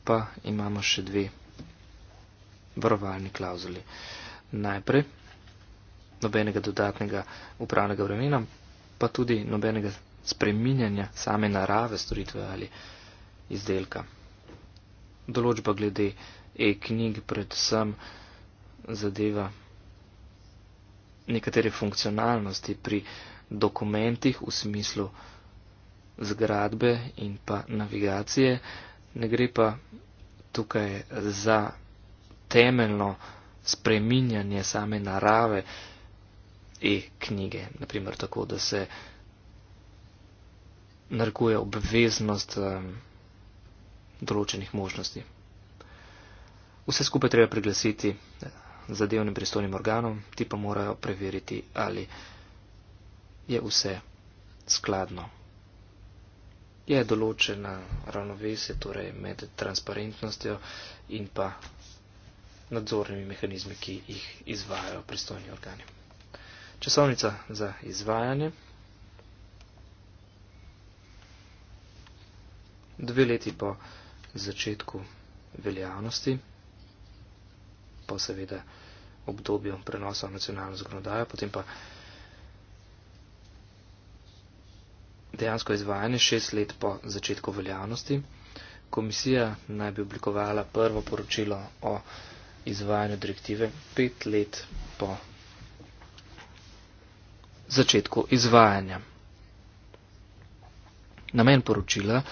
pa imamo še dve varovalni klauzuli. Najprej nobenega dodatnega upravnega vremena, pa tudi nobenega spreminjanja same narave storitve ali izdelka. Določba glede e-knjig predvsem zadeva nekatere funkcionalnosti pri dokumentih v smislu zgradbe in pa navigacije, ne gre pa tukaj za temeljno spreminjanje same narave e-knjige, naprimer tako, da se narkuje obveznost um, določenih možnosti. Vse skupaj treba preglasiti eh, zadevnim pristojnim organom, ti pa morajo preveriti, ali je vse skladno. Je določena ravnovesje torej med transparentnostjo in pa nadzornimi mehanizmi, ki jih izvajajo pristojni organi. Časovnica za izvajanje. Dve leti po začetku veljavnosti, po seveda obdobju prenosa v nacionalno zakonodajo, potem pa dejansko izvajanje šest let po začetku veljavnosti. Komisija naj bi oblikovala prvo poročilo o izvajanju direktive pet let po začetku izvajanja. Namen poročila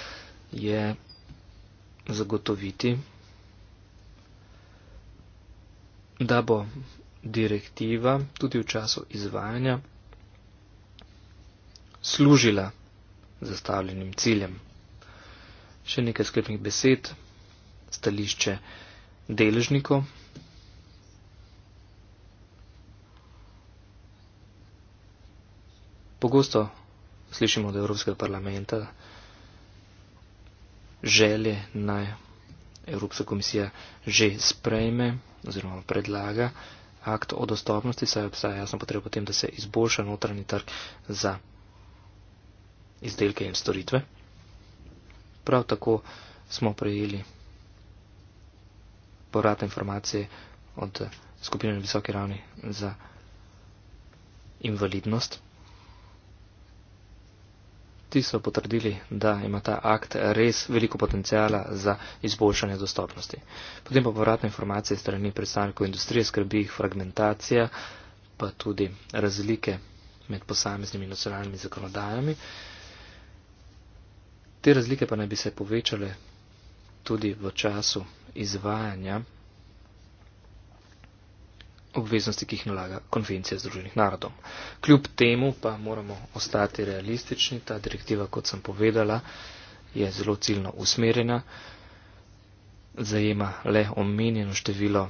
je zagotoviti, da bo direktiva tudi v času izvajanja služila zastavljenim ciljem. Še nekaj sklepnih besed, stališče deležniko. Pogosto slišimo od Evropskega parlamenta želje naj Evropska komisija že sprejme oziroma predlaga akt o dostopnosti, saj obstaja jasno potreba potem, da se izboljša notranji trg za izdelke in storitve. Prav tako smo prejeli povratne informacije od skupine na visoki ravni za invalidnost. Ti so potrdili, da ima ta akt res veliko potencijala za izboljšanje dostopnosti. Potem pa povratne informacije strani predstavnikov industrije skrbi fragmentacija, pa tudi razlike med posameznimi nacionalnimi zakonodajami. Uh, Te razlike pa naj bi se povečale tudi v času izvajanja obveznosti, ki jih nalaga konvencija Združenih narodov. Kljub temu pa moramo ostati realistični. Ta direktiva, kot sem povedala, je zelo ciljno usmerjena, zajema le omenjeno število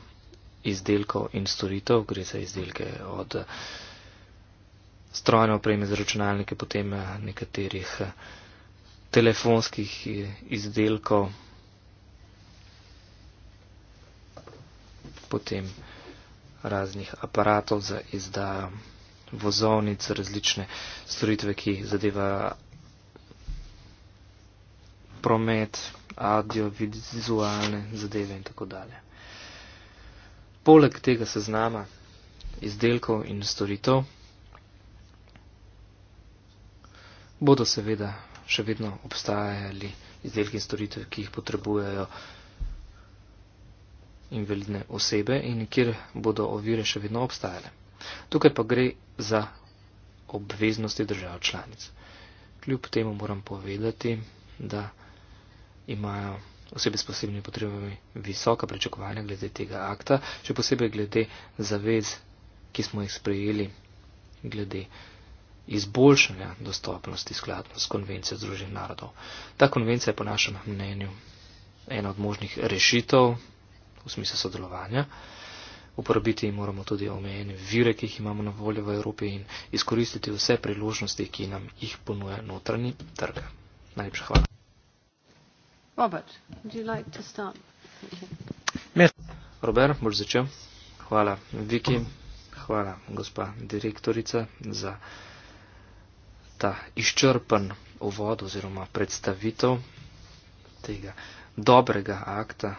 izdelkov in storitev, gre za izdelke od strojne opreme za računalnike, potem eh, nekaterih eh, telefonskih eh, izdelkov, potem raznih aparatov za izdajo vozovnic, različne storitve, ki zadeva promet, audiovizualne zadeve in tako dalje. Poleg tega seznama izdelkov in storitev bodo seveda še vedno obstajali izdelki in storitev, ki jih potrebujejo invalidne osebe in kjer bodo ovire še vedno obstajale. Tukaj pa gre za obveznosti držav članic. Kljub temu moram povedati, da imajo osebe s posebnimi potrebami visoka pričakovanja glede tega akta, še posebej glede zavez, ki smo jih sprejeli glede izboljšanja dostopnosti skladno s konvencijo Združenih narodov. Ta konvencija je po našem mnenju ena od možnih rešitev v smislu sodelovanja. Uporabiti moramo tudi omejene vire, ki jih imamo na voljo v Evropi in izkoristiti vse priložnosti, ki nam jih ponuja notranji trg. Najlepša hvala. Robert, Robert, boš začel. Hvala, Viki. Hvala, gospa direktorica, za ta izčrpen uvod oziroma predstavitev tega dobrega akta,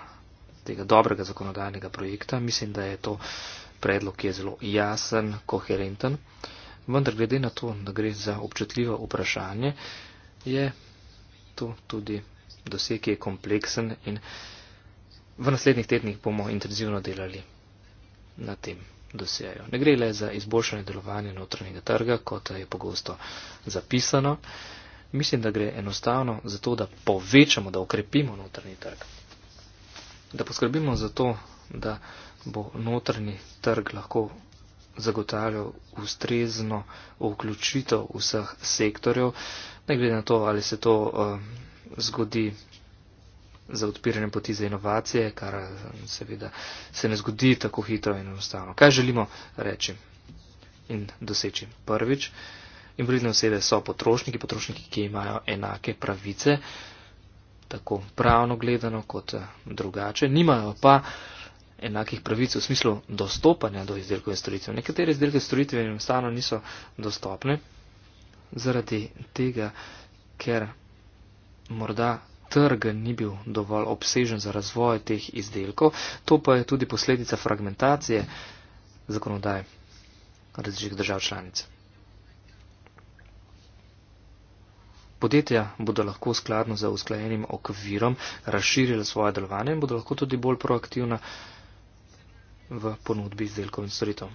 tega dobrega zakonodajnega projekta. Mislim, da je to predlog, ki je zelo jasen, koherenten, vendar glede na to, da gre za občutljivo vprašanje, je to tudi doseg, ki je kompleksen in v naslednjih tednih bomo intenzivno delali na tem dosjejo. Ne gre le za izboljšanje delovanja notranjega trga, kot je pogosto zapisano. Mislim, da gre enostavno za to, da povečamo, da okrepimo notranji trg. Da poskrbimo za to, da bo notranji trg lahko zagotavljal ustrezno vključitev vseh sektorjev, ne glede na to, ali se to uh, zgodi za odpiranje poti za inovacije, kar seveda se ne zgodi tako hitro in enostavno. Kaj želimo reči in doseči? Prvič, invalidne osebe so potrošniki, potrošniki, ki imajo enake pravice, tako pravno gledano kot drugače, nimajo pa enakih pravic v smislu dostopanja do izdelkov in storitev. Nekatere izdelke in storitev enostavno niso dostopne zaradi tega, ker morda trg ni bil dovolj obsežen za razvoj teh izdelkov, to pa je tudi posledica fragmentacije zakonodaj različnih držav članic. Podjetja bodo lahko skladno za usklajenim okvirom razširila svoje delovanje in bodo lahko tudi bolj proaktivna v ponudbi izdelkov in storitev.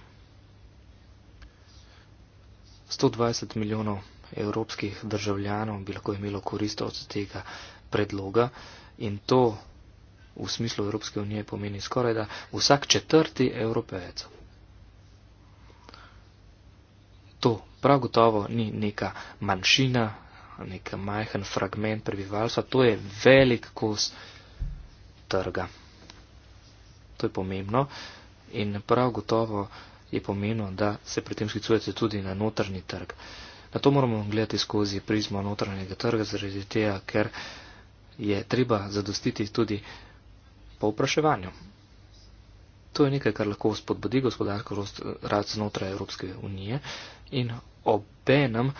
120 milijonov evropskih državljanov bi lahko imelo korist od tega predloga in to v smislu Evropske unije pomeni skoraj, da vsak četrti evropejec. To prav gotovo ni neka manjšina, nek majhen fragment prebivalstva, to je velik kos trga. To je pomembno in prav gotovo je pomembno, da se pri tem sklicujete tudi na notrni trg. Na to moramo gledati skozi prizmo notranjega trga, zaradi tega, ker je treba zadostiti tudi po vpraševanju. To je nekaj, kar lahko spodbudi gospodarsko rast znotraj Evropske unije in obenem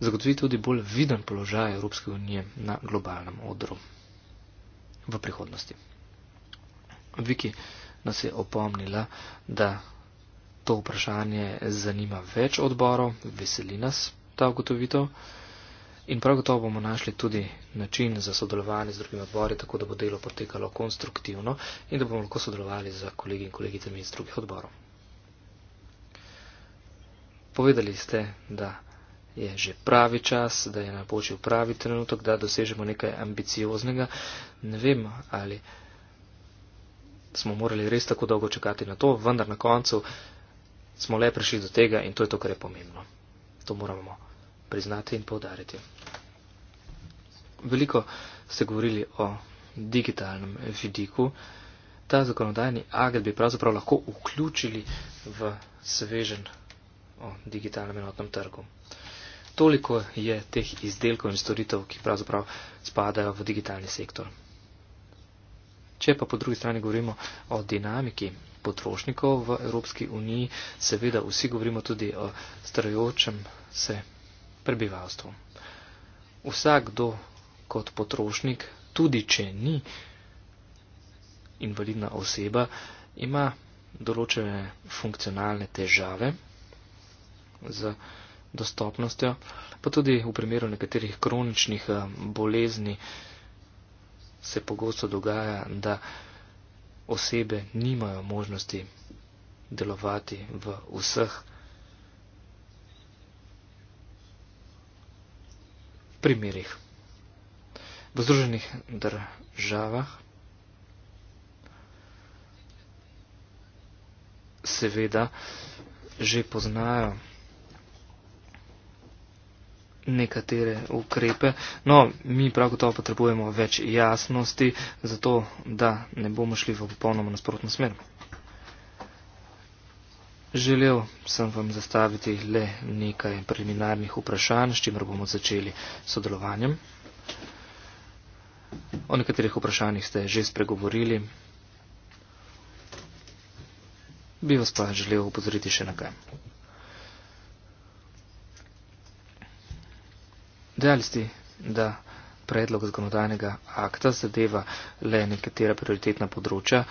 zagotovi tudi bolj viden položaj Evropske unije na globalnem odru v prihodnosti. Viki nas je opomnila, da to vprašanje zanima več odborov, veseli nas ta ugotovitev. In prav gotovo bomo našli tudi način za sodelovanje z drugimi odbori, tako da bo delo potekalo konstruktivno in da bomo lahko sodelovali z kolegi in kolegicami iz drugih odborov. Povedali ste, da je že pravi čas, da je najboljši pravi trenutek, da dosežemo nekaj ambicioznega. Ne vem, ali smo morali res tako dolgo čakati na to, vendar na koncu smo le prišli do tega in to je to, kar je pomembno. To moramo priznati in povdariti. Veliko ste govorili o digitalnem vidiku. Ta zakonodajni agent bi pravzaprav lahko vključili v svežen o digitalnem enotnem trgu. Toliko je teh izdelkov in storitev, ki pravzaprav spadajo v digitalni sektor. Če pa po drugi strani govorimo o dinamiki potrošnikov v Evropski uniji, seveda vsi govorimo tudi o strajočem se prebivalstvom. Vsakdo kot potrošnik, tudi če ni invalidna oseba, ima določene funkcionalne težave z dostopnostjo, pa tudi v primeru nekaterih kroničnih eh, bolezni se pogosto dogaja, da osebe nimajo možnosti delovati v vseh primerih. V združenih državah seveda že poznajo nekatere ukrepe, no mi prav gotovo potrebujemo več jasnosti, zato da ne bomo šli v popolnoma nasprotno smer. Želel sem vam zastaviti le nekaj preliminarnih vprašanj, s čimer bomo začeli sodelovanjem. O nekaterih vprašanjih ste že spregovorili. Bi vas pa želel upozoriti še na kaj. Dejali ste, da predlog zakonodajnega akta zadeva le nekatera prioritetna področja,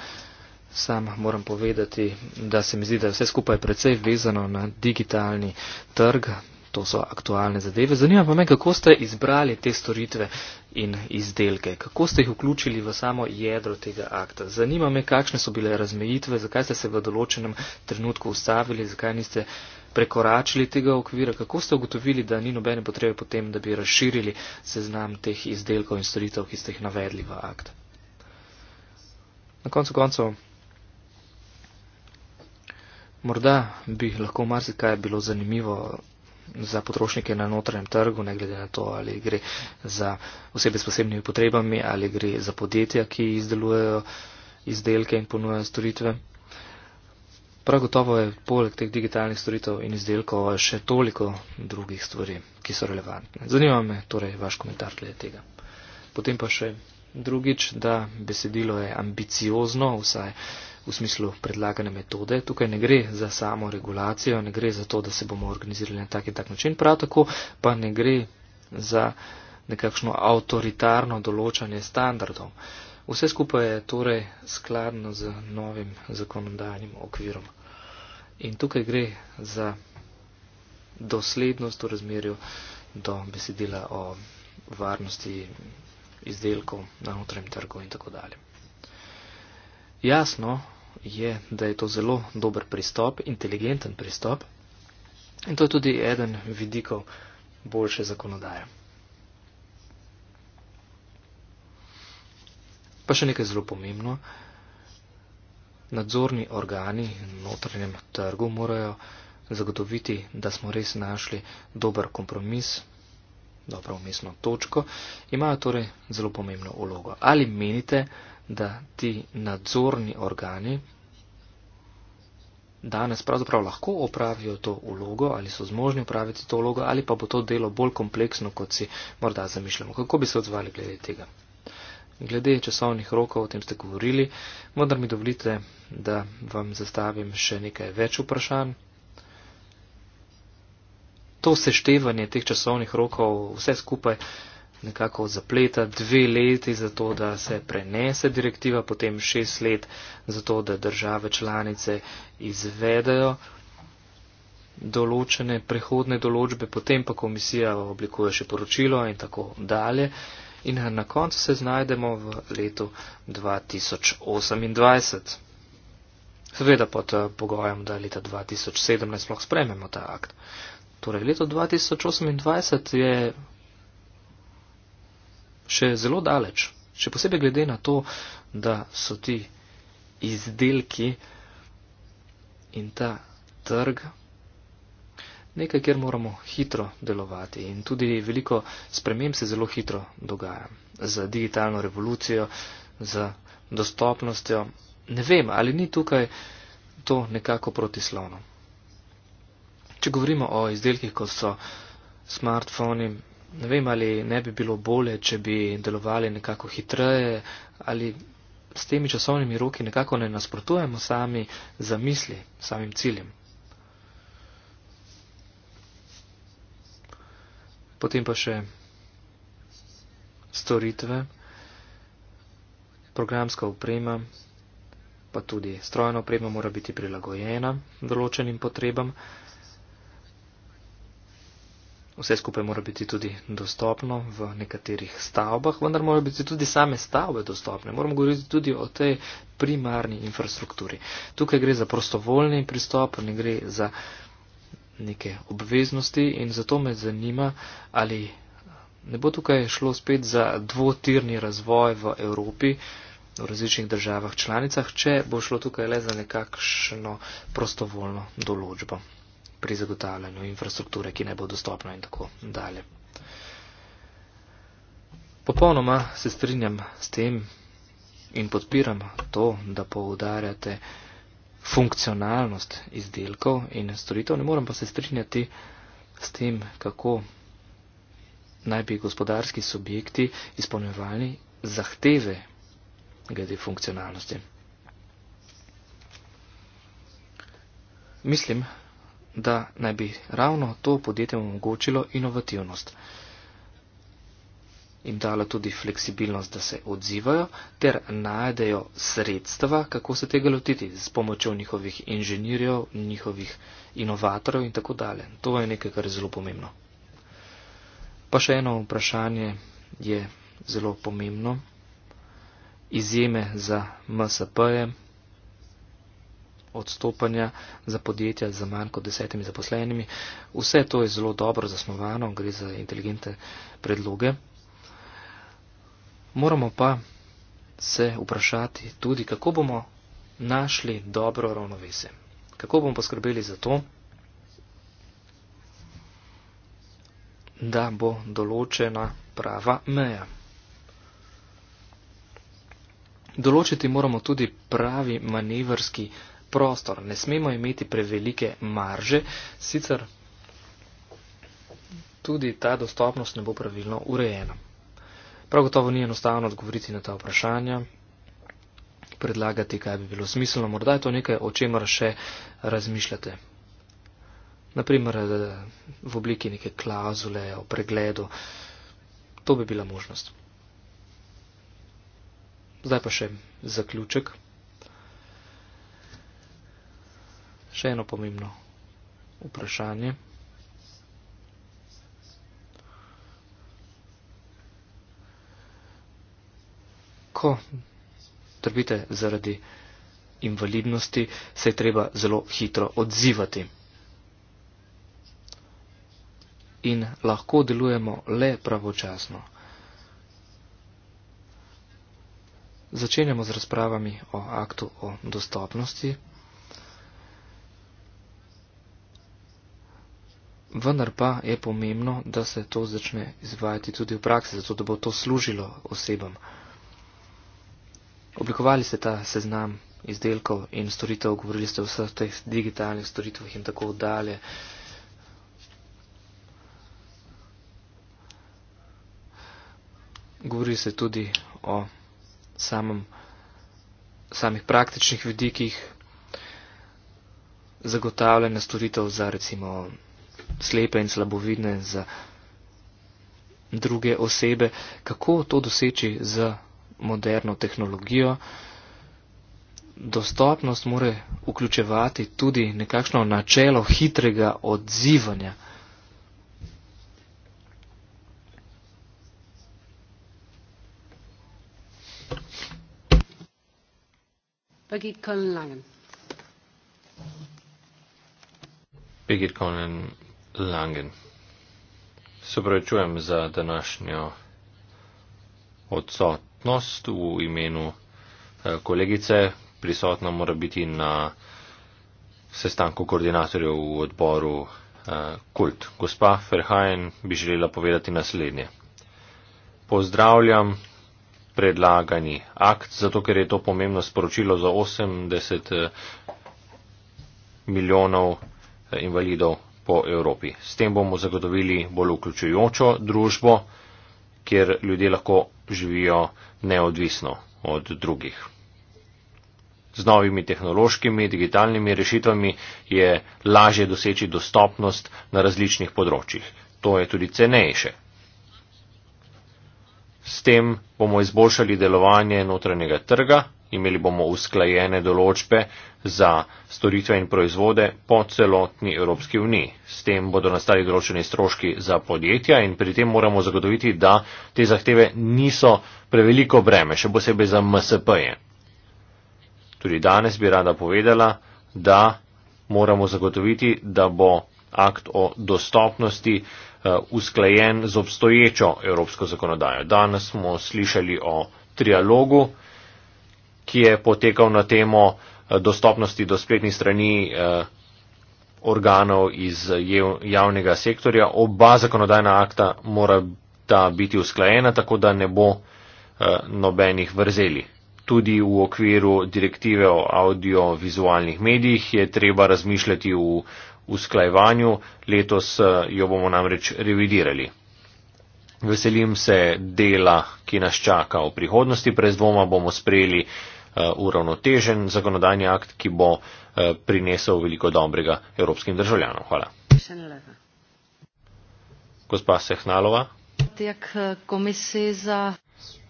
Sam moram povedati, da se mi zdi, da je vse skupaj precej vezano na digitalni trg. To so aktualne zadeve. Zanima pa me, kako ste izbrali te storitve in izdelke, kako ste jih vključili v samo jedro tega akta. Zanima me, kakšne so bile razmejitve, zakaj ste se v določenem trenutku ustavili, zakaj niste prekoračili tega okvira, kako ste ugotovili, da ni nobene potrebe potem, da bi razširili seznam teh izdelkov in storitev, ki ste jih navedli v akt. Na koncu koncev. Morda bi lahko marsikaj bilo zanimivo za potrošnike na notranjem trgu, ne glede na to, ali gre za osebe s posebnimi potrebami, ali gre za podjetja, ki izdelujejo izdelke in ponujajo storitve. Prav gotovo je poleg teh digitalnih storitev in izdelkov še toliko drugih stvari, ki so relevantne. Zanima me torej vaš komentar glede tega. Potem pa še drugič, da besedilo je ambiciozno, vsaj v smislu predlagane metode. Tukaj ne gre za samo regulacijo, ne gre za to, da se bomo organizirali na tak in tak način, prav tako pa ne gre za nekakšno avtoritarno določanje standardov. Vse skupaj je torej skladno z novim zakonodajnim okvirom. In tukaj gre za doslednost v razmerju do besedila o varnosti izdelkov na notranjem trgu in tako dalje. Jasno, je, da je to zelo dober pristop, inteligenten pristop in to je tudi eden vidikov boljše zakonodaje. Pa še nekaj zelo pomembno. Nadzorni organi na notranjem trgu morajo zagotoviti, da smo res našli dober kompromis, dobro umestno točko, imajo torej zelo pomembno ulogo. Ali menite, da ti nadzorni organi danes pravzaprav lahko opravijo to vlogo ali so zmožni opraviti to vlogo ali pa bo to delo bolj kompleksno, kot si morda zamišljamo. Kako bi se odzvali glede tega? Glede časovnih rokov, o tem ste govorili, vendar mi dovolite, da vam zastavim še nekaj več vprašanj. To seštevanje teh časovnih rokov, vse skupaj, uh, nekako zapleta dve leti za to, da se prenese direktiva, potem šest let za to, da države članice izvedajo določene prehodne določbe, potem pa komisija oblikuje še poročilo in tako dalje. In na koncu se znajdemo v letu 2028. Seveda pod eh, pogojem, da leta 2017 sploh sprememo ta akt. Torej, leto 2028 je še zelo daleč, še posebej glede na to, da so ti izdelki in ta trg nekaj, kjer moramo hitro delovati in tudi veliko sprememb se zelo hitro dogaja. Za digitalno revolucijo, za dostopnostjo, ne vem, ali ni tukaj to nekako protislovno. Če govorimo o izdelkih, kot so smartfoni, Ne vem, ali ne bi bilo bolje, če bi delovali nekako hitreje, ali s temi časovnimi roki nekako ne nasprotujemo sami zamisli, samim ciljem. Potem pa še storitve, programska oprema, pa tudi strojna oprema mora biti prilagojena določenim potrebam vse skupaj mora biti tudi dostopno v nekaterih stavbah, vendar mora biti tudi same stavbe dostopne. Moramo govoriti tudi o tej primarni infrastrukturi. Tukaj gre za prostovoljni pristop, ne gre za neke obveznosti in zato me zanima, ali ne bo tukaj šlo spet za dvotirni razvoj v Evropi v različnih državah članicah, če bo šlo tukaj le za nekakšno prostovoljno določbo pri zagotavljanju infrastrukture, ki ne bo dostopna in tako dalje. Popolnoma se strinjam s tem in podpiram to, da poudarjate funkcionalnost izdelkov in storitev, ne morem pa se strinjati s tem, kako naj bi gospodarski subjekti izpolnjevali zahteve glede funkcionalnosti. Mislim, da naj bi ravno to podjetje omogočilo inovativnost. In dala tudi fleksibilnost, da se odzivajo ter najdejo sredstva, kako se tega lotiti s pomočjo njihovih inženirjev, njihovih inovatorjev in tako dalje. To je nekaj, kar je zelo pomembno. Pa še eno vprašanje je zelo pomembno. Izjeme za MSP-je odstopanja za podjetja za manj kot desetimi zaposlenimi. Vse to je zelo dobro zasnovano, gre za inteligente predloge. Moramo pa se vprašati tudi, kako bomo našli dobro ravnovesje. Kako bomo poskrbeli za to, da bo določena prava meja. Določiti moramo tudi pravi manevrski prostor, ne smemo imeti prevelike marže, sicer tudi ta dostopnost ne bo pravilno urejena. Prav gotovo ni enostavno odgovoriti na ta vprašanja, predlagati, kaj bi bilo smiselno, morda je to nekaj, o čemer še razmišljate. Naprimer, v obliki neke klauzule o pregledu, to bi bila možnost. Zdaj pa še zaključek. še eno pomembno vprašanje. Ko trpite zaradi invalidnosti, se je treba zelo hitro odzivati. In lahko delujemo le pravočasno. Začenjamo z razpravami o aktu o dostopnosti. Vendar pa je pomembno, da se to začne izvajati tudi v praksi, zato da bo to služilo osebam. Oblikovali ste ta seznam izdelkov in storitev, govorili ste o vseh teh digitalnih storitvah in tako dalje. Govori se tudi o samem, samih praktičnih vidikih zagotavljanja storitev za recimo slepe in slabovidne, za druge osebe, kako to doseči z moderno tehnologijo. Dostopnost mora vključevati tudi nekakšno načelo hitrega odzivanja. Birgit Köln-Langen. Birgit Köln-Langen, Langen. Se pravičujem za današnjo odsotnost v imenu eh, kolegice. Prisotna mora biti na sestanku koordinatorjev v odboru eh, Kult. Gospa Ferhajen bi želela povedati naslednje. Pozdravljam predlagani akt, zato ker je to pomembno sporočilo za 80 eh, milijonov invalidov po Evropi. S tem bomo zagotovili bolj vključujočo družbo, kjer ljudje lahko živijo neodvisno od drugih. Z novimi tehnološkimi, digitalnimi rešitvami je lažje doseči dostopnost na različnih področjih. To je tudi cenejše. S tem bomo izboljšali delovanje notranjega trga Imeli bomo usklajene določbe za storitve in proizvode po celotni Evropski uniji. S tem bodo nastali določeni stroški za podjetja in pri tem moramo zagotoviti, da te zahteve niso preveliko breme, še posebej za MSP-je. Tudi danes bi rada povedala, da moramo zagotoviti, da bo akt o dostopnosti eh, usklajen z obstoječo evropsko zakonodajo. Danes smo slišali o trialogu, ki je potekal na temo eh, dostopnosti do spletnih strani eh, organov iz javnega sektorja. Oba zakonodajna akta mora ta biti usklajena, tako da ne bo eh, nobenih vrzeli. Tudi v okviru direktive o audiovizualnih medijih je treba razmišljati v usklajevanju. Letos jo bomo namreč revidirali. Veselim se dela, ki nas čaka v prihodnosti. Prez dvoma bomo sprejeli uh, Eh, uravnotežen zakonodajni akt, ki bo eh, prinesel veliko dobrega evropskim državljanom. Hvala. Gospa Sehnalova. Eh, za...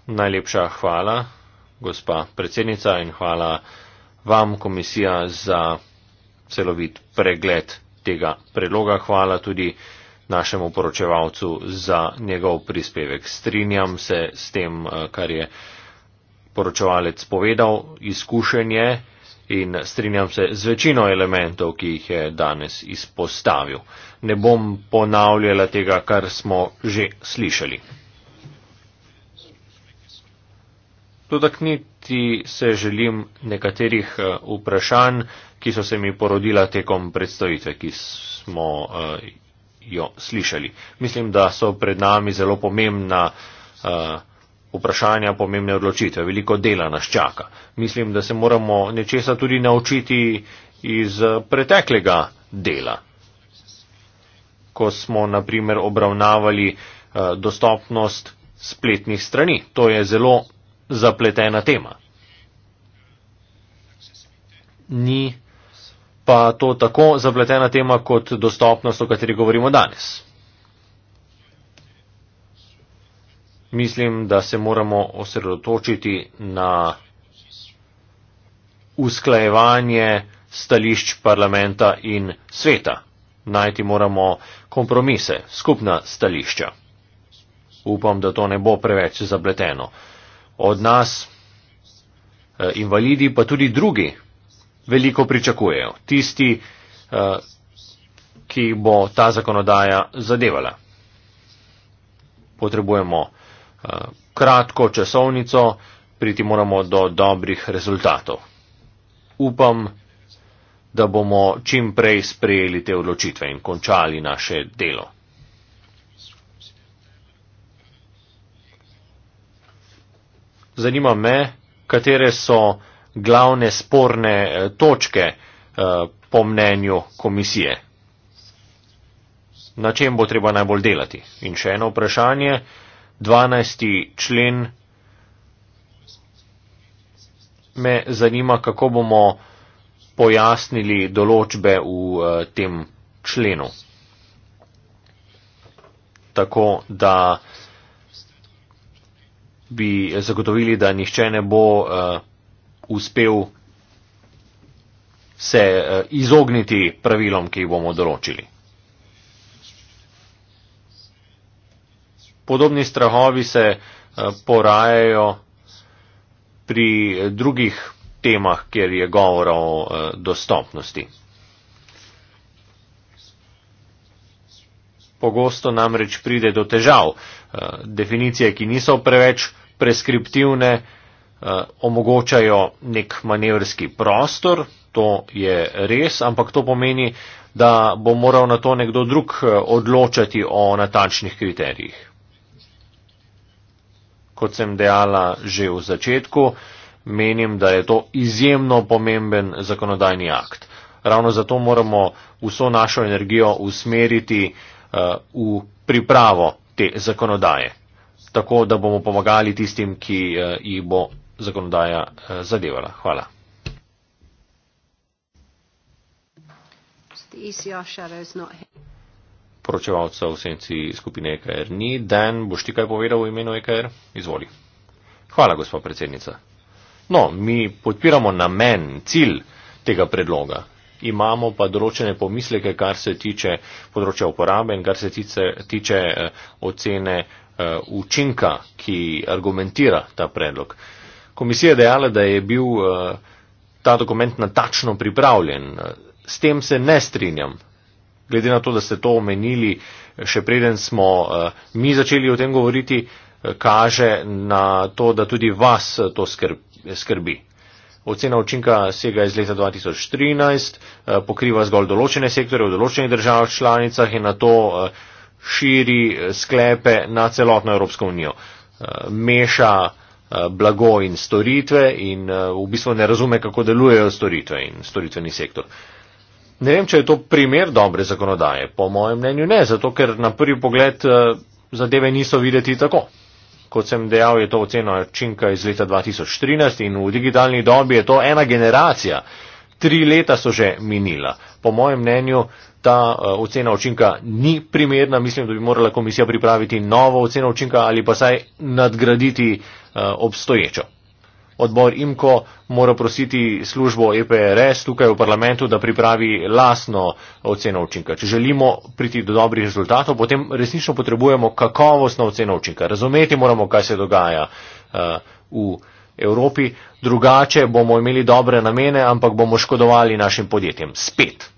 Najlepša hvala, gospa predsednica, in hvala vam, komisija, za celovit pregled tega predloga. Hvala tudi našemu poročevalcu za njegov prispevek. Strinjam se s tem, kar je poročevalec povedal, izkušenje in strinjam se z večino elementov, ki jih je danes izpostavil. Ne bom ponavljala tega, kar smo že slišali. Dotakniti se želim nekaterih eh, vprašanj, ki so se mi porodila tekom predstavitve, ki smo eh, jo slišali. Mislim, da so pred nami zelo pomembna eh, vprašanja, pomembne odločitve, veliko dela nas čaka. Mislim, da se moramo nečesa tudi naučiti iz preteklega dela. Ko smo, naprimer, obravnavali eh, dostopnost spletnih strani, to je zelo zapletena tema. Ni pa to tako zapletena tema kot dostopnost, o kateri govorimo danes. mislim, da se moramo osredotočiti na usklajevanje stališč parlamenta in sveta. Najti moramo kompromise, skupna stališča. Upam, da to ne bo preveč zapleteno. Od nas, eh, invalidi, pa tudi drugi, veliko pričakujejo. Tisti, eh, ki bo ta zakonodaja zadevala. Potrebujemo Eh, kratko časovnico, priti moramo do dobrih rezultatov. Upam, da bomo čim prej sprejeli te odločitve in končali naše delo. Zanima me, katere so glavne sporne eh, točke eh, po mnenju komisije. Na čem bo treba najbolj delati? In še eno vprašanje. 12. člen. Me zanima, kako bomo pojasnili določbe v eh, tem členu. Tako da bi zagotovili, da nihče ne bo uh, uspel se uh, izogniti pravilom, ki jih bomo določili. podobni strahovi se eh, porajajo pri drugih temah, kjer je govora o eh, dostopnosti. Pogosto namreč pride do težav. Eh, definicije, ki niso preveč preskriptivne, omogočajo nek manevrski prostor, to je res, ampak to pomeni, da bo moral na to nekdo drug odločati o natančnih kriterijih kot sem dejala že v začetku, menim, da je to izjemno pomemben zakonodajni akt. Ravno zato moramo vso našo energijo usmeriti uh, v pripravo te zakonodaje, tako da bomo pomagali tistim, ki uh, jih bo zakonodaja uh, zadevala. Hvala poročevalca v senci skupine EKR ni. Dan, boš ti kaj povedal v imenu EKR? Izvoli. Hvala, gospa predsednica. No, mi podpiramo namen, cilj tega predloga. Imamo pa določene pomisleke, kar se tiče področja uporabe in kar se tiče, tiče eh, ocene eh, učinka, ki argumentira ta predlog. Komisija je dejala, da je bil eh, ta dokument natačno pripravljen. S tem se ne strinjam glede na to, da ste to omenili, še preden smo eh, mi začeli o tem govoriti, eh, kaže na to, da tudi vas to skrbi. Ocena učinka sega iz leta 2013, eh, pokriva zgolj določene sektore v določenih državah članicah in na to širi sklepe na celotno Evropsko unijo. Meša blago in storitve in v bistvu ne razume, kako delujejo storitve in storitveni sektor. Ne vem, če je to primer dobre zakonodaje. Po mojem mnenju ne, zato ker na prvi pogled eh, zadeve niso videti tako. Kot sem dejal, je to ocena činka iz leta 2013 in v digitalni dobi je to ena generacija. Tri leta so že minila. Po mojem mnenju ta eh, ocena učinka ni primerna. Mislim, da bi morala komisija pripraviti novo oceno učinka ali pa saj nadgraditi eh, obstoječo odbor IMKO mora prositi službo EPRS tukaj v parlamentu, da pripravi lasno oceno učinka. Če želimo priti do dobrih rezultatov, potem resnično potrebujemo kakovostno oceno učinka. Razumeti moramo, kaj se dogaja eh, v Evropi, drugače bomo imeli dobre namene, ampak bomo škodovali našim podjetjem. Spet.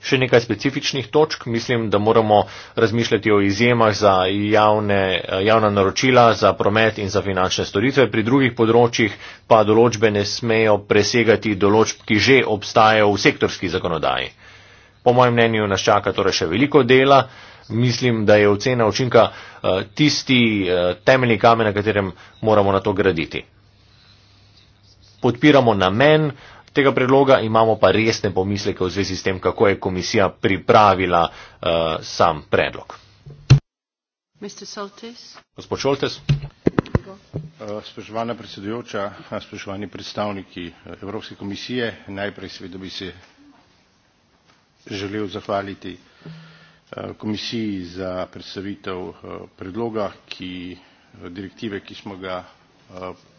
Še nekaj specifičnih točk. Mislim, da moramo razmišljati o izjemah za javne, eh, javna naročila, za promet in za finančne storitve. Pri drugih področjih pa določbe ne smejo presegati določb, ki že obstajajo v sektorski zakonodaji. Po mojem mnenju nas čaka torej še veliko dela. Mislim, da je ocena učinka eh, tisti eh, temeljni kamen, na katerem moramo na to graditi. Podpiramo namen, tega predloga, imamo pa resne pomisleke v zvezi s tem, kako je komisija pripravila uh, sam predlog. Gospod Šoltes. Eh, spoštovana predsedujoča, eh, spoštovani predstavniki Evropske komisije, najprej seveda bi se želel zahvaliti komisiji za predstavitev predloga, ki, direktive, ki smo ga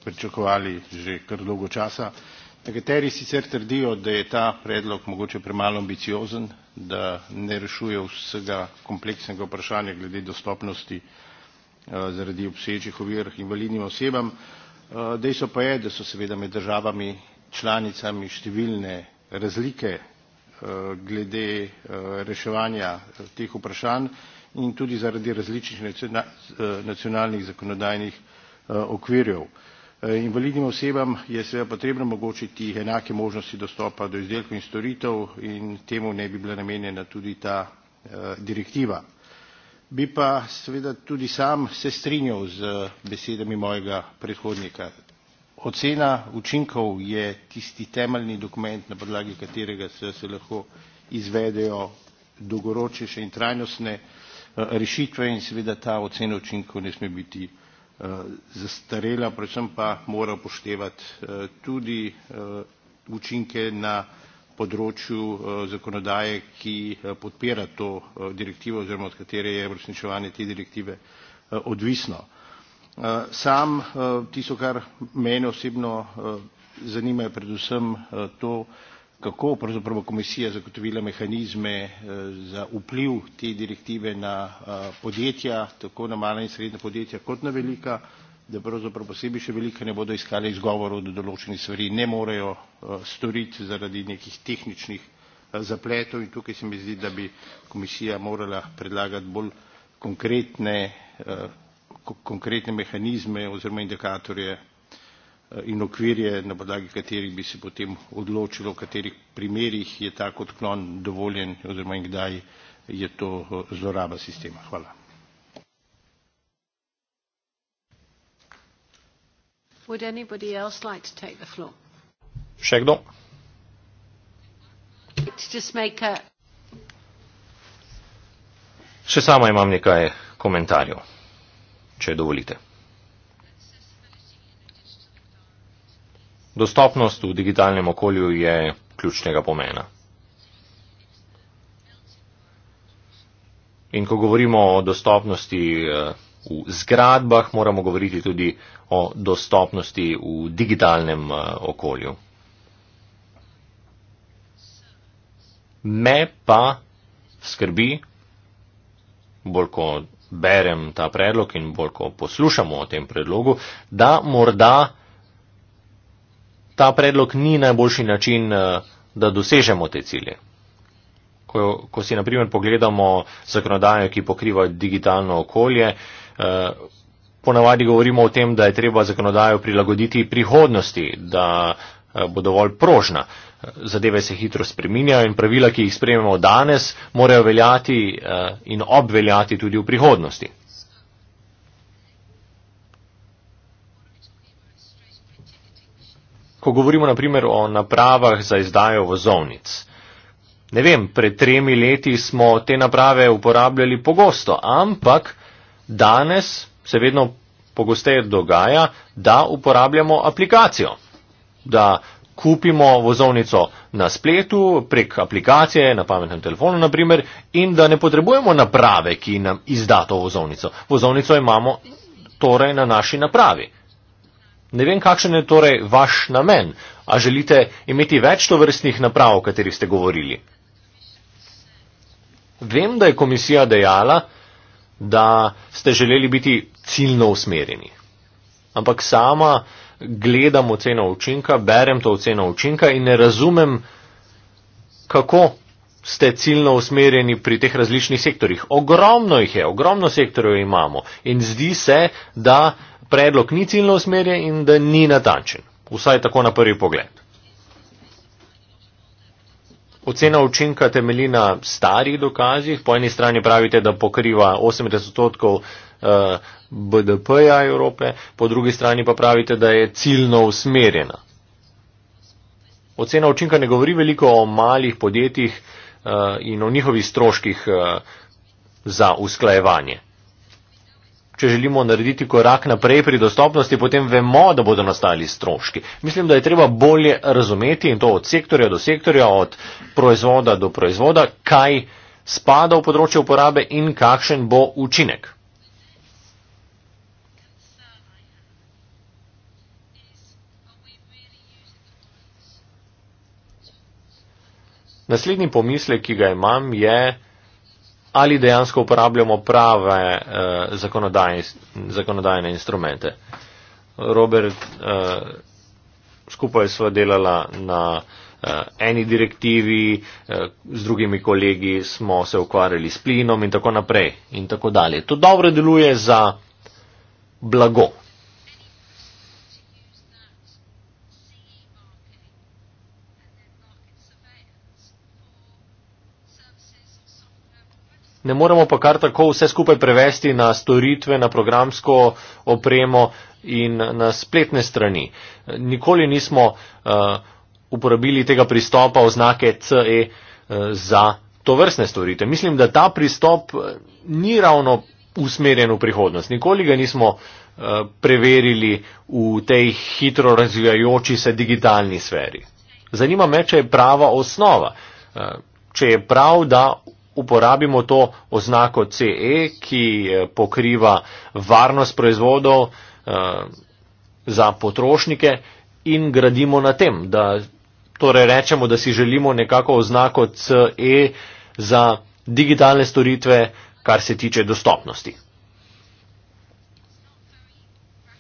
pričakovali že kar dolgo časa nekateri sicer trdijo da je ta predlog mogoče premalo ambiciozen da ne rešuje vsega kompleksnega vprašanja glede dostopnosti eh, zaradi obstoječih ovir invalidnim osebam eh, dejstvo pa je da so seveda med državami članicami številne razlike eh, glede reševanja teh vprašanj in tudi zaradi različnih nacionalnih zakonodajnih okvirjev. Eh, invalidnim osebam je seveda potrebno omogočiti enake možnosti dostopa do izdelkov in storitev in temu naj bi bila namenjena tudi ta eh, direktiva. Bi pa seveda tudi sam se strinjal z eh, besedami mojega predhodnika. Ocena učinkov je tisti temeljni dokument, na podlagi katerega se, se lahko izvedejo dolgoročnejše in trajnostne rešitve in seveda ta ocena učinkov ne sme biti Eh, zastarela predvsem pa mora upoštevati eh, tudi eh, učinke na področju zakonodaje ki podpira to direktivo oziroma od katere je uresničevanje te direktive odvisno sam tisto kar mene osebno zanima je predvsem to kako pravzaprav bo komisija zagotovila mehanizme eh, za vpliv te direktive na eh, podjetja, tako na mala in srednja podjetja kot na velika, da pravzaprav posebej še velika ne bodo iskali izgovorov, da določene stvari ne morejo eh, storiti zaradi nekih tehničnih zapletov in tukaj se mi zdi, da bi komisija morala predlagati bolj konkretne, konkretne mehanizme oziroma indikatorje, Eh, in okvirje, na podlagi katerih bi se potem odločilo, v katerih primerjih je tak odklon dovoljen oziroma in kdaj je to eh, zloraba sistema. Hvala. Would anybody else like to take the floor? Še kdo? Še sama imam nekaj komentarjev, če dovolite. Dostopnost v digitalnem okolju je ključnega pomena. In ko govorimo o dostopnosti eh, v zgradbah, moramo govoriti tudi o dostopnosti v digitalnem eh, okolju. Me pa skrbi, bolj ko berem ta predlog in bolj ko poslušamo o tem predlogu, da morda ta predlog ni najboljši način, eh, da dosežemo te cilje. Ko, ko si naprimer pogledamo zakonodajo, ki pokriva digitalno okolje, eh, ponavadi govorimo o tem, da je treba zakonodajo prilagoditi prihodnosti, da eh, bo dovolj prožna. Zadeve se hitro spreminjajo in pravila, ki jih sprejmemo danes, morajo veljati in obveljati tudi v prihodnosti. ko govorimo naprimer o napravah za izdajo vozovnic. Ne vem, pred tremi leti smo te naprave uporabljali pogosto, ampak danes se vedno pogosteje dogaja, da uporabljamo aplikacijo. Da kupimo vozovnico na spletu, prek aplikacije, na pametnem telefonu naprimer, in da ne potrebujemo naprave, ki nam izda to vozovnico. Vozovnico imamo torej na naši napravi. Ne vem, kakšen je torej vaš namen, a želite imeti več tovrstnih naprav, o katerih ste govorili. Vem, da je komisija dejala, da ste želeli biti ciljno usmerjeni. Ampak sama gledam oceno učinka, berem to oceno učinka in ne razumem, kako ste ciljno usmerjeni pri teh različnih sektorjih. Ogromno jih je, ogromno sektorjev imamo in zdi se, da predlog ni ciljno usmerjen in da ni natančen. Vsaj tako na prvi pogled. Ocena učinka temelji na starih dokazih. Po eni strani pravite, da pokriva 80 odstotkov eh, BDP-ja Evrope, po drugi strani pa pravite, da je ciljno usmerjena. Ocena učinka ne govori veliko o malih podjetjih eh, in o njihovih stroških eh, za usklajevanje če želimo narediti korak naprej pri dostopnosti, potem vemo, da bodo nastali stroški. Mislim, da je treba bolje razumeti in to od sektorja do sektorja, od proizvoda do proizvoda, kaj spada v področje uporabe in kakšen bo učinek. Naslednji pomislek, ki ga imam, je, ali dejansko uporabljamo prave uh, eh, zakonodajne, zakonodajne instrumente. Robert uh, skupaj sva delala na uh, eni direktivi, uh, z drugimi kolegi smo se ukvarjali s plinom in tako naprej in tako dalje. To dobro deluje za blago. ne moremo pa kar tako vse skupaj prevesti na storitve, na programsko opremo in na spletne strani. Nikoli nismo uh, uporabili tega pristopa oznake CE uh, eh, za to vrstne storitve. Mislim, da ta pristop eh, ni ravno usmerjen v prihodnost. Nikoli ga nismo preverili v tej hitro razvijajoči se digitalni sferi. Zanima me, če je prava osnova, če je prav, da uporabimo to oznako CE, ki eh, pokriva varnost proizvodov eh, za potrošnike in gradimo na tem, da torej rečemo, da si želimo nekako oznako CE za digitalne storitve, kar se tiče dostopnosti.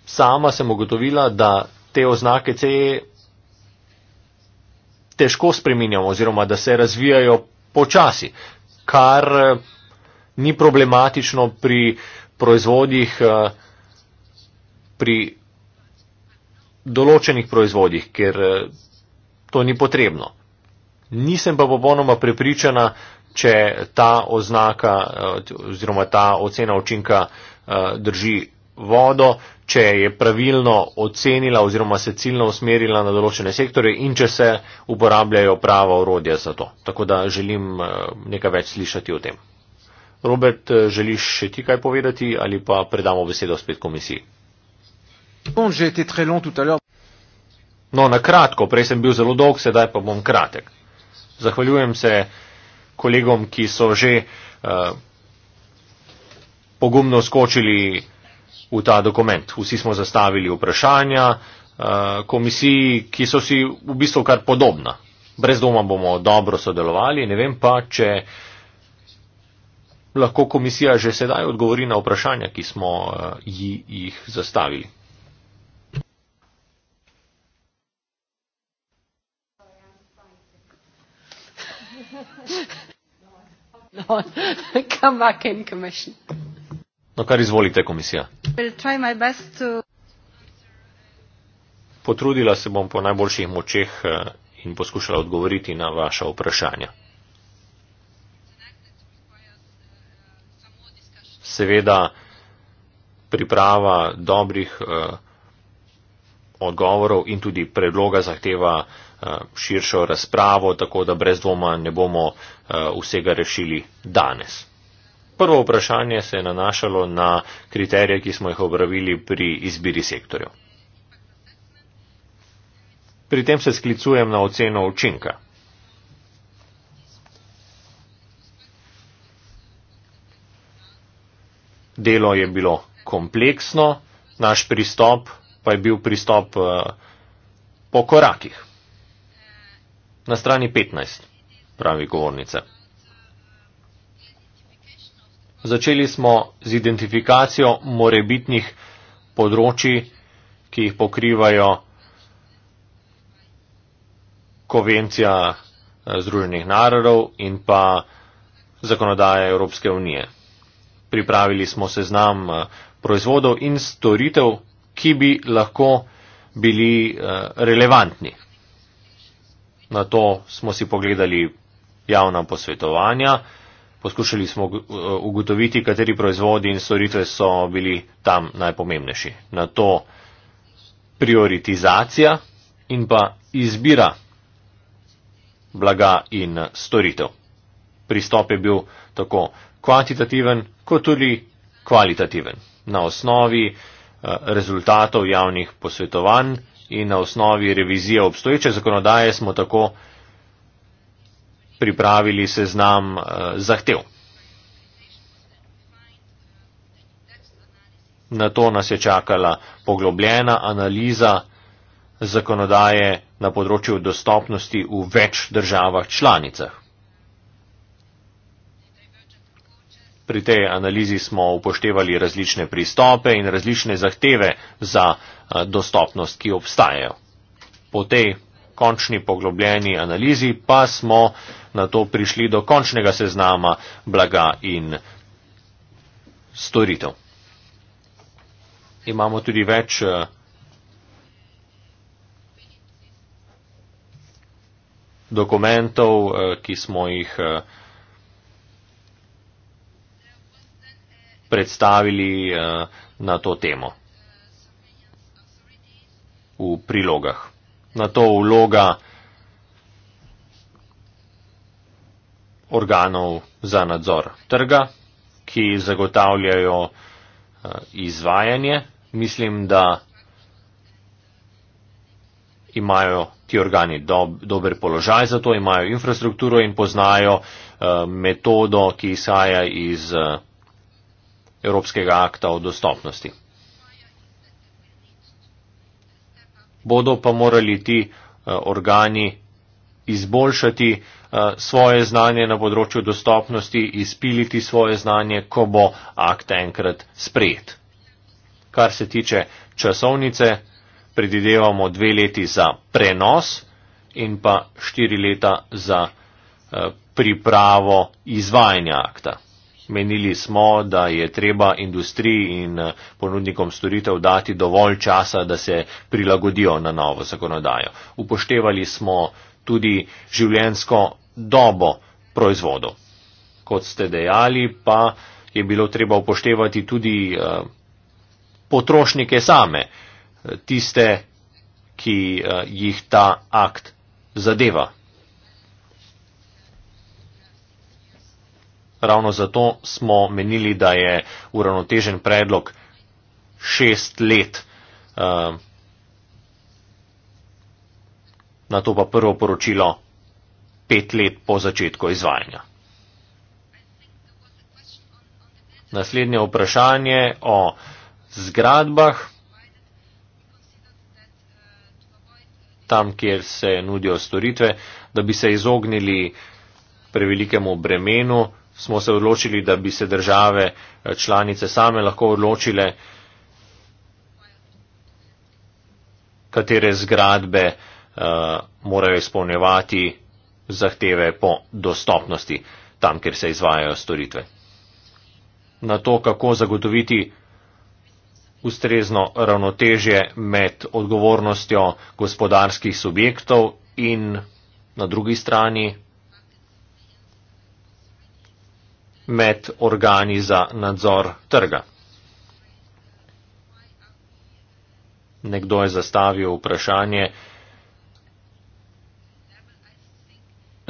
Sama sem ugotovila, da te oznake CE težko spreminjamo oziroma da se razvijajo počasi, kar eh, ni problematično pri proizvodih, eh, pri določenih proizvodih, ker eh, to ni potrebno. Nisem pa popolnoma prepričana, če ta oznaka oziroma ta ocena učinka drži vodo, če je pravilno ocenila oziroma se ciljno usmerila na določene sektore in če se uporabljajo prava orodja za to. Tako da želim eh, nekaj več slišati o tem. Robert, eh, želiš še ti kaj povedati ali pa predamo besedo spet komisiji? No, na kratko, prej sem bil zelo dolg, sedaj pa bom kratek. Zahvaljujem se kolegom, ki so že uh, pogumno skočili v ta dokument. Vsi smo zastavili vprašanja eh, komisiji, ki so si v bistvu kar podobna. Brez doma bomo dobro sodelovali, ne vem pa, če lahko komisija že sedaj odgovori na vprašanja, ki smo eh, jih zastavili. Lord, no, come back in, Commissioner. No, kar izvolite, komisija. To... Potrudila se bom po najboljših močeh eh, in poskušala odgovoriti na vaše vprašanje. Seveda, priprava dobrih eh, odgovorov in tudi predloga zahteva eh, širšo razpravo, tako da brez dvoma ne bomo vsega rešili danes prvo vprašanje se je nanašalo na kriterije, ki smo jih obravili pri izbiri sektorjev. Pri tem se sklicujem na oceno učinka. Delo je bilo kompleksno, naš pristop pa je bil pristop eh, po korakih. Na strani 15 pravi govornica. Začeli smo z identifikacijo morebitnih področji, ki jih pokrivajo konvencija eh, Združenih narodov in pa zakonodaje Evropske unije. Pripravili smo seznam eh, proizvodov in storitev, ki bi lahko bili eh, relevantni. Na to smo si pogledali javna posvetovanja poskušali smo uh, ugotoviti, kateri proizvodi in storitve so bili tam najpomembnejši. Na to prioritizacija in pa izbira blaga in storitev. Pristop je bil tako kvantitativen kot tudi kvalitativen. Na osnovi uh, rezultatov javnih posvetovanj in na osnovi revizije obstoječe zakonodaje smo tako pripravili seznam eh, zahtev. Na to nas je čakala poglobljena analiza zakonodaje na področju dostopnosti v več državah članicah. Pri tej analizi smo upoštevali različne pristope in različne zahteve za eh, dostopnost, ki obstajajo. Po tej končni poglobljeni analizi pa smo na to prišli do končnega seznama blaga in storitev. Imamo tudi več eh, dokumentov, eh, ki smo jih eh, predstavili na to temo v prilogah. Na to vloga organov za nadzor trga, ki zagotavljajo eh, izvajanje. Mislim, da imajo ti organi dob, dober položaj za to, imajo infrastrukturo in poznajo eh, metodo, ki izhaja iz eh, Evropskega akta o dostopnosti. Bodo pa morali ti organi izboljšati eh, svoje znanje na področju dostopnosti, izpiliti svoje znanje, ko bo akt enkrat sprejet. Kar se tiče časovnice, predidevamo dve leti za prenos in pa štiri leta za eh, pripravo izvajanja akta. Menili smo, da je treba industriji in eh, ponudnikom storitev dati dovolj časa, da se prilagodijo na novo zakonodajo. Upoštevali smo tudi življensko dobo proizvodov. Kot ste dejali, pa je bilo treba upoštevati tudi eh, potrošnike same, eh, tiste, ki eh, jih ta akt zadeva. Ravno zato smo menili, da je uravnotežen predlog šest let na to pa prvo poročilo pet let po začetku izvajanja. Naslednje vprašanje o zgradbah, tam, kjer se nudijo storitve, da bi se izognili prevelikemu bremenu, smo se odločili, da bi se države eh, članice same lahko odločile, katere zgradbe uh, Eh, morajo izpolnjevati zahteve po dostopnosti tam, kjer se izvajajo storitve. Na to, kako zagotoviti ustrezno ravnotežje med odgovornostjo gospodarskih subjektov in na drugi strani med organi za nadzor trga. Nekdo je zastavil vprašanje, uh,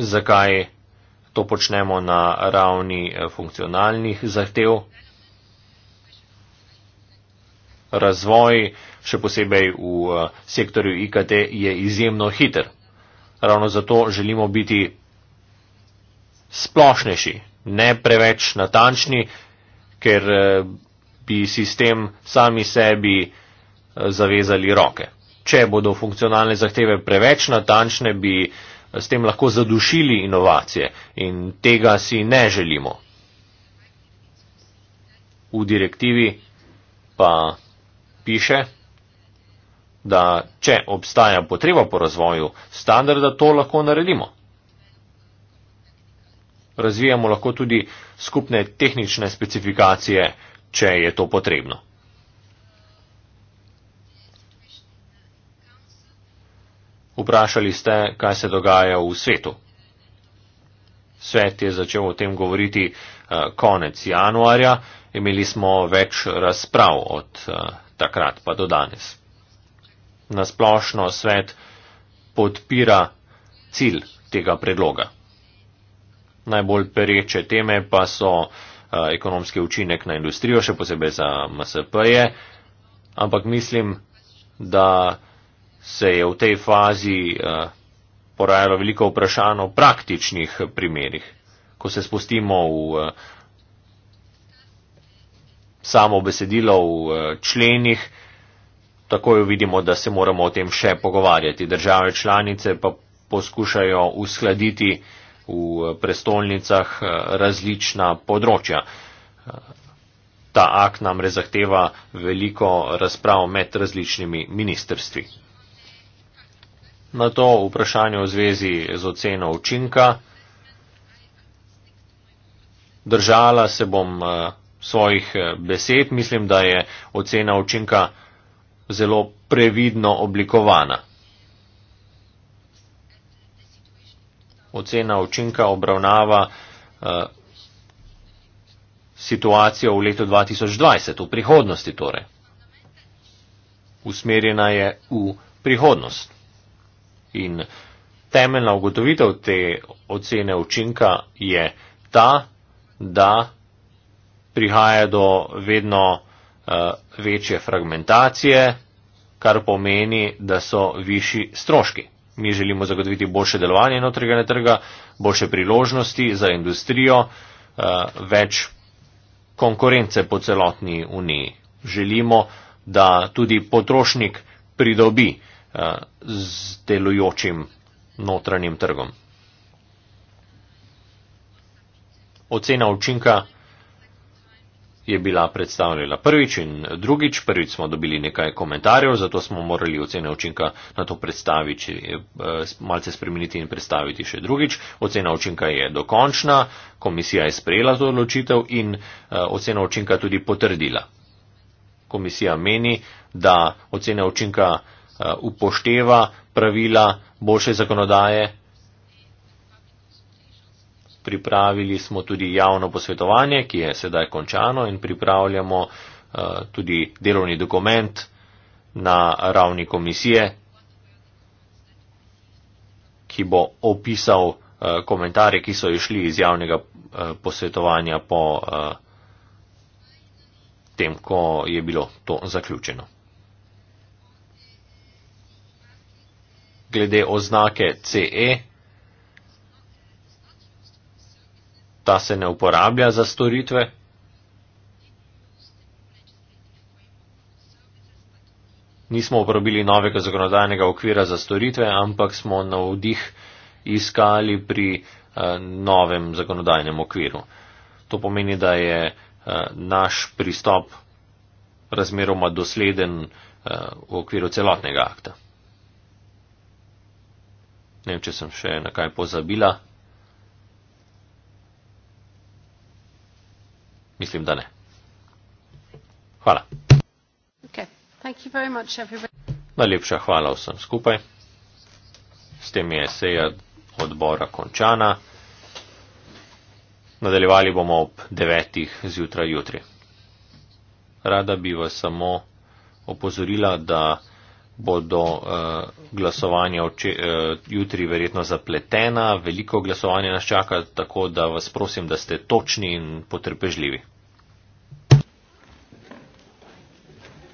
zakaj to počnemo na ravni eh, funkcionalnih zahtev. Razvoj, še posebej v eh, sektorju IKT, je izjemno hiter. Ravno zato želimo biti splošnejši, ne preveč natančni, ker eh, bi sistem sami sebi zavezali roke. Če bodo funkcionalne zahteve preveč natančne, bi eh, s tem lahko zadušili inovacije in tega si ne želimo. V direktivi pa piše, da če obstaja potreba po razvoju standarda, to lahko naredimo. Razvijamo lahko tudi skupne tehnične specifikacije, če je to potrebno. Vprašali ste, kaj se dogaja v svetu. Svet je začel o tem govoriti eh, konec januarja, imeli smo več razprav od eh, takrat pa do danes. Nasplošno svet podpira cilj tega predloga. Najbolj pereče teme pa so eh, ekonomski učinek na industrijo, še posebej za MSP-je, ampak mislim, da se je v tej fazi eh, porajalo veliko vprašanj o praktičnih primerih. Ko se spustimo v eh, samo besedilo v eh, členih, takoj vidimo, da se moramo o tem še pogovarjati. Države članice pa poskušajo uskladiti v prestolnicah različna področja. Ta akt namre zahteva veliko razprav med različnimi ministrstvi. Na to vprašanje v zvezi z oceno učinka držala se bom eh, svojih eh, besed. Mislim, da je ocena učinka zelo previdno oblikovana. Ocena učinka obravnava eh, situacijo v letu 2020, v prihodnosti torej. Usmerjena je v prihodnost. In temeljna ugotovitev te ocene učinka je ta, da prihaja do vedno uh, večje fragmentacije, kar pomeni, da so višji stroški. Mi želimo zagotoviti boljše delovanje notrega trga, boljše priložnosti za industrijo, uh, več konkurence po celotni uniji. Želimo, da tudi potrošnik pridobi uh, Eh, z delujočim notranjim trgom. Ocena učinka je bila predstavljena prvič in drugič. Prvič smo dobili nekaj komentarjev, zato smo morali ocene učinka na to predstaviti, eh, malce spremeniti in predstaviti še drugič. Ocena učinka je dokončna, komisija je sprejela to odločitev in eh, ocena učinka tudi potrdila. Komisija meni, da ocena učinka Uh, upošteva pravila boljše zakonodaje. Pripravili smo tudi javno posvetovanje, ki je sedaj končano in pripravljamo uh, tudi delovni dokument na ravni komisije, ki bo opisal uh, komentarje, ki so išli iz javnega posvetovanja po tem, ko je bilo to zaključeno. glede oznake CE. Ta se ne uporablja za storitve. Nismo uporabili novega zakonodajnega okvira za storitve, ampak smo na vdih iskali pri uh, novem zakonodajnem okviru. To pomeni, da je uh, naš pristop razmeroma dosleden uh, v okviru celotnega akta. Ne vem, če sem še na kaj pozabila. Mislim, da ne. Hvala. Okay. Najlepša hvala vsem skupaj. S tem je seja odbora končana. Nadaljevali bomo ob devetih zjutraj jutri. Rada bi vas samo opozorila, da bodo uh, glasovanja uh, jutri verjetno zapletena, veliko glasovanja nas čaka, tako da vas prosim, da ste točni in potrpežljivi.